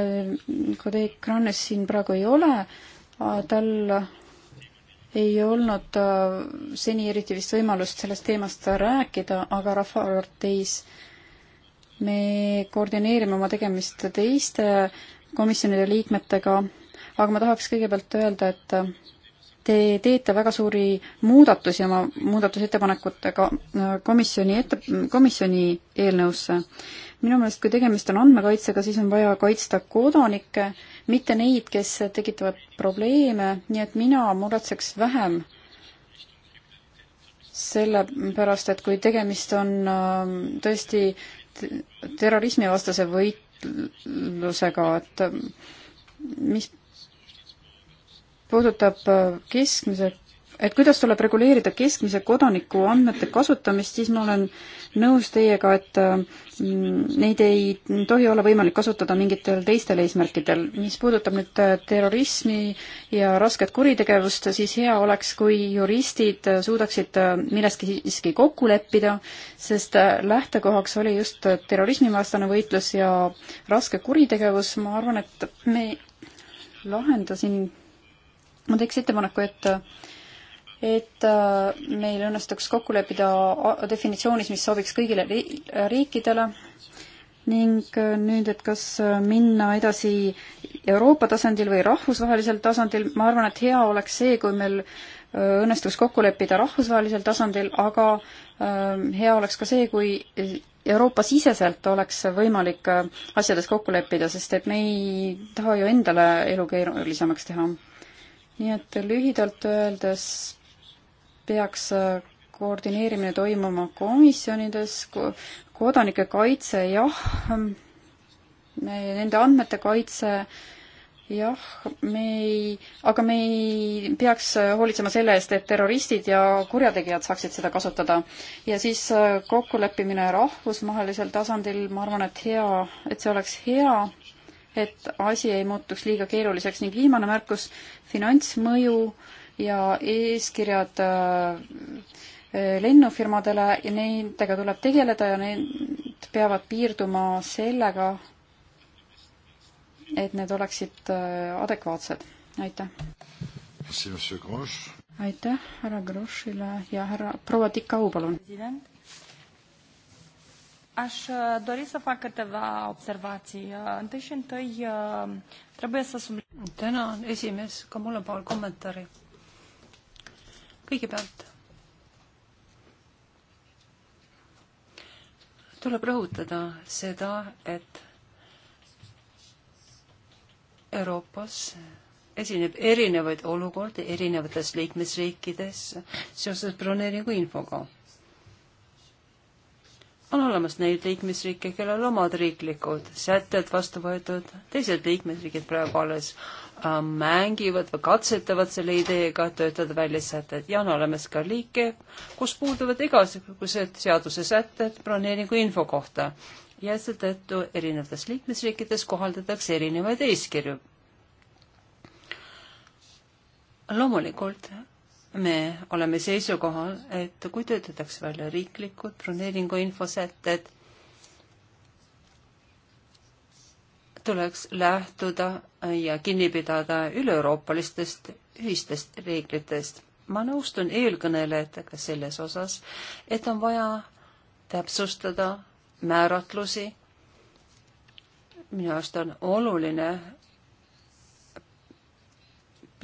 eh, kolleeg Krannes siin praegu ei ole, tal ei olnud eh, seni eriti vist võimalust sellest teemast rääkida, aga Rahvaparteis me koordineerime oma tegemist teiste komisjonide liikmetega, aga ma tahaks kõigepealt öelda, et Te teete väga suuri muudatusi oma muudatusettepanekutega äh, komisjoni ette, komisjoni eelnõusse. minu meelest, kui tegemist on andmekaitsega, siis on vaja kaitsta kodanikke, mitte neid, kes tekitavad probleeme, nii et mina muretseks vähem sellepärast, et kui tegemist on ähm, tõesti terrorismivastase võitlusega, et ähm, mis puudutab äh, keskmise, et kuidas tuleb reguleerida keskmise kodaniku andmete kasutamist, siis ma olen nõus teiega, et äh, mm, neid ei tohi olla võimalik kasutada mingitel teistel eesmärkidel. mis puudutab nüüd äh, terrorismi ja rasket kuritegevust, siis hea oleks, kui juristid suudaksid milleski siiski kokku leppida, sest lähtekohaks oli just terrorismivastane võitlus ja raske kuritegevus, ma arvan, et me lahendasin ma teeks ettepaneku, et et äh, meil õnnestuks kokku leppida definitsioonis, mis sobiks kõigile riikidele ning äh, nüüd, et kas äh, minna edasi Euroopa tasandil või rahvusvahelisel tasandil, ma arvan, et hea oleks see, kui meil õnnestuks kokku leppida rahvusvahelisel tasandil, aga ähm, hea oleks ka see, kui Euroopa-siseselt oleks võimalik asjades kokku leppida, sest et me ei taha ju endale elu keerulisemaks teha nii et lühidalt öeldes peaks äh, koordineerimine toimuma komisjonides, kodanike kaitse jah, nende andmete kaitse jah, me ei, aga me ei peaks äh, hoolitsema selle eest, et terroristid ja kurjategijad saaksid seda kasutada. ja siis äh, kokkuleppimine rahvusvahelisel tasandil, ma arvan, et hea, et see oleks hea et asi ei muutuks liiga keeruliseks ning viimane märkus, finantsmõju ja eeskirjad äh, äh, lennufirmadele ja nendega tuleb tegeleda ja need peavad piirduma sellega, et need oleksid äh, adekvaatsed. aitäh. aitäh härra Grossile ja härra proua Tikau, palun. Aș uh, dori să fac câteva observații. Uh, întâi și întâi uh, trebuie să subliniez. Tänan, esimees, ka mul on paar kommentaari. Kõigepealt tuleb rõhutada seda, et Euroopas esineb erinevaid olukordi erinevates liikmesriikides seoses broneeringu infoga on olemas neid liikmesriike, kellel omad riiklikud sätted vastu võetud, teised liikmesriigid praegu alles äh, mängivad või katsetavad selle ideega töötada välja sätted ja on olemas ka liike, kus puuduvad igasugused seadusesätted broneeringu info kohta ja seetõttu erinevates liikmesriikides kohaldatakse erinevaid eeskirju. loomulikult me oleme seisukohal, et kui töötatakse välja riiklikud broneeringu infosätted, tuleks lähtuda ja kinni pidada üleeuroopalistest ühistest reeglitest. ma nõustun eelkõnelejatega selles osas, et on vaja täpsustada määratlusi. minu arust on oluline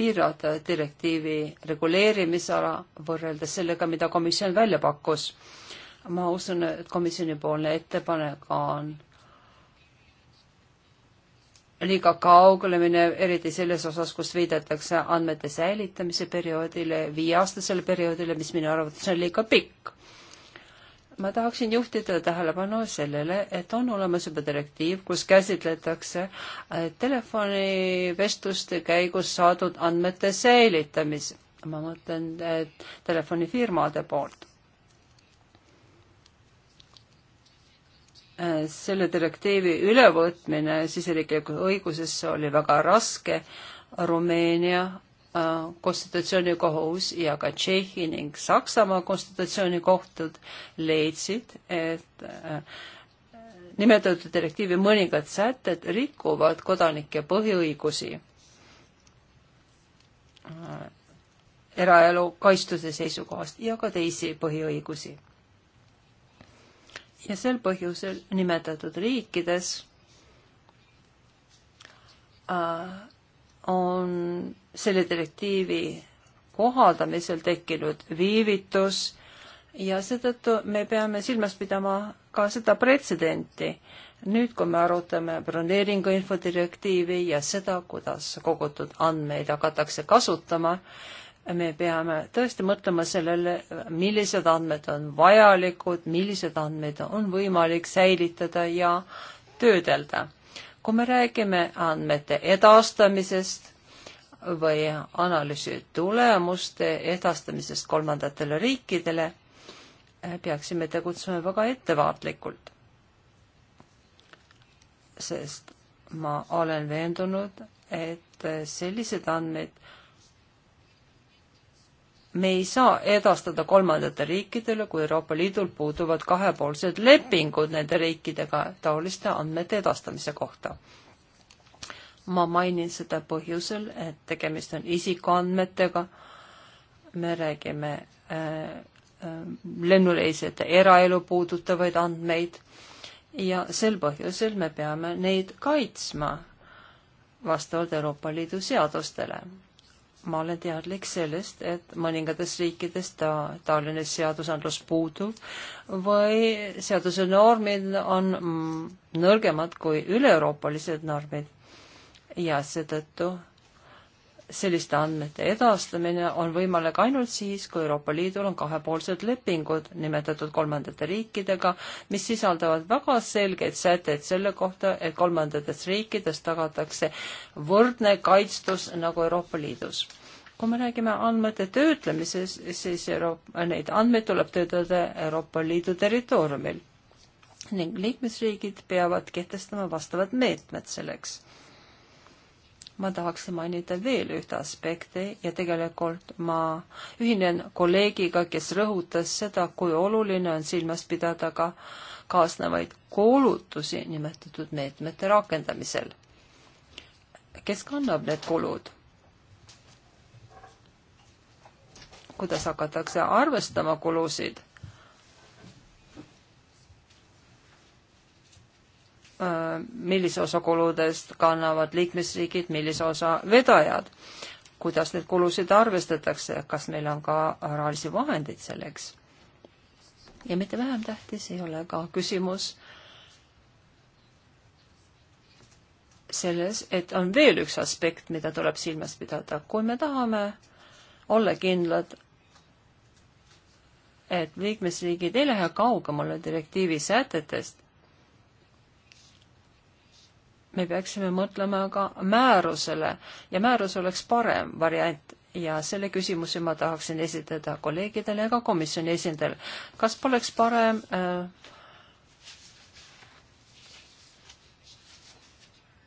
piirata direktiivi reguleerimisala võrreldes sellega, mida komisjon välja pakkus. ma usun, et komisjonipoolne ettepanek on liiga kaugele minev, eriti selles osas, kus viidatakse andmete säilitamise perioodile, viieaastasele perioodile, mis minu arvates on liiga pikk ma tahaksin juhtida tähelepanu sellele, et on olemas juba direktiiv, kus käsitletakse telefonivestluste käigus saadud andmete säilitamist. ma mõtlen telefonifirmade poolt. selle direktiivi ülevõtmine siseriiklikus õiguses oli väga raske. Rumeenia Äh, konstitutsioonikohus ja ka Tšehhi ning Saksamaa konstitutsioonikohtud leidsid, et äh, nimetatud direktiivi mõningad sätted rikuvad kodanike põhiõigusi äh, eraelu kaitstuse seisukohast ja ka teisi põhiõigusi. ja sel põhjusel nimetatud riikides äh, on selle direktiivi kohaldamisel tekkinud viivitus ja seetõttu me peame silmas pidama ka seda pretsedenti, nüüd kui me arutame broneeringu infodirektiivi ja seda, kuidas kogutud andmeid hakatakse kasutama, me peame tõesti mõtlema sellele, millised andmed on vajalikud, millised andmed on võimalik säilitada ja töödelda kui me räägime andmete edastamisest või analüüsi tulemuste edastamisest kolmandatele riikidele, eh, peaksime tegutsema väga ettevaatlikult. sest ma olen veendunud, et sellised andmed me ei saa edastada kolmandatele riikidele, kui Euroopa Liidul puuduvad kahepoolsed lepingud nende riikidega taoliste andmete edastamise kohta. ma mainin seda põhjusel, et tegemist on isikuandmetega, me räägime äh, äh, lennureisijate eraelu puudutavaid andmeid ja sel põhjusel me peame neid kaitsma vastavalt Euroopa Liidu seadustele ma olen teadlik sellest, et mõningates riikides ta, taoline seadusandlus puudub või seaduse normid on mm, nõrgemad kui üle-euroopalised normid ja seetõttu selliste andmete edastamine on võimalik ainult siis, kui Euroopa Liidul on kahepoolsed lepingud nimetatud kolmandate riikidega, mis sisaldavad väga selgeid sätteid selle kohta, et kolmandates riikides tagatakse võrdne kaitstus nagu Euroopa Liidus. kui me räägime andmete töötlemises, siis Euroopa, neid andmeid tuleb töötada Euroopa Liidu territooriumil ning liikmesriigid peavad kehtestama vastavad meetmed selleks ma tahaksin mainida veel ühte aspekti ja tegelikult ma ühinen kolleegiga, kes rõhutas seda, kui oluline on silmas pidada ka kaasnevaid kulutusi nimetatud meetmete rakendamisel. kes kannab need kulud? kuidas hakatakse arvestama kulusid Äh, millise osa kuludest kannavad liikmesriigid, millise osa vedajad, kuidas neid kulusid arvestatakse, kas meil on ka rahalisi vahendeid selleks. ja mitte vähem tähtis ei ole ka küsimus selles, et on veel üks aspekt, mida tuleb silmas pidada, kui me tahame olla kindlad, et liikmesriigid ei lähe kaugemale direktiivi sätetest, me peaksime mõtlema ka määrusele ja määrus oleks parem variant ja selle küsimuse ma tahaksin esitada kolleegidele ja ka komisjoni esindajale. kas poleks parem äh,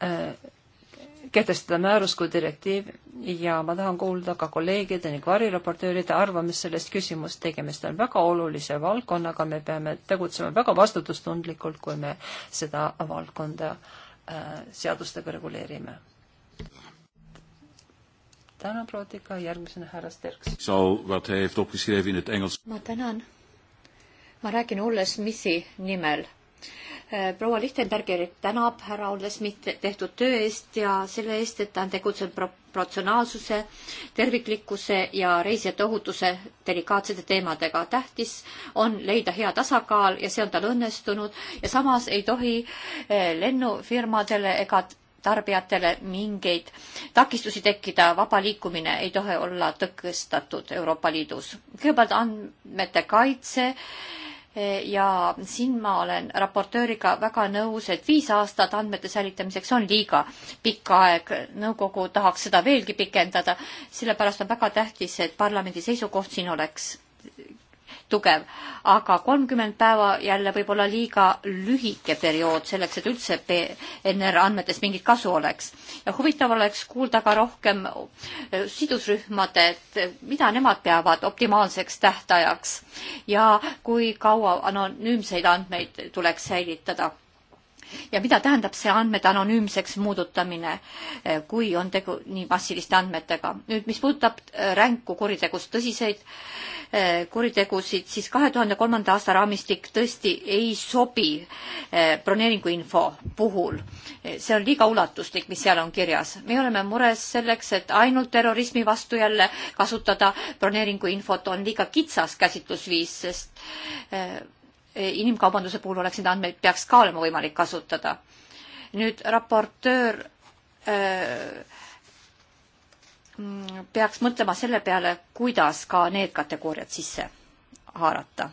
äh, kehtestada määrus kui direktiiv ja ma tahan kuulda ka kolleegide ning variraportööride arvamist sellest küsimust. tegemist on väga olulise valdkonnaga, me peame tegutsema väga vastutustundlikult, kui me seda valdkonda äh, seadustega reguleerime. tänan, Proodika, järgmisena härra Sterks. ma tänan. ma räägin Ulle Smithi nimel Äh, proua Lichtenbergerit tänab härra Ollesmit tehtud töö eest ja selle eest, et ta on tegutsenud proportsionaalsuse, terviklikkuse ja reisijate ohutuse delikaatsete teemadega. tähtis on leida hea tasakaal ja see on tal õnnestunud ja samas ei tohi äh, lennufirmadele ega tarbijatele mingeid takistusi tekkida, vaba liikumine ei tohi olla tõkestatud Euroopa Liidus. kõigepealt andmete kaitse ja siin ma olen raportööriga väga nõus, et viis aastat andmete säilitamiseks on liiga pikk aeg. nõukogu tahaks seda veelgi pikendada, sellepärast on väga tähtis, et parlamendi seisukoht siin oleks tugev, aga kolmkümmend päeva jälle võib olla liiga lühike periood selleks, et üldse PNR andmetest mingit kasu oleks. ja huvitav oleks kuulda ka rohkem äh, sidusrühmade, et äh, mida nemad peavad optimaalseks tähtajaks ja kui kaua anonüümseid andmeid tuleks säilitada ja mida tähendab see andmete anonüümseks muudutamine, eh, kui on tegu nii massiliste andmetega. nüüd, mis puudutab eh, ränku kuritegust, tõsiseid eh, kuritegusid, siis kahe tuhande kolmanda aasta raamistik tõesti ei sobi broneeringuinfo puhul. see on liiga ulatuslik, mis seal on kirjas. me oleme mures selleks, et ainult terrorismi vastu jälle kasutada broneeringuinfot on liiga kitsas käsitlusviis, sest inimkaubanduse puhul oleks neid andmeid, peaks ka olema võimalik kasutada. nüüd raportöör öö, äh, mm, peaks mõtlema selle peale, kuidas ka need kategooriad sisse haarata.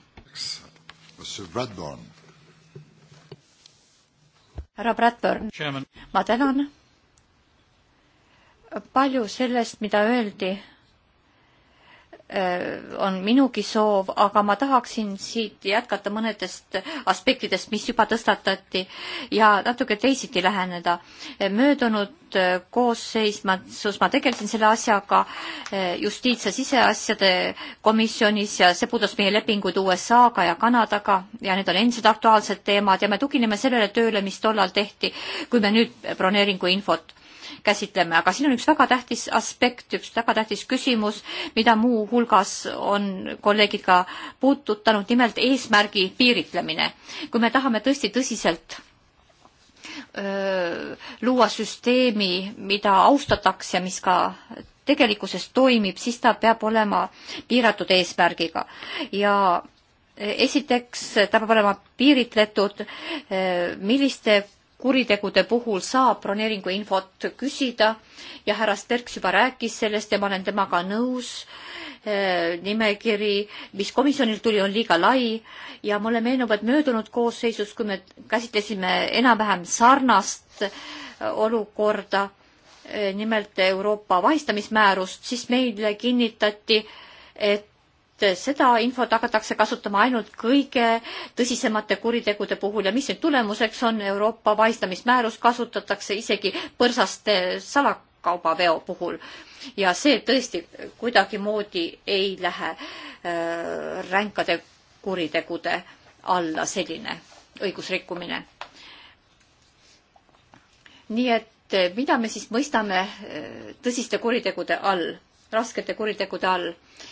härra Bradburn, ma tänan. palju sellest, mida öeldi Äh, on minugi soov, aga ma tahaksin siit jätkata mõnedest aspektidest, mis juba tõstatati ja natuke teisiti läheneda. möödunud äh, koosseis, ma, kus ma tegelesin selle asjaga äh, justiits- ja siseasjade komisjonis ja see puudutas meie lepinguid USA-ga ja Kanadaga ja need on endiselt aktuaalsed teemad ja me tugineme sellele tööle, mis tollal tehti, kui me nüüd broneeringu infot käsitleme, aga siin on üks väga tähtis aspekt, üks väga tähtis küsimus, mida muuhulgas on kolleegid ka puudutanud, nimelt eesmärgi piiritlemine. kui me tahame tõesti tõsiselt öö, luua süsteemi, mida austatakse ja mis ka tegelikkuses toimib, siis ta peab olema piiratud eesmärgiga ja esiteks ta peab olema piiritletud, milliste kuritegude puhul saab broneeringu infot küsida ja härra Sterks juba rääkis sellest ja ma olen temaga nõus. Eh, nimekiri, mis komisjonilt tuli, on liiga lai ja mulle meenub, et möödunud koosseisus, kui me käsitlesime enam-vähem sarnast eh, olukorda, eh, nimelt Euroopa vahistamismäärust, siis meile kinnitati, et seda infot hakatakse kasutama ainult kõige tõsisemate kuritegude puhul ja mis nüüd tulemuseks on, Euroopa vaistamismäärus kasutatakse isegi põrsaste salakaubaveo puhul. ja see tõesti kuidagimoodi ei lähe äh, ränkade kuritegude alla, selline õigusrikkumine. nii et äh, mida me siis mõistame äh, tõsiste kuritegude all, raskete kuritegude all äh,?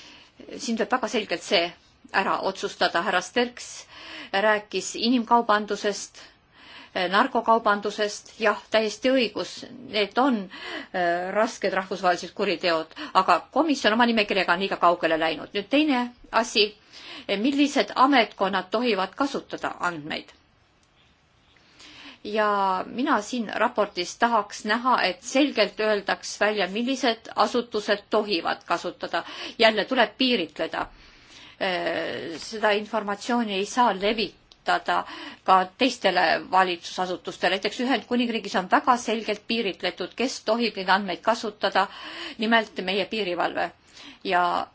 siin tuleb väga selgelt see ära otsustada. härra Sterks rääkis inimkaubandusest, eh, narkokaubandusest, jah, täiesti õigus, need on eh, rasked rahvusvahelised kuriteod, aga komisjon oma nimekirjaga on liiga kaugele läinud. nüüd teine asi, eh, millised ametkonnad tohivad kasutada andmeid? ja mina siin raportis tahaks näha, et selgelt öeldaks välja, millised asutused tohivad kasutada. jälle tuleb piiritleda. Äh, seda informatsiooni ei saa levitada ka teistele valitsusasutustele, näiteks Ühendkuningriigis on väga selgelt piiritletud, kes tohib neid andmeid kasutada, nimelt meie piirivalve ja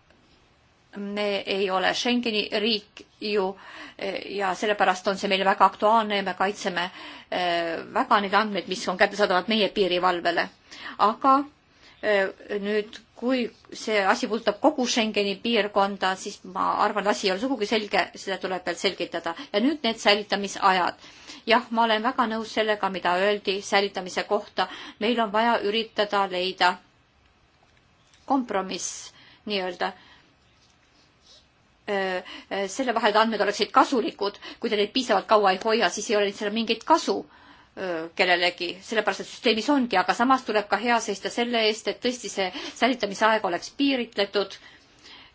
me ei ole Schengeni riik ju e, ja sellepärast on see meile väga aktuaalne ja me kaitseme e, väga neid andmeid, mis on kättesaadavad meie piirivalvele. aga e, nüüd, kui see asi puudutab kogu Schengeni piirkonda, siis ma arvan, asi ei ole sugugi selge, seda tuleb veel selgitada. ja nüüd need säilitamisajad. jah, ma olen väga nõus sellega, mida öeldi säilitamise kohta. meil on vaja üritada leida kompromiss nii-öelda Äh, äh, selle vahel, et andmed oleksid kasulikud, kui te neid piisavalt kaua ei hoia, siis ei ole neist enam mingit kasu äh, kellelegi, sellepärast et süsteemis ongi, aga samas tuleb ka hea seista selle eest, et tõesti see säilitamise aeg oleks piiritletud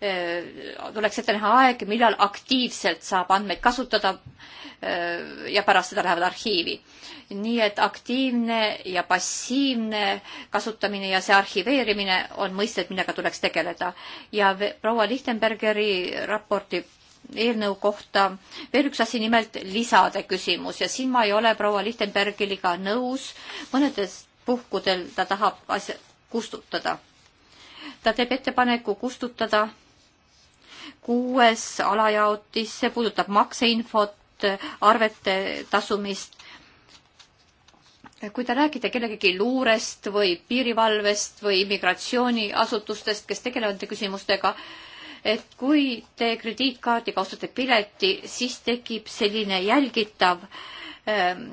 Äh, tuleks ette näha aeg, millal aktiivselt saab andmeid kasutada äh, ja pärast seda lähevad arhiivi. nii et aktiivne ja passiivne kasutamine ja see arhiveerimine on mõisted, millega tuleks tegeleda. ja proua Lichtenbergeri raporti eelnõu kohta veel üks asi, nimelt lisade küsimus ja siin ma ei ole proua Lichtenbergiliga nõus. mõnedes puhkudel ta tahab asja kustutada. ta teeb ettepaneku kustutada kuues alajaotis, see puudutab makseinfot, arvete tasumist. kui te räägite kellegagi luurest või piirivalvest või immigratsiooniasutustest, kes tegelevad nende küsimustega, et kui te krediitkaardiga ostate pileti, siis tekib selline jälgitav ähm,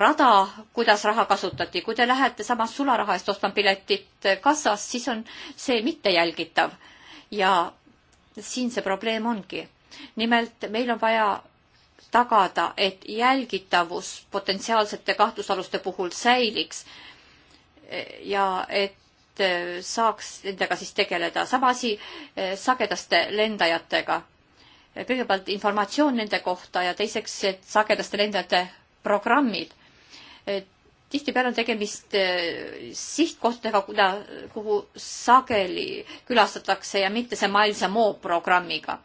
rada, kuidas raha kasutati. kui te lähete samas sularaha eest ostma piletit kassast, siis on see mittejälgitav ja siin see probleem ongi. nimelt meil on vaja tagada, et jälgitavus potentsiaalsete kahtlusaluste puhul säiliks ja et äh, saaks nendega siis tegeleda. sama asi äh, sagedaste lendajatega. kõigepealt informatsioon nende kohta ja teiseks, et sagedaste lendajate programmid. et tihtipeale on tegemist äh, sihtkohtadega, kuda, kuhu sageli külastatakse ja mitte see Miles ja More programmiga.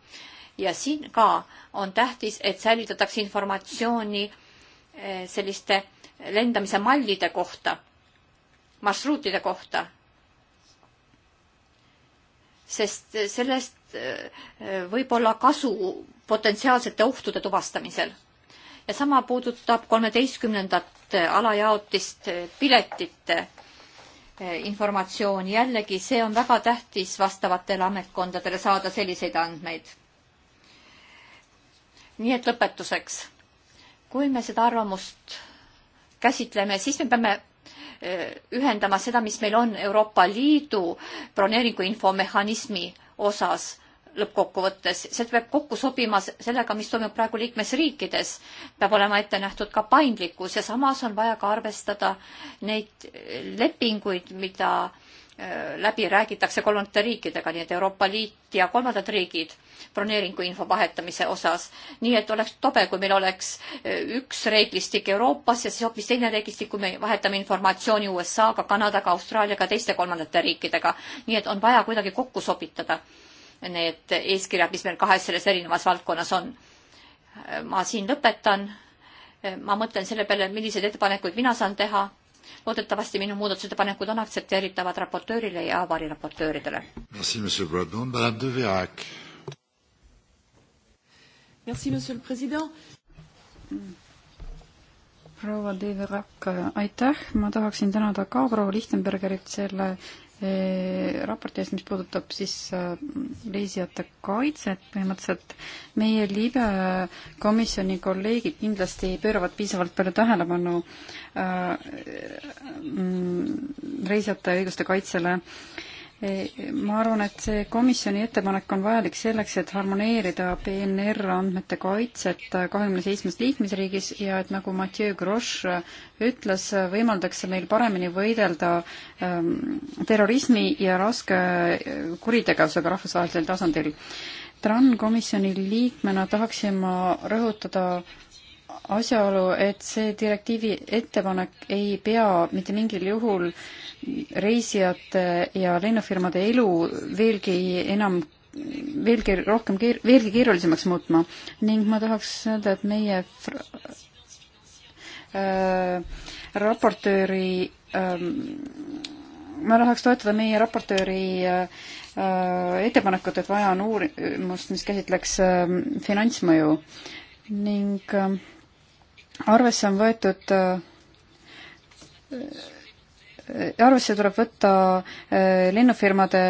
ja siin ka on tähtis, et säilitatakse informatsiooni äh, selliste lendamise mallide kohta, marsruutide kohta. sest äh, sellest võib olla kasu potentsiaalsete ohtude tuvastamisel. ja sama puudutab kolmeteistkümnendat uut äh, alajaotist äh, piletite äh, informatsioon, jällegi see on väga tähtis vastavatele ametkondadele saada selliseid andmeid. nii et lõpetuseks, kui me seda arvamust käsitleme, siis me peame ühendama seda, mis meil on Euroopa Liidu broneeringu infomehhanismi osas lõppkokkuvõttes, see peab kokku sobima sellega, mis toimub praegu liikmesriikides, peab olema ette nähtud ka paindlikkus ja samas on vaja ka arvestada neid lepinguid, mida äh, läbi räägitakse kolmandate riikidega, nii et Euroopa Liit ja kolmandad riigid broneeringuinfo vahetamise osas. nii et oleks tobe, kui meil oleks äh, üks reeglistik Euroopas ja siis hoopis teine reeglistik, kui me vahetame informatsiooni USA-ga, Kanadaga, Austraaliaga, teiste kolmandate riikidega. nii et on vaja kuidagi kokku sobitada need eeskirjad, mis meil kahes selles erinevas valdkonnas on. ma siin lõpetan. ma mõtlen selle peale, milliseid ettepanekuid mina saan teha. loodetavasti minu muudatusettepanekud on aktsepteeritavad raportöörile ja variraportööridele. proua Deiverak, aitäh, ma tahaksin tänada ka proua Lichtenbergerit selle äh, Äh, raporti eest, mis puudutab siis äh, reisijate kaitset põhimõtteliselt. meie libe komisjoni kolleegid kindlasti pööravad piisavalt palju tähelepanu äh, mm, reisijate õiguste kaitsele äh, ma arvan, et see komisjoni ettepanek on vajalik selleks, et harmoneerida PNR andmete kaitset kahekümne seitsmes liikmesriigis ja et nagu Mathieu Grosch ütles, võimaldaks see meil paremini võidelda ähm, terrorismi ja raske äh, kuritegevusega rahvusvahelisel tasandil. TRAN komisjoni liikmena tahaksin ma rõhutada asjaolu, et see direktiivi ettepanek ei pea mitte mingil juhul reisijate ja lennufirmade elu veelgi enam veelgi rohkem keer-, veelgi keerulisemaks muutma ning ma tahaks öelda, et meie fra- äh,, raportööri äh,, ma tahaks toetada meie raportööri äh, äh, ettepanekut, et vaja on uurimust, mis käsitleks äh, finantsmõju ning äh, arvesse on võetud arvesse tuleb võtta äh, lennufirmade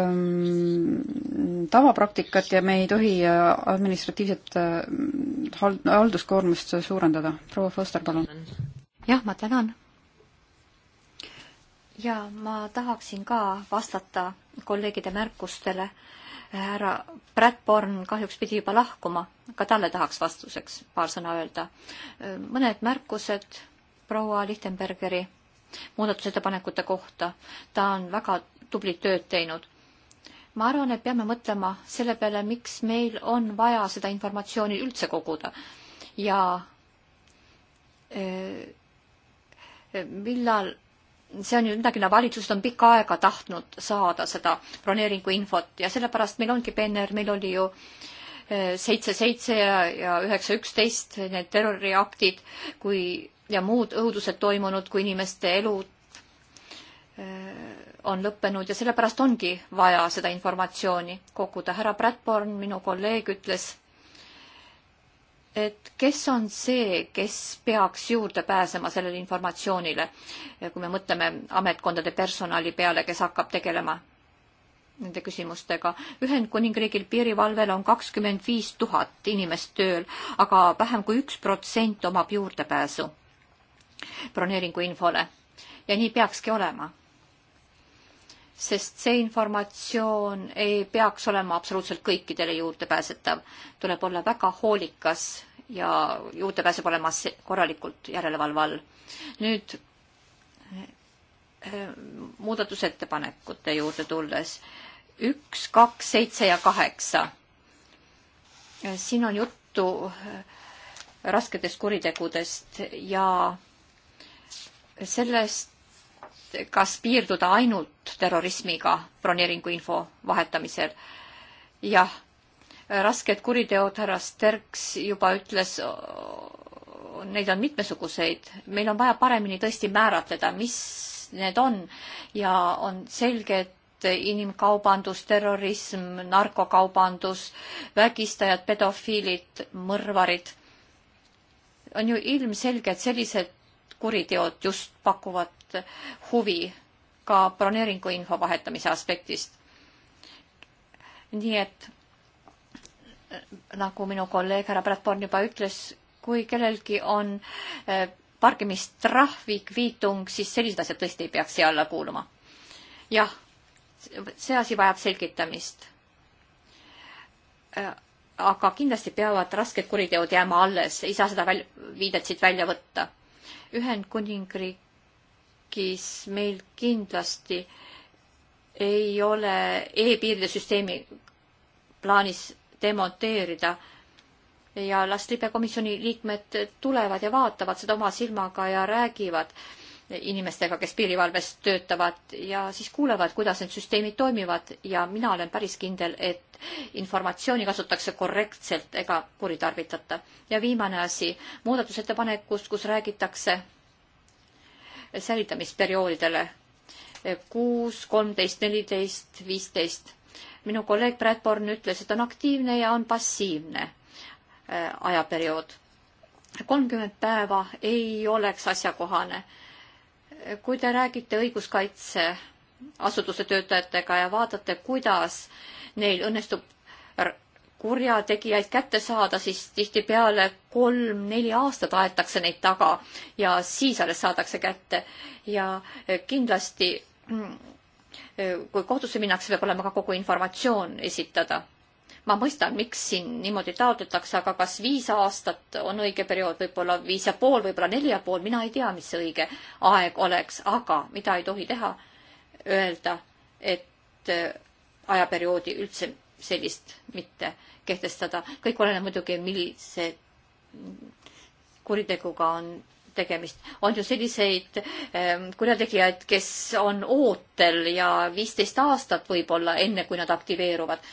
ähm, tavapraktikat ja me ei tohi äh, administratiivset äh, halduskoormust suurendada. proua Foster, palun. jah, ma tänan. ja ma tahaksin ka vastata kolleegide märkustele härra Bradborn kahjuks pidi juba lahkuma, ka talle tahaks vastuseks paar sõna öelda. mõned märkused proua Lichtenbergeri muudatusettepanekute kohta. ta on väga tublit tööd teinud ma arvan, et peame mõtlema selle peale, miks meil on vaja seda informatsiooni üldse koguda ja millal see on ju midagi, mida valitsused on pikka aega tahtnud saada, seda broneeringuinfot ja sellepärast meil ongi PNR, meil oli ju eh, seitse seitse ja, ja üheksa üksteist need terroriaktid, kui ja muud õudused toimunud, kui inimeste elud eh, on lõppenud ja sellepärast ongi vaja seda informatsiooni koguda. härra Bradborn, minu kolleeg, ütles et kes on see, kes peaks juurde pääsema sellele informatsioonile, kui me mõtleme ametkondade personali peale, kes hakkab tegelema nende küsimustega. Ühendkuningriigil piirivalvel on kakskümmend viis tuhat inimest tööl, aga vähem kui üks protsent omab juurdepääsu broneeringu infole ja nii peakski olema sest see informatsioon ei peaks olema absoluutselt kõikidele juurdepääsetav. tuleb olla väga hoolikas ja juurdepääs peab olema korralikult järelevalve all. nüüd eh, muudatusettepanekute juurde tulles, üks, kaks, seitse ja kaheksa. Eh, siin on juttu eh, rasketest kuritegudest ja sellest, kas piirduda ainult terrorismiga broneeringuinfo vahetamisel. jah, rasked kuriteod, härra Sterks juba ütles, neid on mitmesuguseid, meil on vaja paremini tõesti määratleda, mis need on ja on selge, et inimkaubandus, terrorism, narkokaubandus, vägistajad, pedofiilid, mõrvarid. on ju ilmselge, et sellised kuriteod just pakuvad huvi ka broneeringuinfo vahetamise aspektist. nii et nagu minu kolleeg härra Bradborn juba ütles, kui kellelgi on eh, parkimistrahvi kviitung, siis sellised asjad tõesti ei peaks siia alla kuuluma. jah, see asi vajab selgitamist. Eh, aga kindlasti peavad rasked kuriteod jääma alles, ei saa seda väl-, viidet siit välja võtta Ühendkuningriigis meil kindlasti ei ole e-piiride süsteemi plaanis demonteerida ja las libekomisjoni liikmed tulevad ja vaatavad seda oma silmaga ja räägivad inimestega, kes piirivalves töötavad ja siis kuulevad, kuidas need süsteemid toimivad ja mina olen päris kindel, et informatsiooni kasutatakse korrektselt ega kuritarvitata. ja viimane asi, muudatusettepanekust, kus räägitakse säilitamisperioodidele kuus, kolmteist, neliteist, viisteist. minu kolleeg Bradborn ütles, et on aktiivne ja on passiivne äh, ajaperiood. kolmkümmend päeva ei oleks asjakohane kui te räägite õiguskaitseasutuse töötajatega ja vaatate, kuidas neil õnnestub kurjategijaid kätte saada, siis tihtipeale kolm-neli aastat aetakse neid taga ja siis alles saadakse kätte. ja kindlasti, mm, kui kohtusse minnakse, peab olema ka kogu informatsioon esitada ma mõistan, miks siin niimoodi taotletakse, aga kas viis aastat on õige periood, võib-olla viis ja pool, võib-olla neli ja pool, mina ei tea, mis see õige aeg oleks, aga mida ei tohi teha, öelda, et äh, ajaperioodi üldse sellist mitte kehtestada. kõik oleneb muidugi, millise kuriteguga on tegemist. on ju selliseid ähm, kurjategijaid, kes on ootel ja viisteist aastat võib-olla, enne kui nad aktiveeruvad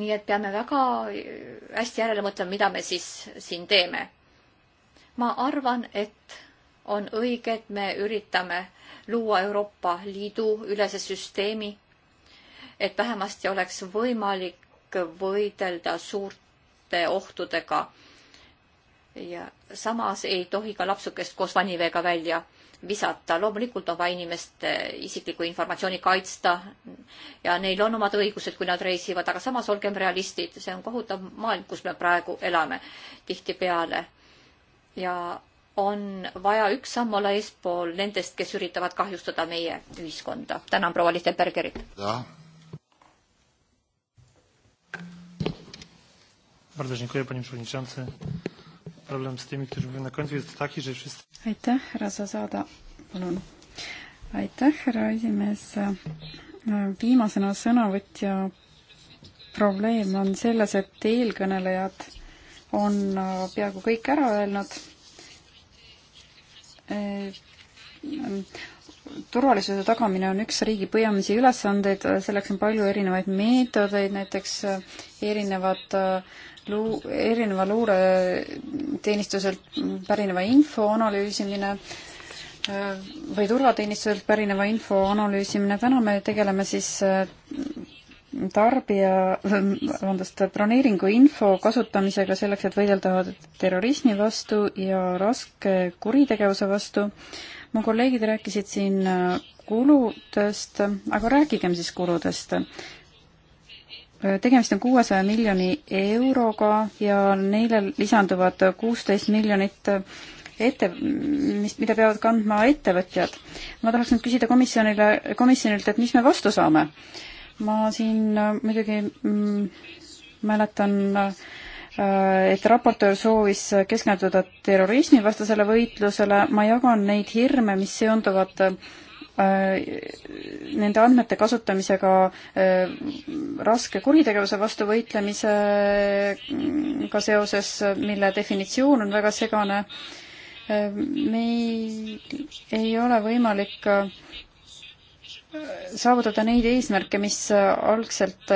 nii et peame väga äh, hästi järele mõtlema, mida me siis siin teeme. ma arvan, et on õige, et me üritame luua Euroopa Liidu ülese süsteemi, et vähemasti oleks võimalik võidelda suurte ohtudega. ja samas ei tohi ka lapsukest koos vaniveega välja visata. loomulikult on vaja inimeste isiklikku informatsiooni kaitsta ja neil on omad õigused, kui nad reisivad, aga samas olgem realistid, see on kohutav maailm, kus me praegu elame tihtipeale. ja on vaja üks samm olla eespool nendest, kes üritavad kahjustada meie ühiskonda. tänan proua Lichtenbergerit. Bardzo dziękuję panie przewodniczący aitäh, härra Zasada, palun. aitäh, härra esimees. viimasena sõnavõtja probleem on selles, et eelkõnelejad on peaaegu kõik ära öelnud. Ehm, turvalisuse tagamine on üks riigi põhimõttelisi ülesandeid, selleks on palju erinevaid meetodeid, näiteks erinevad äh, luu-, erineva luureteenistuselt pärineva info analüüsimine äh, või turvateenistuselt pärineva info analüüsimine, täna me tegeleme siis äh, tarbija, vabandust, broneeringu info kasutamisega selleks, et võidelda terrorismi vastu ja raske kuritegevuse vastu. mu kolleegid rääkisid siin äh, kuludest, aga rääkigem siis kuludest. Äh, tegemist on kuuesaja miljoni euroga ja neile lisanduvad kuusteist miljonit äh, ette, mis, mida peavad kandma ettevõtjad. ma tahaks nüüd küsida komisjonile, komisjonilt, et mis me vastu saame? ma siin äh, muidugi mm, mäletan äh, et raportöör soovis keskenduda terrorismivastasele võitlusele, ma jagan neid hirme, mis seonduvad äh, Äh, nende andmete kasutamisega äh, raske kuritegevuse vastu võitlemisega seoses, mille definitsioon on väga segane. Äh, meil ei ole võimalik saavutada neid eesmärke, mis algselt,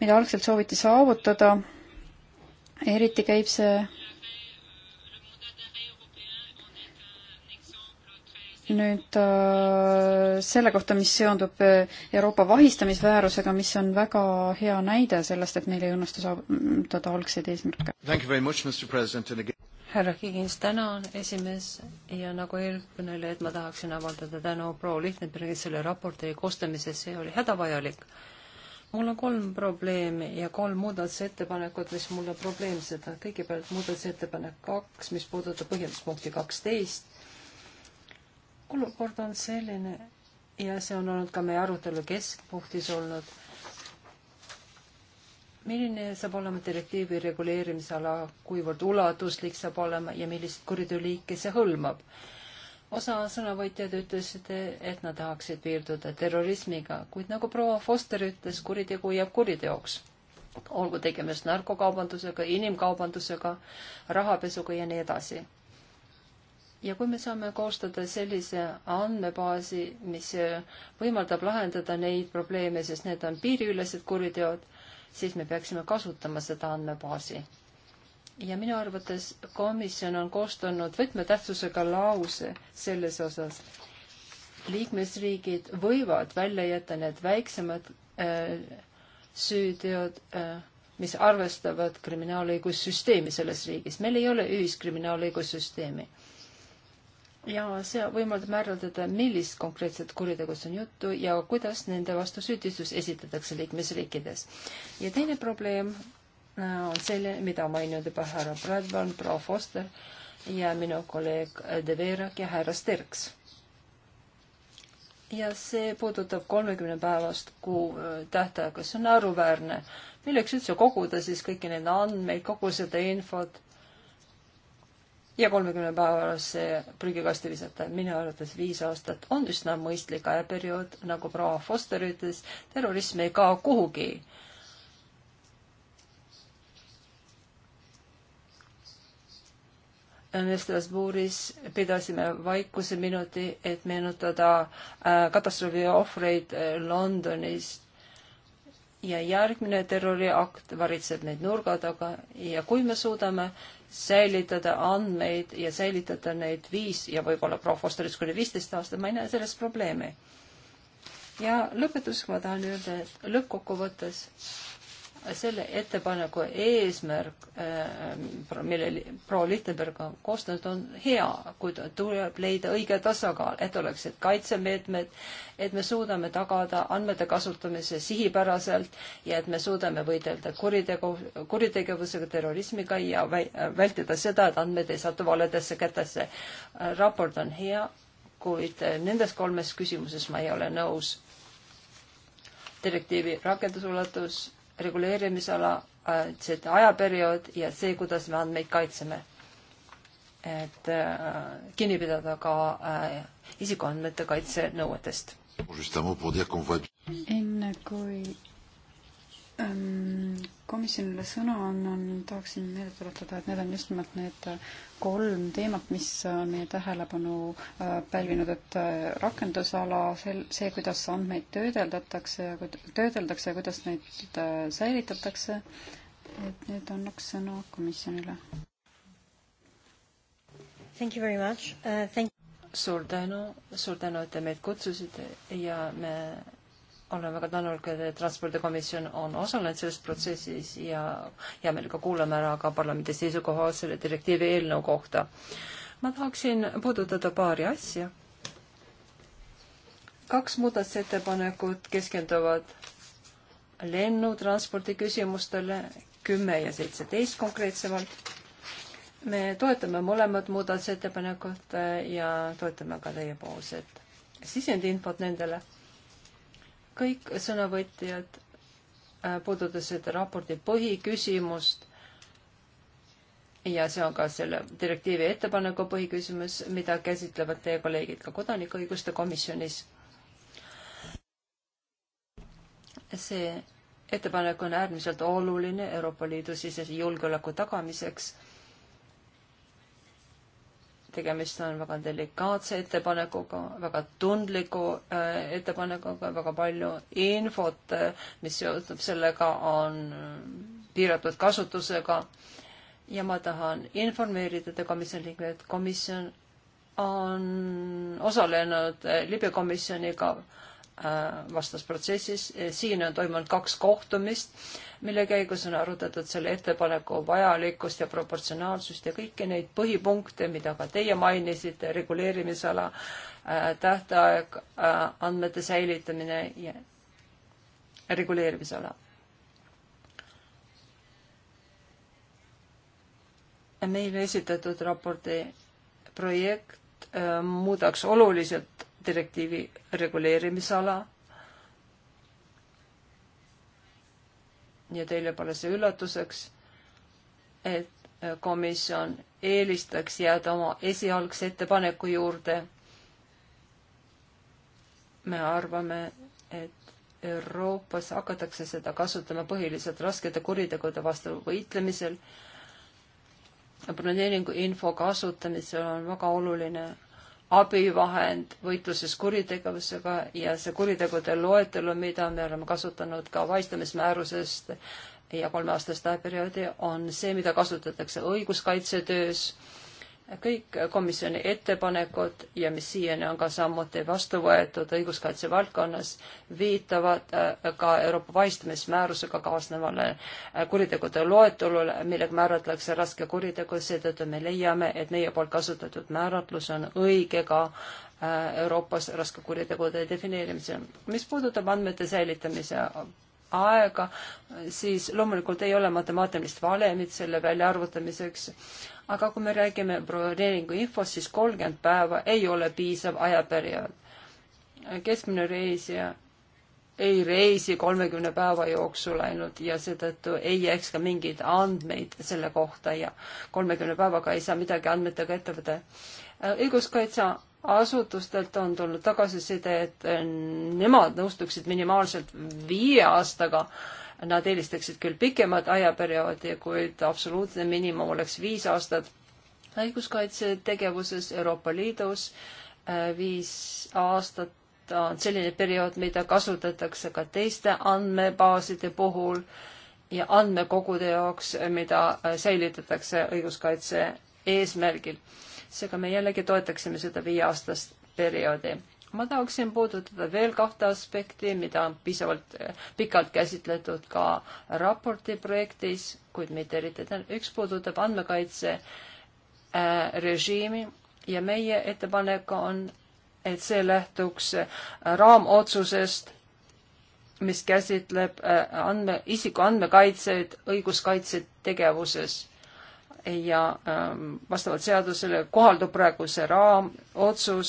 mida algselt sooviti saavutada. eriti käib see nüüd äh, selle kohta, mis seondub äh, Euroopa vahistamisväärusega, mis on väga hea näide sellest, et meil ei õnnestu saavutada algseid eesmärke. härra Higins, tänan, esimees, ja nagu eelkõnelejad, ma tahaksin avaldada tänu proua Lihtnebergi selle raporti koostamises, see oli hädavajalik. mul on kolm probleemi ja kolm muudatusettepanekut, mis mulle probleemsed on. kõigepealt muudatusettepanek kaks, mis puudutab põhjenduspunkti kaksteist olukord on selline ja see on olnud ka meie arutelu keskpunktis olnud. milline saab olema direktiivi reguleerimisala, kuivõrd ulatuslik saab olema ja millist kuriteoliike see hõlmab? osa sõnavõtjad ütlesid, et nad tahaksid piirduda terrorismiga, kuid nagu proua Foster ütles, kuritegu jääb kuriteoks. olgu tegemist narkokaubandusega, inimkaubandusega, rahapesuga ja nii edasi ja kui me saame koostada sellise andmebaasi, mis võimaldab lahendada neid probleeme, sest need on piiriülesed kuriteod, siis me peaksime kasutama seda andmebaasi. ja minu arvates komisjon on koostanud võtmetähtsusega lause selles osas. liikmesriigid võivad välja jätta need väiksemad äh, süüteod äh, mis arvestavad kriminaalõigussüsteemi selles riigis. meil ei ole ühiskriminaalõigussüsteemi ja see võimaldab määratleda, millist konkreetset kuritegus on juttu ja kuidas nende vastu süüdistus esitatakse liikmesriikides. ja teine probleem äh, on selle, mida maininud juba härra Bradburn, proua Foster ja minu kolleeg De Veerak ja härra Sterks. ja see puudutab kolmekümne päevast kuu äh, tähtaega, see on naeruväärne. milleks üldse koguda siis kõiki neid andmeid, kogu seda infot ja kolmekümne päevase prügikasti visata. minu arvates viis aastat on üsna mõistlik ajaperiood, nagu proua Foster ütles, terrorism ei kao kuhugi. Strasbourgis pidasime vaikuse minuti, et meenutada äh, katastroofi ohvreid äh, Londonis ja järgmine terroriakt varitseb neid nurga taga ja kui me suudame säilitada andmeid ja säilitada neid viis ja võib-olla prohvostoriks kuni viisteist aastat, ma ei näe selles probleemi. ja lõpetuseks ma tahan öelda, et lõppkokkuvõttes selle ettepaneku eesmärk, äh, mille proua Lichtenberg on koostanud, on hea, kuid tuleb leida õige tasakaal, et oleksid kaitsemeetmed, et me suudame tagada andmete kasutamise sihipäraselt ja et me suudame võidelda kuritegu, kuritegevusega, terrorismiga ja vältida seda, et andmed ei satu valedesse kätesse. raport on hea, kuid nendes kolmes küsimuses ma ei ole nõus. direktiivi rakendusulatus reguleerimisala, see äh, ajaperiood ja see, kuidas me andmeid kaitseme. et äh, kinni pidada ka äh, isikuandmete kaitse nõuetest. enne kui Ehm, komisjonile sõna annan, tahaksin meelde tuletada, et need on just nimelt need äh, kolm teemat, mis on äh, meie tähelepanu äh, pälvinud, et rakendusala, sel-, see, kuidas andmeid töödeldatakse ja töödeldakse ja kuidas neid säilitatakse, et nüüd annaks sõna komisjonile. Thank you very much uh,. Thank suur tänu, suur tänu, et te meid kutsusite ja me olen väga tänulik, et Transpordikomisjon on osalenud selles protsessis ja hea meelega kuulame ära ka parlamendi seisukoha selle direktiivi eelnõu kohta. ma tahaksin puudutada paari asja. kaks muudatusettepanekut keskenduvad lennutranspordi küsimustele, kümme ja seitseteist konkreetsemalt. me toetame mõlemat muudatusettepanekut ja toetame ka teiepoolset sisendinfot nendele kõik sõnavõtjad äh, puudutasid raporti põhiküsimust ja see on ka selle direktiivi ettepaneku põhiküsimus, mida käsitlevad teie kolleegid ka kodanikuõiguste komisjonis. see ettepanek on äärmiselt oluline Euroopa Liidu sisese julgeoleku tagamiseks tegemist on väga delikaatse ettepanekuga, väga tundliku äh, ettepanekuga, väga palju infot, äh, mis seotud sellega, on piiratud kasutusega. ja ma tahan informeerida te komisjoni liikmeid, komisjon on osalenud äh, libekomisjoniga äh, Äh, vastas protsessis. Äh, siin on toimunud kaks kohtumist, mille käigus on arutatud selle ettepaneku vajalikkust ja proportsionaalsust ja kõiki neid põhipunkte, mida ka teie mainisite, reguleerimisala, äh, tähtaeg, andmete säilitamine ja reguleerimisala meile esitatud raporti projekt äh, muudaks oluliselt direktiivi reguleerimisala. ja teile pole see üllatuseks, et komisjon eelistaks jääda oma esialgse ettepaneku juurde. me arvame, et Euroopas hakatakse seda kasutama põhiliselt raskete kuritegude vastu võitlemisel. broneeringu info kasutamisel on väga oluline abivahend võitluses kuritegevusega ja see kuritegude loetelu, mida me oleme kasutanud ka vaistamismäärusest ja kolmeaastast ajaperioodi, on see, mida kasutatakse õiguskaitsetöös kõik komisjoni ettepanekud ja mis siiani on ka samuti vastu võetud õiguskaitse valdkonnas, viitavad äh, ka Euroopa vaistamismäärusega kaasnevale äh, kuritegude loetelule, millega määratletakse raske kuritegu, seetõttu me leiame, et meie poolt kasutatud määratlus on õige ka äh, Euroopas raske kuritegude defineerimisel. mis puudutab andmete säilitamise aega, siis loomulikult ei ole matemaatilist valemit selle väljaarvutamiseks, aga kui me räägime broneeringu infost, siis kolmkümmend päeva ei ole piisav ajaperiood. keskmine reisija ei reisi kolmekümne päeva jooksul ainult ja seetõttu ei jääks ka mingeid andmeid selle kohta ja kolmekümne päevaga ei saa midagi andmetega ette võtta. õiguskaitseasutustelt on tulnud tagasiside, et nemad nõustuksid minimaalselt viie aastaga äh, Nad eelistaksid küll pikemat ajaperioodi, kuid absoluutne miinimum oleks viis aastat õiguskaitsetegevuses Euroopa Liidus. Äh, viis aastat on selline periood, mida kasutatakse ka teiste andmebaaside puhul ja andmekogude jaoks, mida äh, säilitatakse õiguskaitse eesmärgil. seega me jällegi toetaksime seda viieaastast perioodi ma tahaksin puudutada veel kahte aspekti, mida on piisavalt eh, pikalt käsitletud ka raporti projektis, kuid mitte eriti. üks puudutab andmekaitse äh, režiimi ja meie ettepanek on, et see lähtuks eh, raamotsusest, mis käsitleb äh, andme, isiku andmekaitseid õiguskaitse tegevuses ja ähm, vastavalt seadusele kohaldub praegu see raamotsus,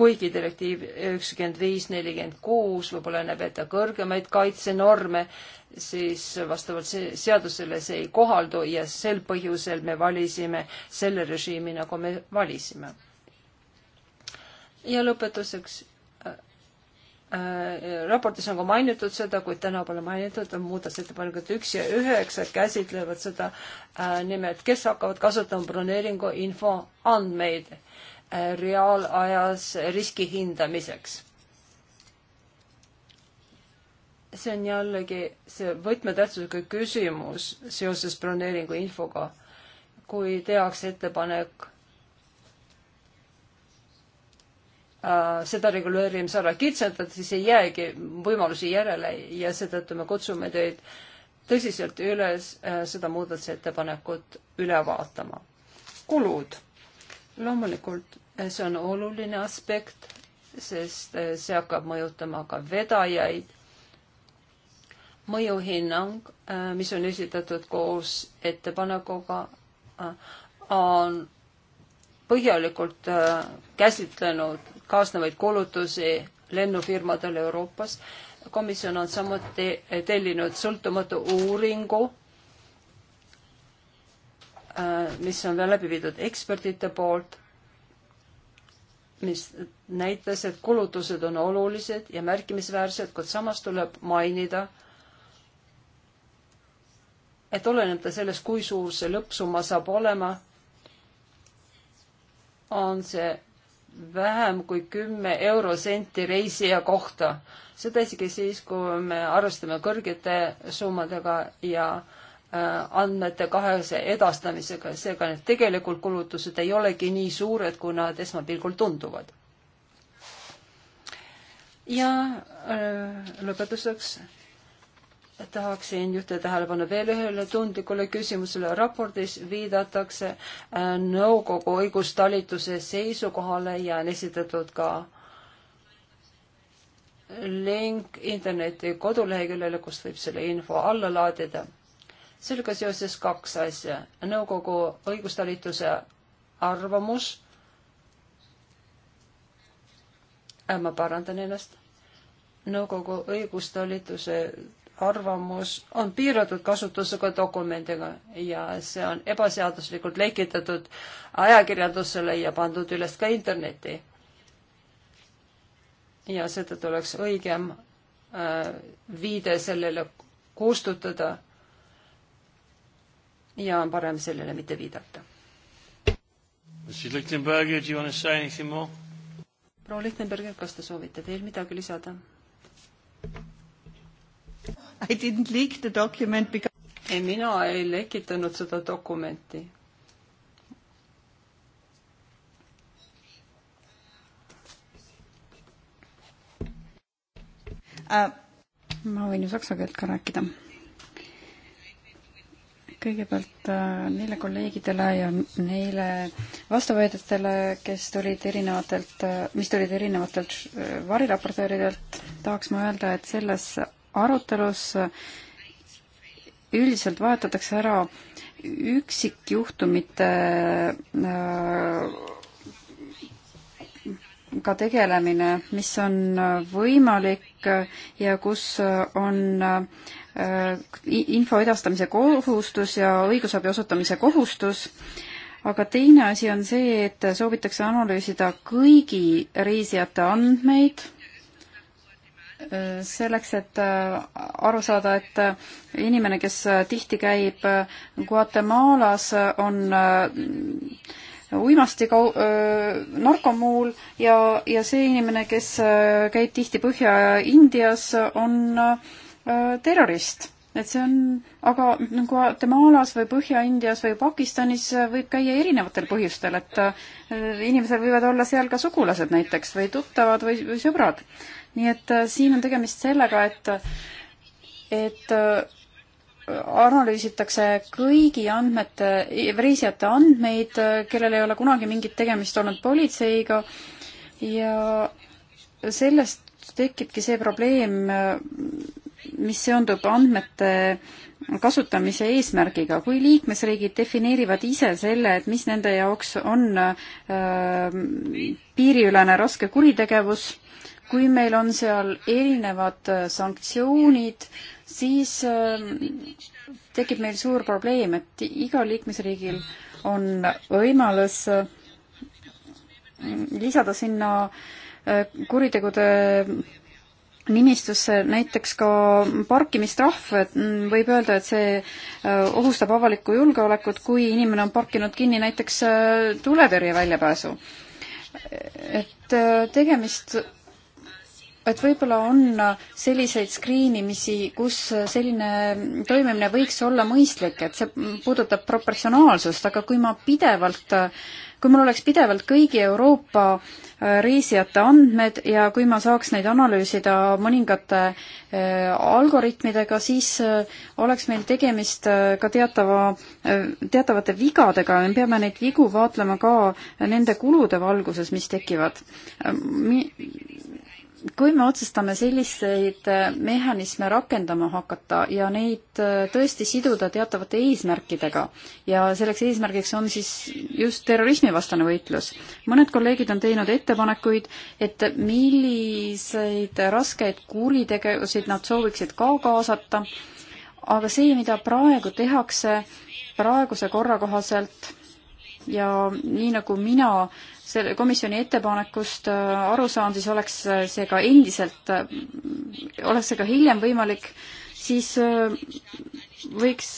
kuigi direktiiv üheksakümmend viis, nelikümmend kuus võib-olla näeb ette kõrgemaid kaitsenorme, siis vastavalt seadusele see ei kohaldu ja sel põhjusel me valisime selle režiimi, nagu me valisime. ja lõpetuseks Äh, raportis on ka mainitud seda, kuid täna pole mainitud, on muudatusettepanekud üks ja üheksa käsitlevad seda äh, nimelt, kes hakkavad kasutama broneeringu info andmeid äh, reaalajas riski hindamiseks. see on jällegi see võtmetähtsusega küsimus seoses broneeringu infoga, kui tehakse ettepanek Äh, seda reguleerimisala kitsendada, siis ei jäägi võimalusi järele ja seetõttu me kutsume teid tõsiselt üles äh, seda muudatusettepanekut üle vaatama. kulud. loomulikult äh, see on oluline aspekt, sest see hakkab mõjutama ka vedajaid. mõjuhinnang, mis on esitatud koos ettepanekuga, on põhjalikult käsitlenud kaasnevaid kulutusi lennufirmadel Euroopas. komisjon on samuti tellinud sõltumatu uuringu, äh, mis on läbi viidud ekspertide poolt, mis näitas, et kulutused on olulised ja märkimisväärsed, kuid samas tuleb mainida, et oleneb ta sellest, kui suur see lõppsumma saab olema, on see vähem kui kümme eurosenti reisija kohta. seda isegi siis, kui me arvestame kõrgete summadega ja äh, andmete kahese edastamisega, seega need tegelikult kulutused ei olegi nii suured, kui nad esmapilgul tunduvad. ja äh, lõpetuseks tahaksin juhtida tähelepanu veel ühele tundlikule küsimusele. raportis viidatakse äh, nõukogu õigustalituse seisukohale ja on esitatud ka link interneti koduleheküljele, kust võib selle info alla laadida. sellega seoses kaks asja. nõukogu õigustalituse arvamus. Äh, ma parandan ennast. nõukogu õigustalituse arvamus on piiratud kasutusega dokumendiga ja see on ebaseaduslikult lekitatud ajakirjandusele ja pandud üles ka internetti. ja seetõttu oleks õigem äh, viide sellele kustutada ja on parem sellele mitte viidata. proua Lichtenberger, kas te soovite veel midagi lisada? I didn't leak the document because ei, mina ei lekitanud seda dokumenti. Uh, ma võin ju saksa keelt ka rääkida. kõigepealt äh, neile kolleegidele ja neile vastuvõtjatele, kes tulid erinevatelt, äh, mis tulid erinevatelt äh, variraportööridelt, tahaks ma öelda, et selles arutelus üldiselt vahetatakse ära üksikjuhtumite äh, ka tegelemine, mis on võimalik ja kus on äh, info edastamise kohustus ja õigusabi osutamise kohustus aga teine asi on see, et soovitakse analüüsida kõigi reisijate andmeid selleks, et äh, aru saada, et äh, inimene, kes äh, tihti käib Guatemalas, on uimastikau-, narkomuul ja, ja see inimene, kes käib tihti Põhja-Indias, on terrorist. et see on, aga Guatemalas või Põhja-Indias või Pakistanis võib käia erinevatel põhjustel, et inimesel võivad olla seal ka sugulased näiteks või tuttavad või, või sõbrad nii et äh, siin on tegemist sellega, et et äh, analüüsitakse kõigi andmete, reisijate andmeid, äh, kellel ei ole kunagi mingit tegemist olnud politseiga ja sellest tekibki see probleem, mis seondub andmete kasutamise eesmärgiga, kui liikmesriigid defineerivad ise selle, et mis nende jaoks on äh, piiriülene raske kuritegevus, kui meil on seal erinevad äh, sanktsioonid, siis ähm, tekib meil suur probleem, et igal liikmesriigil on võimalus äh, lisada sinna äh, kuritegude nimistusse näiteks ka parkimistrahv, et mm, võib öelda, et see ohustab avalikku julgeolekut, kui inimene on parkinud kinni näiteks tuletõrje väljapääsu. et tegemist et võib-olla on selliseid skriinimisi, kus selline toimimine võiks olla mõistlik, et see puudutab proportsionaalsust, aga kui ma pidevalt, kui mul oleks pidevalt kõigi Euroopa äh, reisijate andmed ja kui ma saaks neid analüüsida mõningate äh, algoritmidega, siis äh, oleks meil tegemist ka teatava, teatavate vigadega ja me peame neid vigu vaatlema ka nende kulude valguses, mis tekivad kui me otsustame selliseid äh, mehhanisme rakendama hakata ja neid äh, tõesti siduda teatavate eesmärkidega ja selleks eesmärgiks on siis just terrorismivastane võitlus. mõned kolleegid on teinud ettepanekuid, et milliseid raskeid kuritegevusid nad sooviksid ka kaasata, aga see, mida praegu tehakse praeguse korra kohaselt ja nii nagu mina selle komisjoni ettepanekust äh, aru saan, siis oleks äh, see ka endiselt, äh, oleks see ka hiljem võimalik, siis võiks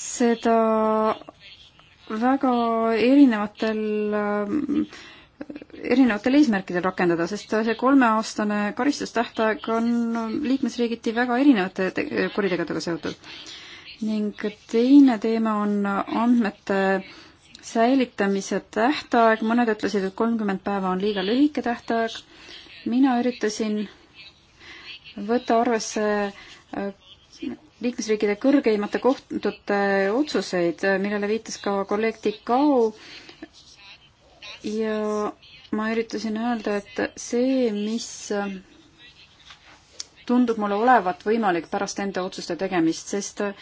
seda väga erinevatel, erinevatel eesmärkidel rakendada, sest see kolmeaastane karistustähtaeg on liikmesriigiti väga erinevate kuritegudega seotud. ning teine teema on andmete säilitamise tähtaeg, mõned ütlesid, et kolmkümmend päeva on liiga lühike tähtaeg. mina üritasin võtta arvesse äh, liikmesriikide kõrgeimate kohtute otsuseid, millele viitas ka kolleeg Tikau ja ma üritasin öelda, et see, mis äh, tundub mulle olevat võimalik pärast enda otsuste tegemist, sest äh,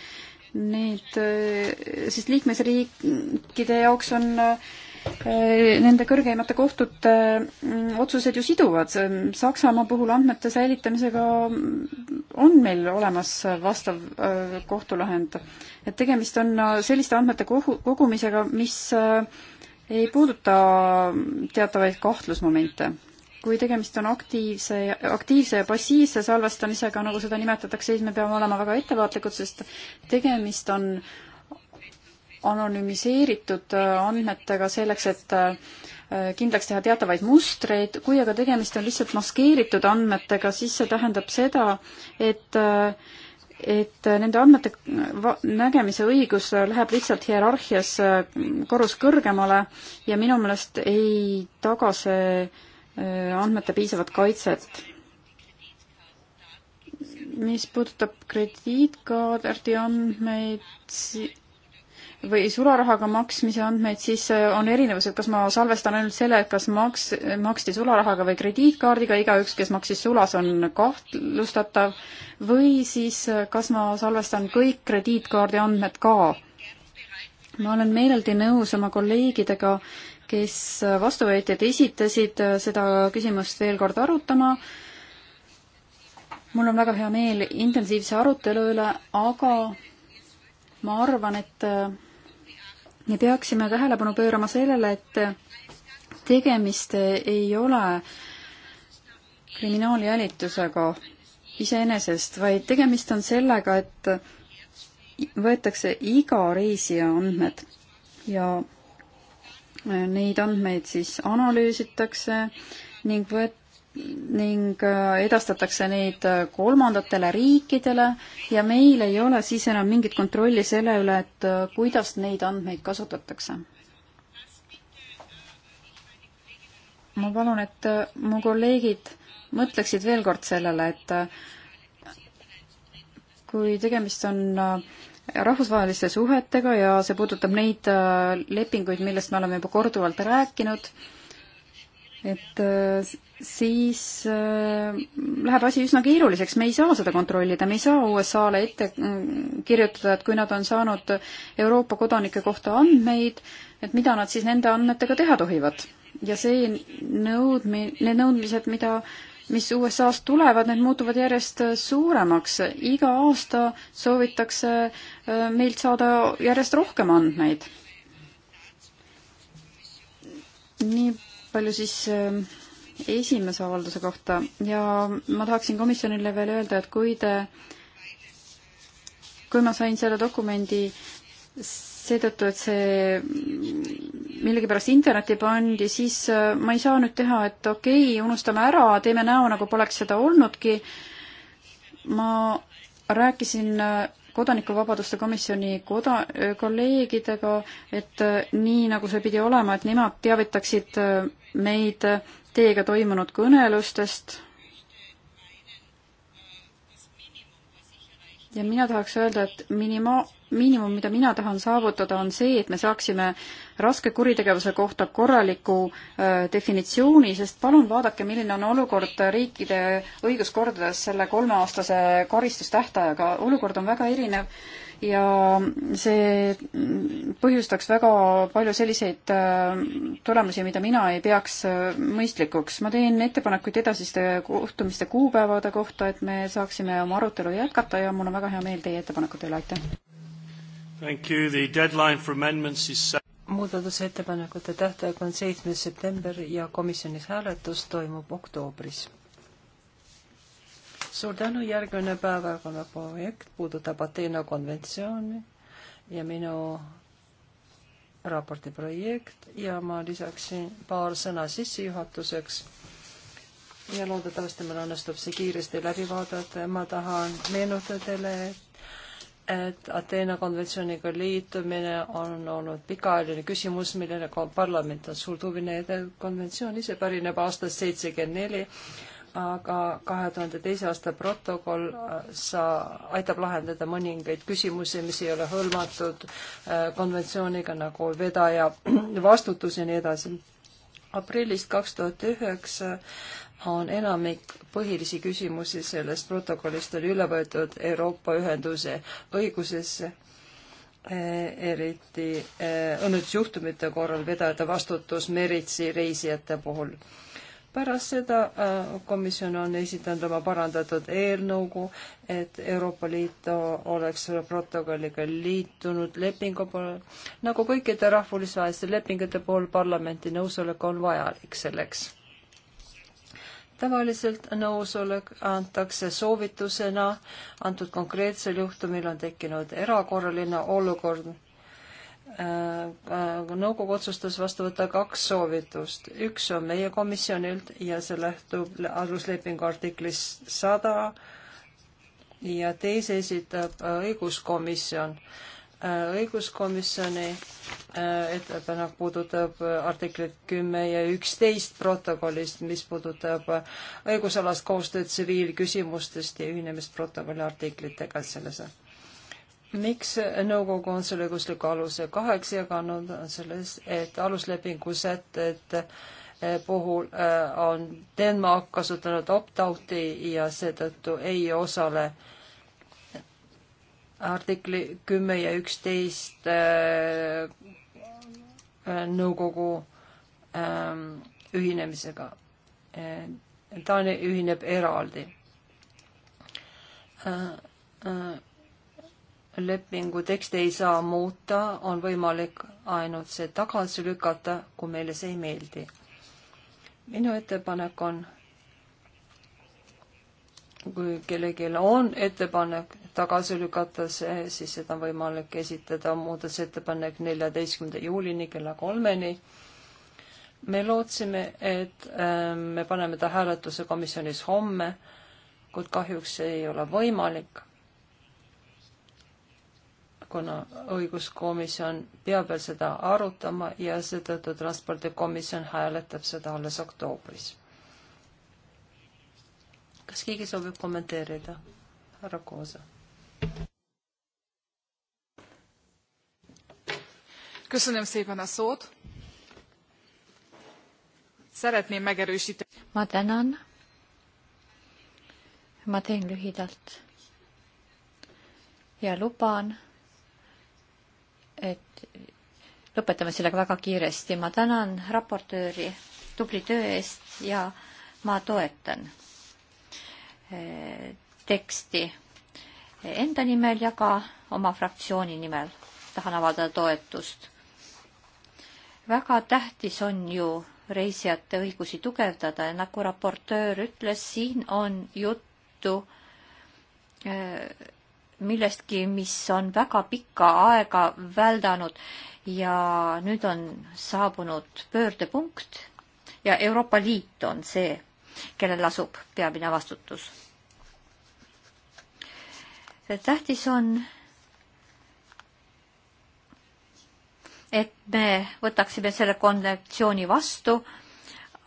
need, äh, sest liikmesriikide jaoks on äh, nende kõrgeimate kohtute mm, otsused ju siduvad. Saksamaa puhul andmete säilitamisega mm, on meil olemas vastav äh, kohtulahend. et tegemist on selliste andmete kogu, kogumisega, mis ei puuduta teatavaid kahtlusmomente kui tegemist on aktiivse, aktiivse ja passiivse salvestamisega, nagu seda nimetatakse, siis me peame olema väga ettevaatlikud, sest tegemist on anonüümiseeritud äh, andmetega selleks, et äh, kindlaks teha teatavaid mustreid, kui aga tegemist on lihtsalt maskeeritud andmetega, siis see tähendab seda, et äh, et nende andmete nägemise õigus läheb lihtsalt hierarhias korrus kõrgemale ja minu meelest ei taga see Äh, andmete piisavat kaitset. mis puudutab krediitkaardi andmeid või sularahaga maksmise andmeid, siis äh, on erinevus, et kas ma salvestan ainult selle, et kas maks, maksti sularahaga või krediitkaardiga, igaüks, kes maksis sulas, on kahtlustatav, või siis äh, kas ma salvestan kõik krediitkaardi andmed ka. ma olen meeleldi nõus oma kolleegidega, kes vastuväited esitasid, äh, seda küsimust veel kord arutama. mul on väga hea meel intensiivse arutelu üle, aga ma arvan, et äh, me peaksime tähelepanu pöörama sellele, et tegemist ei ole kriminaaljälitusega iseenesest, vaid tegemist on sellega, et võetakse iga reisija andmed ja neid andmeid siis analüüsitakse ning võet-, ning äh, edastatakse neid äh, kolmandatele riikidele ja meil ei ole siis enam mingit kontrolli selle üle, et äh, kuidas neid andmeid kasutatakse. ma palun, et mu kolleegid mõtleksid veel kord sellele, et kui tegemist on äh, rahvusvaheliste suhetega ja see puudutab neid äh, lepinguid, millest me oleme juba korduvalt rääkinud, et äh, siis äh, läheb asi üsna keeruliseks, me ei saa seda kontrollida, me ei saa USA-le ette kirjutada, et kui nad on saanud Euroopa kodanike kohta andmeid, et mida nad siis nende andmetega teha tohivad. ja see nõudmi-, need nõudmised, mida mis USA-st tulevad, need muutuvad järjest äh, suuremaks. iga aasta soovitakse äh, meilt saada järjest rohkem andmeid. nii palju siis äh, esimese avalduse kohta ja ma tahaksin komisjonile veel öelda, et kui te, kui ma sain selle dokumendi seetõttu, et see millegipärast interneti pandi, siis äh, ma ei saa nüüd teha, et okei okay,, unustame ära, teeme näo, nagu poleks seda olnudki. ma rääkisin äh, kodanikuvabaduste komisjoni koda-, äh, kolleegidega, et nii, nagu see pidi olema, et nemad teavitaksid meid teiega toimunud kõnelustest. ja mina tahaks öelda, et minima-, miinimum, mida mina tahan saavutada, on see, et me saaksime raske kuritegevuse kohta korraliku äh, definitsiooni, sest palun vaadake, milline on olukord riikide õiguskordades selle kolmeaastase karistustähtajaga, olukord on väga erinev ja see mm, põhjustaks väga palju selliseid tulemusi, mida mina ei peaks mõistlikuks. ma teen ettepanekuid edasiste kohtumiste kuupäevade kohta, et me saaksime oma arutelu jätkata ja mul on väga hea meel teie ettepanekute üle, aitäh! muudatusettepanekute tähtaeg on seitsmes september ja komisjonis hääletus toimub oktoobris. suur tänu, järgmine päevakorra projekt puudutab Ateena konventsiooni ja minu raporti projekt ja ma lisaksin paar sõna sissejuhatuseks ja loodetavasti meil õnnestub see kiiresti läbi vaadata ja ma tahan meenutada teile, et et Ateena konventsiooniga liitumine on olnud pikaajaline küsimus, millele ka parlament on suurt huvi näidanud. konventsioon ise pärineb aastast seitsekümmend neli, aga kahe tuhande teise aasta protokoll äh, sa-, aitab lahendada mõningaid küsimusi, mis ei ole hõlmatud äh, konventsiooniga, nagu vedaja vastutus ja nii edasi aprillist kaks tuhat üheksa on enamik põhilisi küsimusi sellest protokollist oli üle võetud Euroopa Ühenduse õigusesse, eh, eriti õnnetusjuhtumite eh, korral vedajate vastutus meritsi reisijate puhul. pärast seda eh, komisjon on esitanud oma parandatud eelnõugu, et Euroopa Liit oleks protokolliga liitunud lepingu pool, nagu kõikide rahvusvaheliste lepingute puhul parlamenti nõusolek on vajalik selleks tavaliselt nõusolek antakse soovitusena, antud konkreetsel juhtumil on tekkinud erakorraline olukord. Äh, äh, nõukogu otsustas vastu võtta kaks soovitust, üks on meie komisjonilt ja see lähtub aluslepingu artiklist sada ja teise esitab õiguskomisjon Äh, õiguskomisjoni äh, ettepanek puudutab äh, artiklit kümme ja üksteist protokollist, mis puudutab õigusalast koostööd tsiviilküsimustest ja ühinemist protokolli artiklitega selles. miks nõukogu on selle õigusliku aluse kaheks jaganud, on selles, et aluslepingu sätted puhul on Denmark kasutanud opt-out'i ja seetõttu ei osale äh, artikli kümme ja üksteist äh, äh, nõukogu ähm, ühinemisega. Äh, Taani ühineb eraldi. lepingu teksti ei saa muuta, on võimalik ainult see tagasi lükata, kui meile see ei meeldi. minu ettepanek on, kui kellelgi on ettepanek tagasi lükata see, siis seda on võimalik esitada muudatusettepanek neljateistkümnenda juulini kella kolmeni. me lootsime, et ähm, me paneme ta hääletuse komisjonis homme, kuid kahjuks see ei ole võimalik, kuna õiguskomisjon peab veel seda arutama ja seetõttu transpordikomisjon hääletab seda alles oktoobris. kas keegi soovib kommenteerida? härra Koosa Köszönöm szépen a szót. Szeretném megerősíteni. Ma tänan. Ma teen lühidalt. Ja luban, et lõpetame sellega väga kiiresti. ma tänan raportööri tubli töö eest ja ma toetan eh, teksti enda nimel ja ka oma fraktsiooni nimel tahan avaldada toetust. väga tähtis on ju reisijate õigusi tugevdada ja nagu raportöör ütles, siin on juttu eh, millestki, mis on väga pikka aega väldanud ja nüüd on saabunud pöördepunkt ja Euroopa Liit on see, kellel asub peamine vastutus tähtis on, et me võtaksime selle konventsiooni vastu,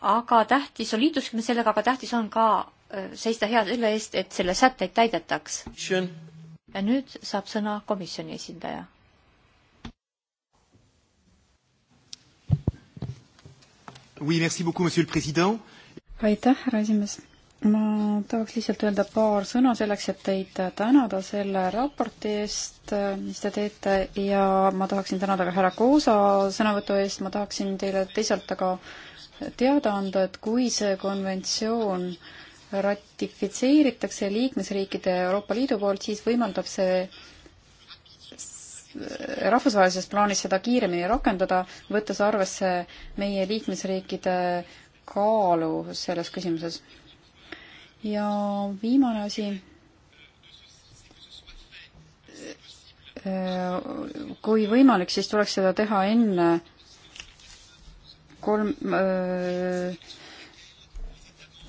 aga tähtis on, liitusime sellega, aga tähtis on ka äh, seista hea selle eest, et selle sätteid täidetaks. ja nüüd saab sõna komisjoni esindaja. aitäh, härra esimees ma tahaks lihtsalt öelda paar sõna selleks, et teid tänada selle raporti eest, mis te teete ja ma tahaksin tänada ka härra Koosa sõnavõtu eest, ma tahaksin teile teisalt aga teada anda, et kui see konventsioon ratifitseeritakse liikmesriikide Euroopa Liidu poolt, siis võimaldab see rahvusvahelises plaanis seda kiiremini rakendada, võttes arvesse meie liikmesriikide kaalu selles küsimuses ja viimane asi. kui võimalik, siis tuleks seda teha enne kolm öö,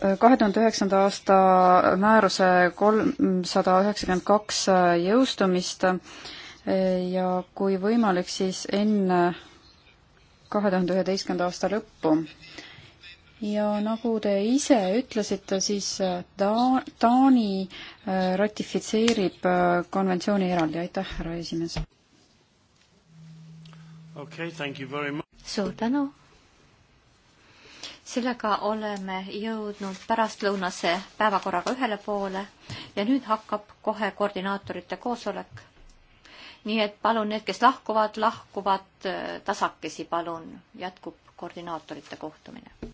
äh, kahe tuhande üheksanda aasta määruse kolmsada üheksakümmend kaks jõustumist ja kui võimalik, siis enne kahe tuhande üheteistkümnenda aasta lõppu ja nagu te ise ütlesite, siis äh, ta-, Taani äh, ratifitseerib äh, konventsiooni eraldi, aitäh, härra esimees okay,! suur tänu! sellega oleme jõudnud pärastlõunase päevakorraga ühele poole ja nüüd hakkab kohe koordinaatorite koosolek. nii et palun need, kes lahkuvad, lahkuvad tasakesi, palun, jätkub koordinaatorite kohtumine.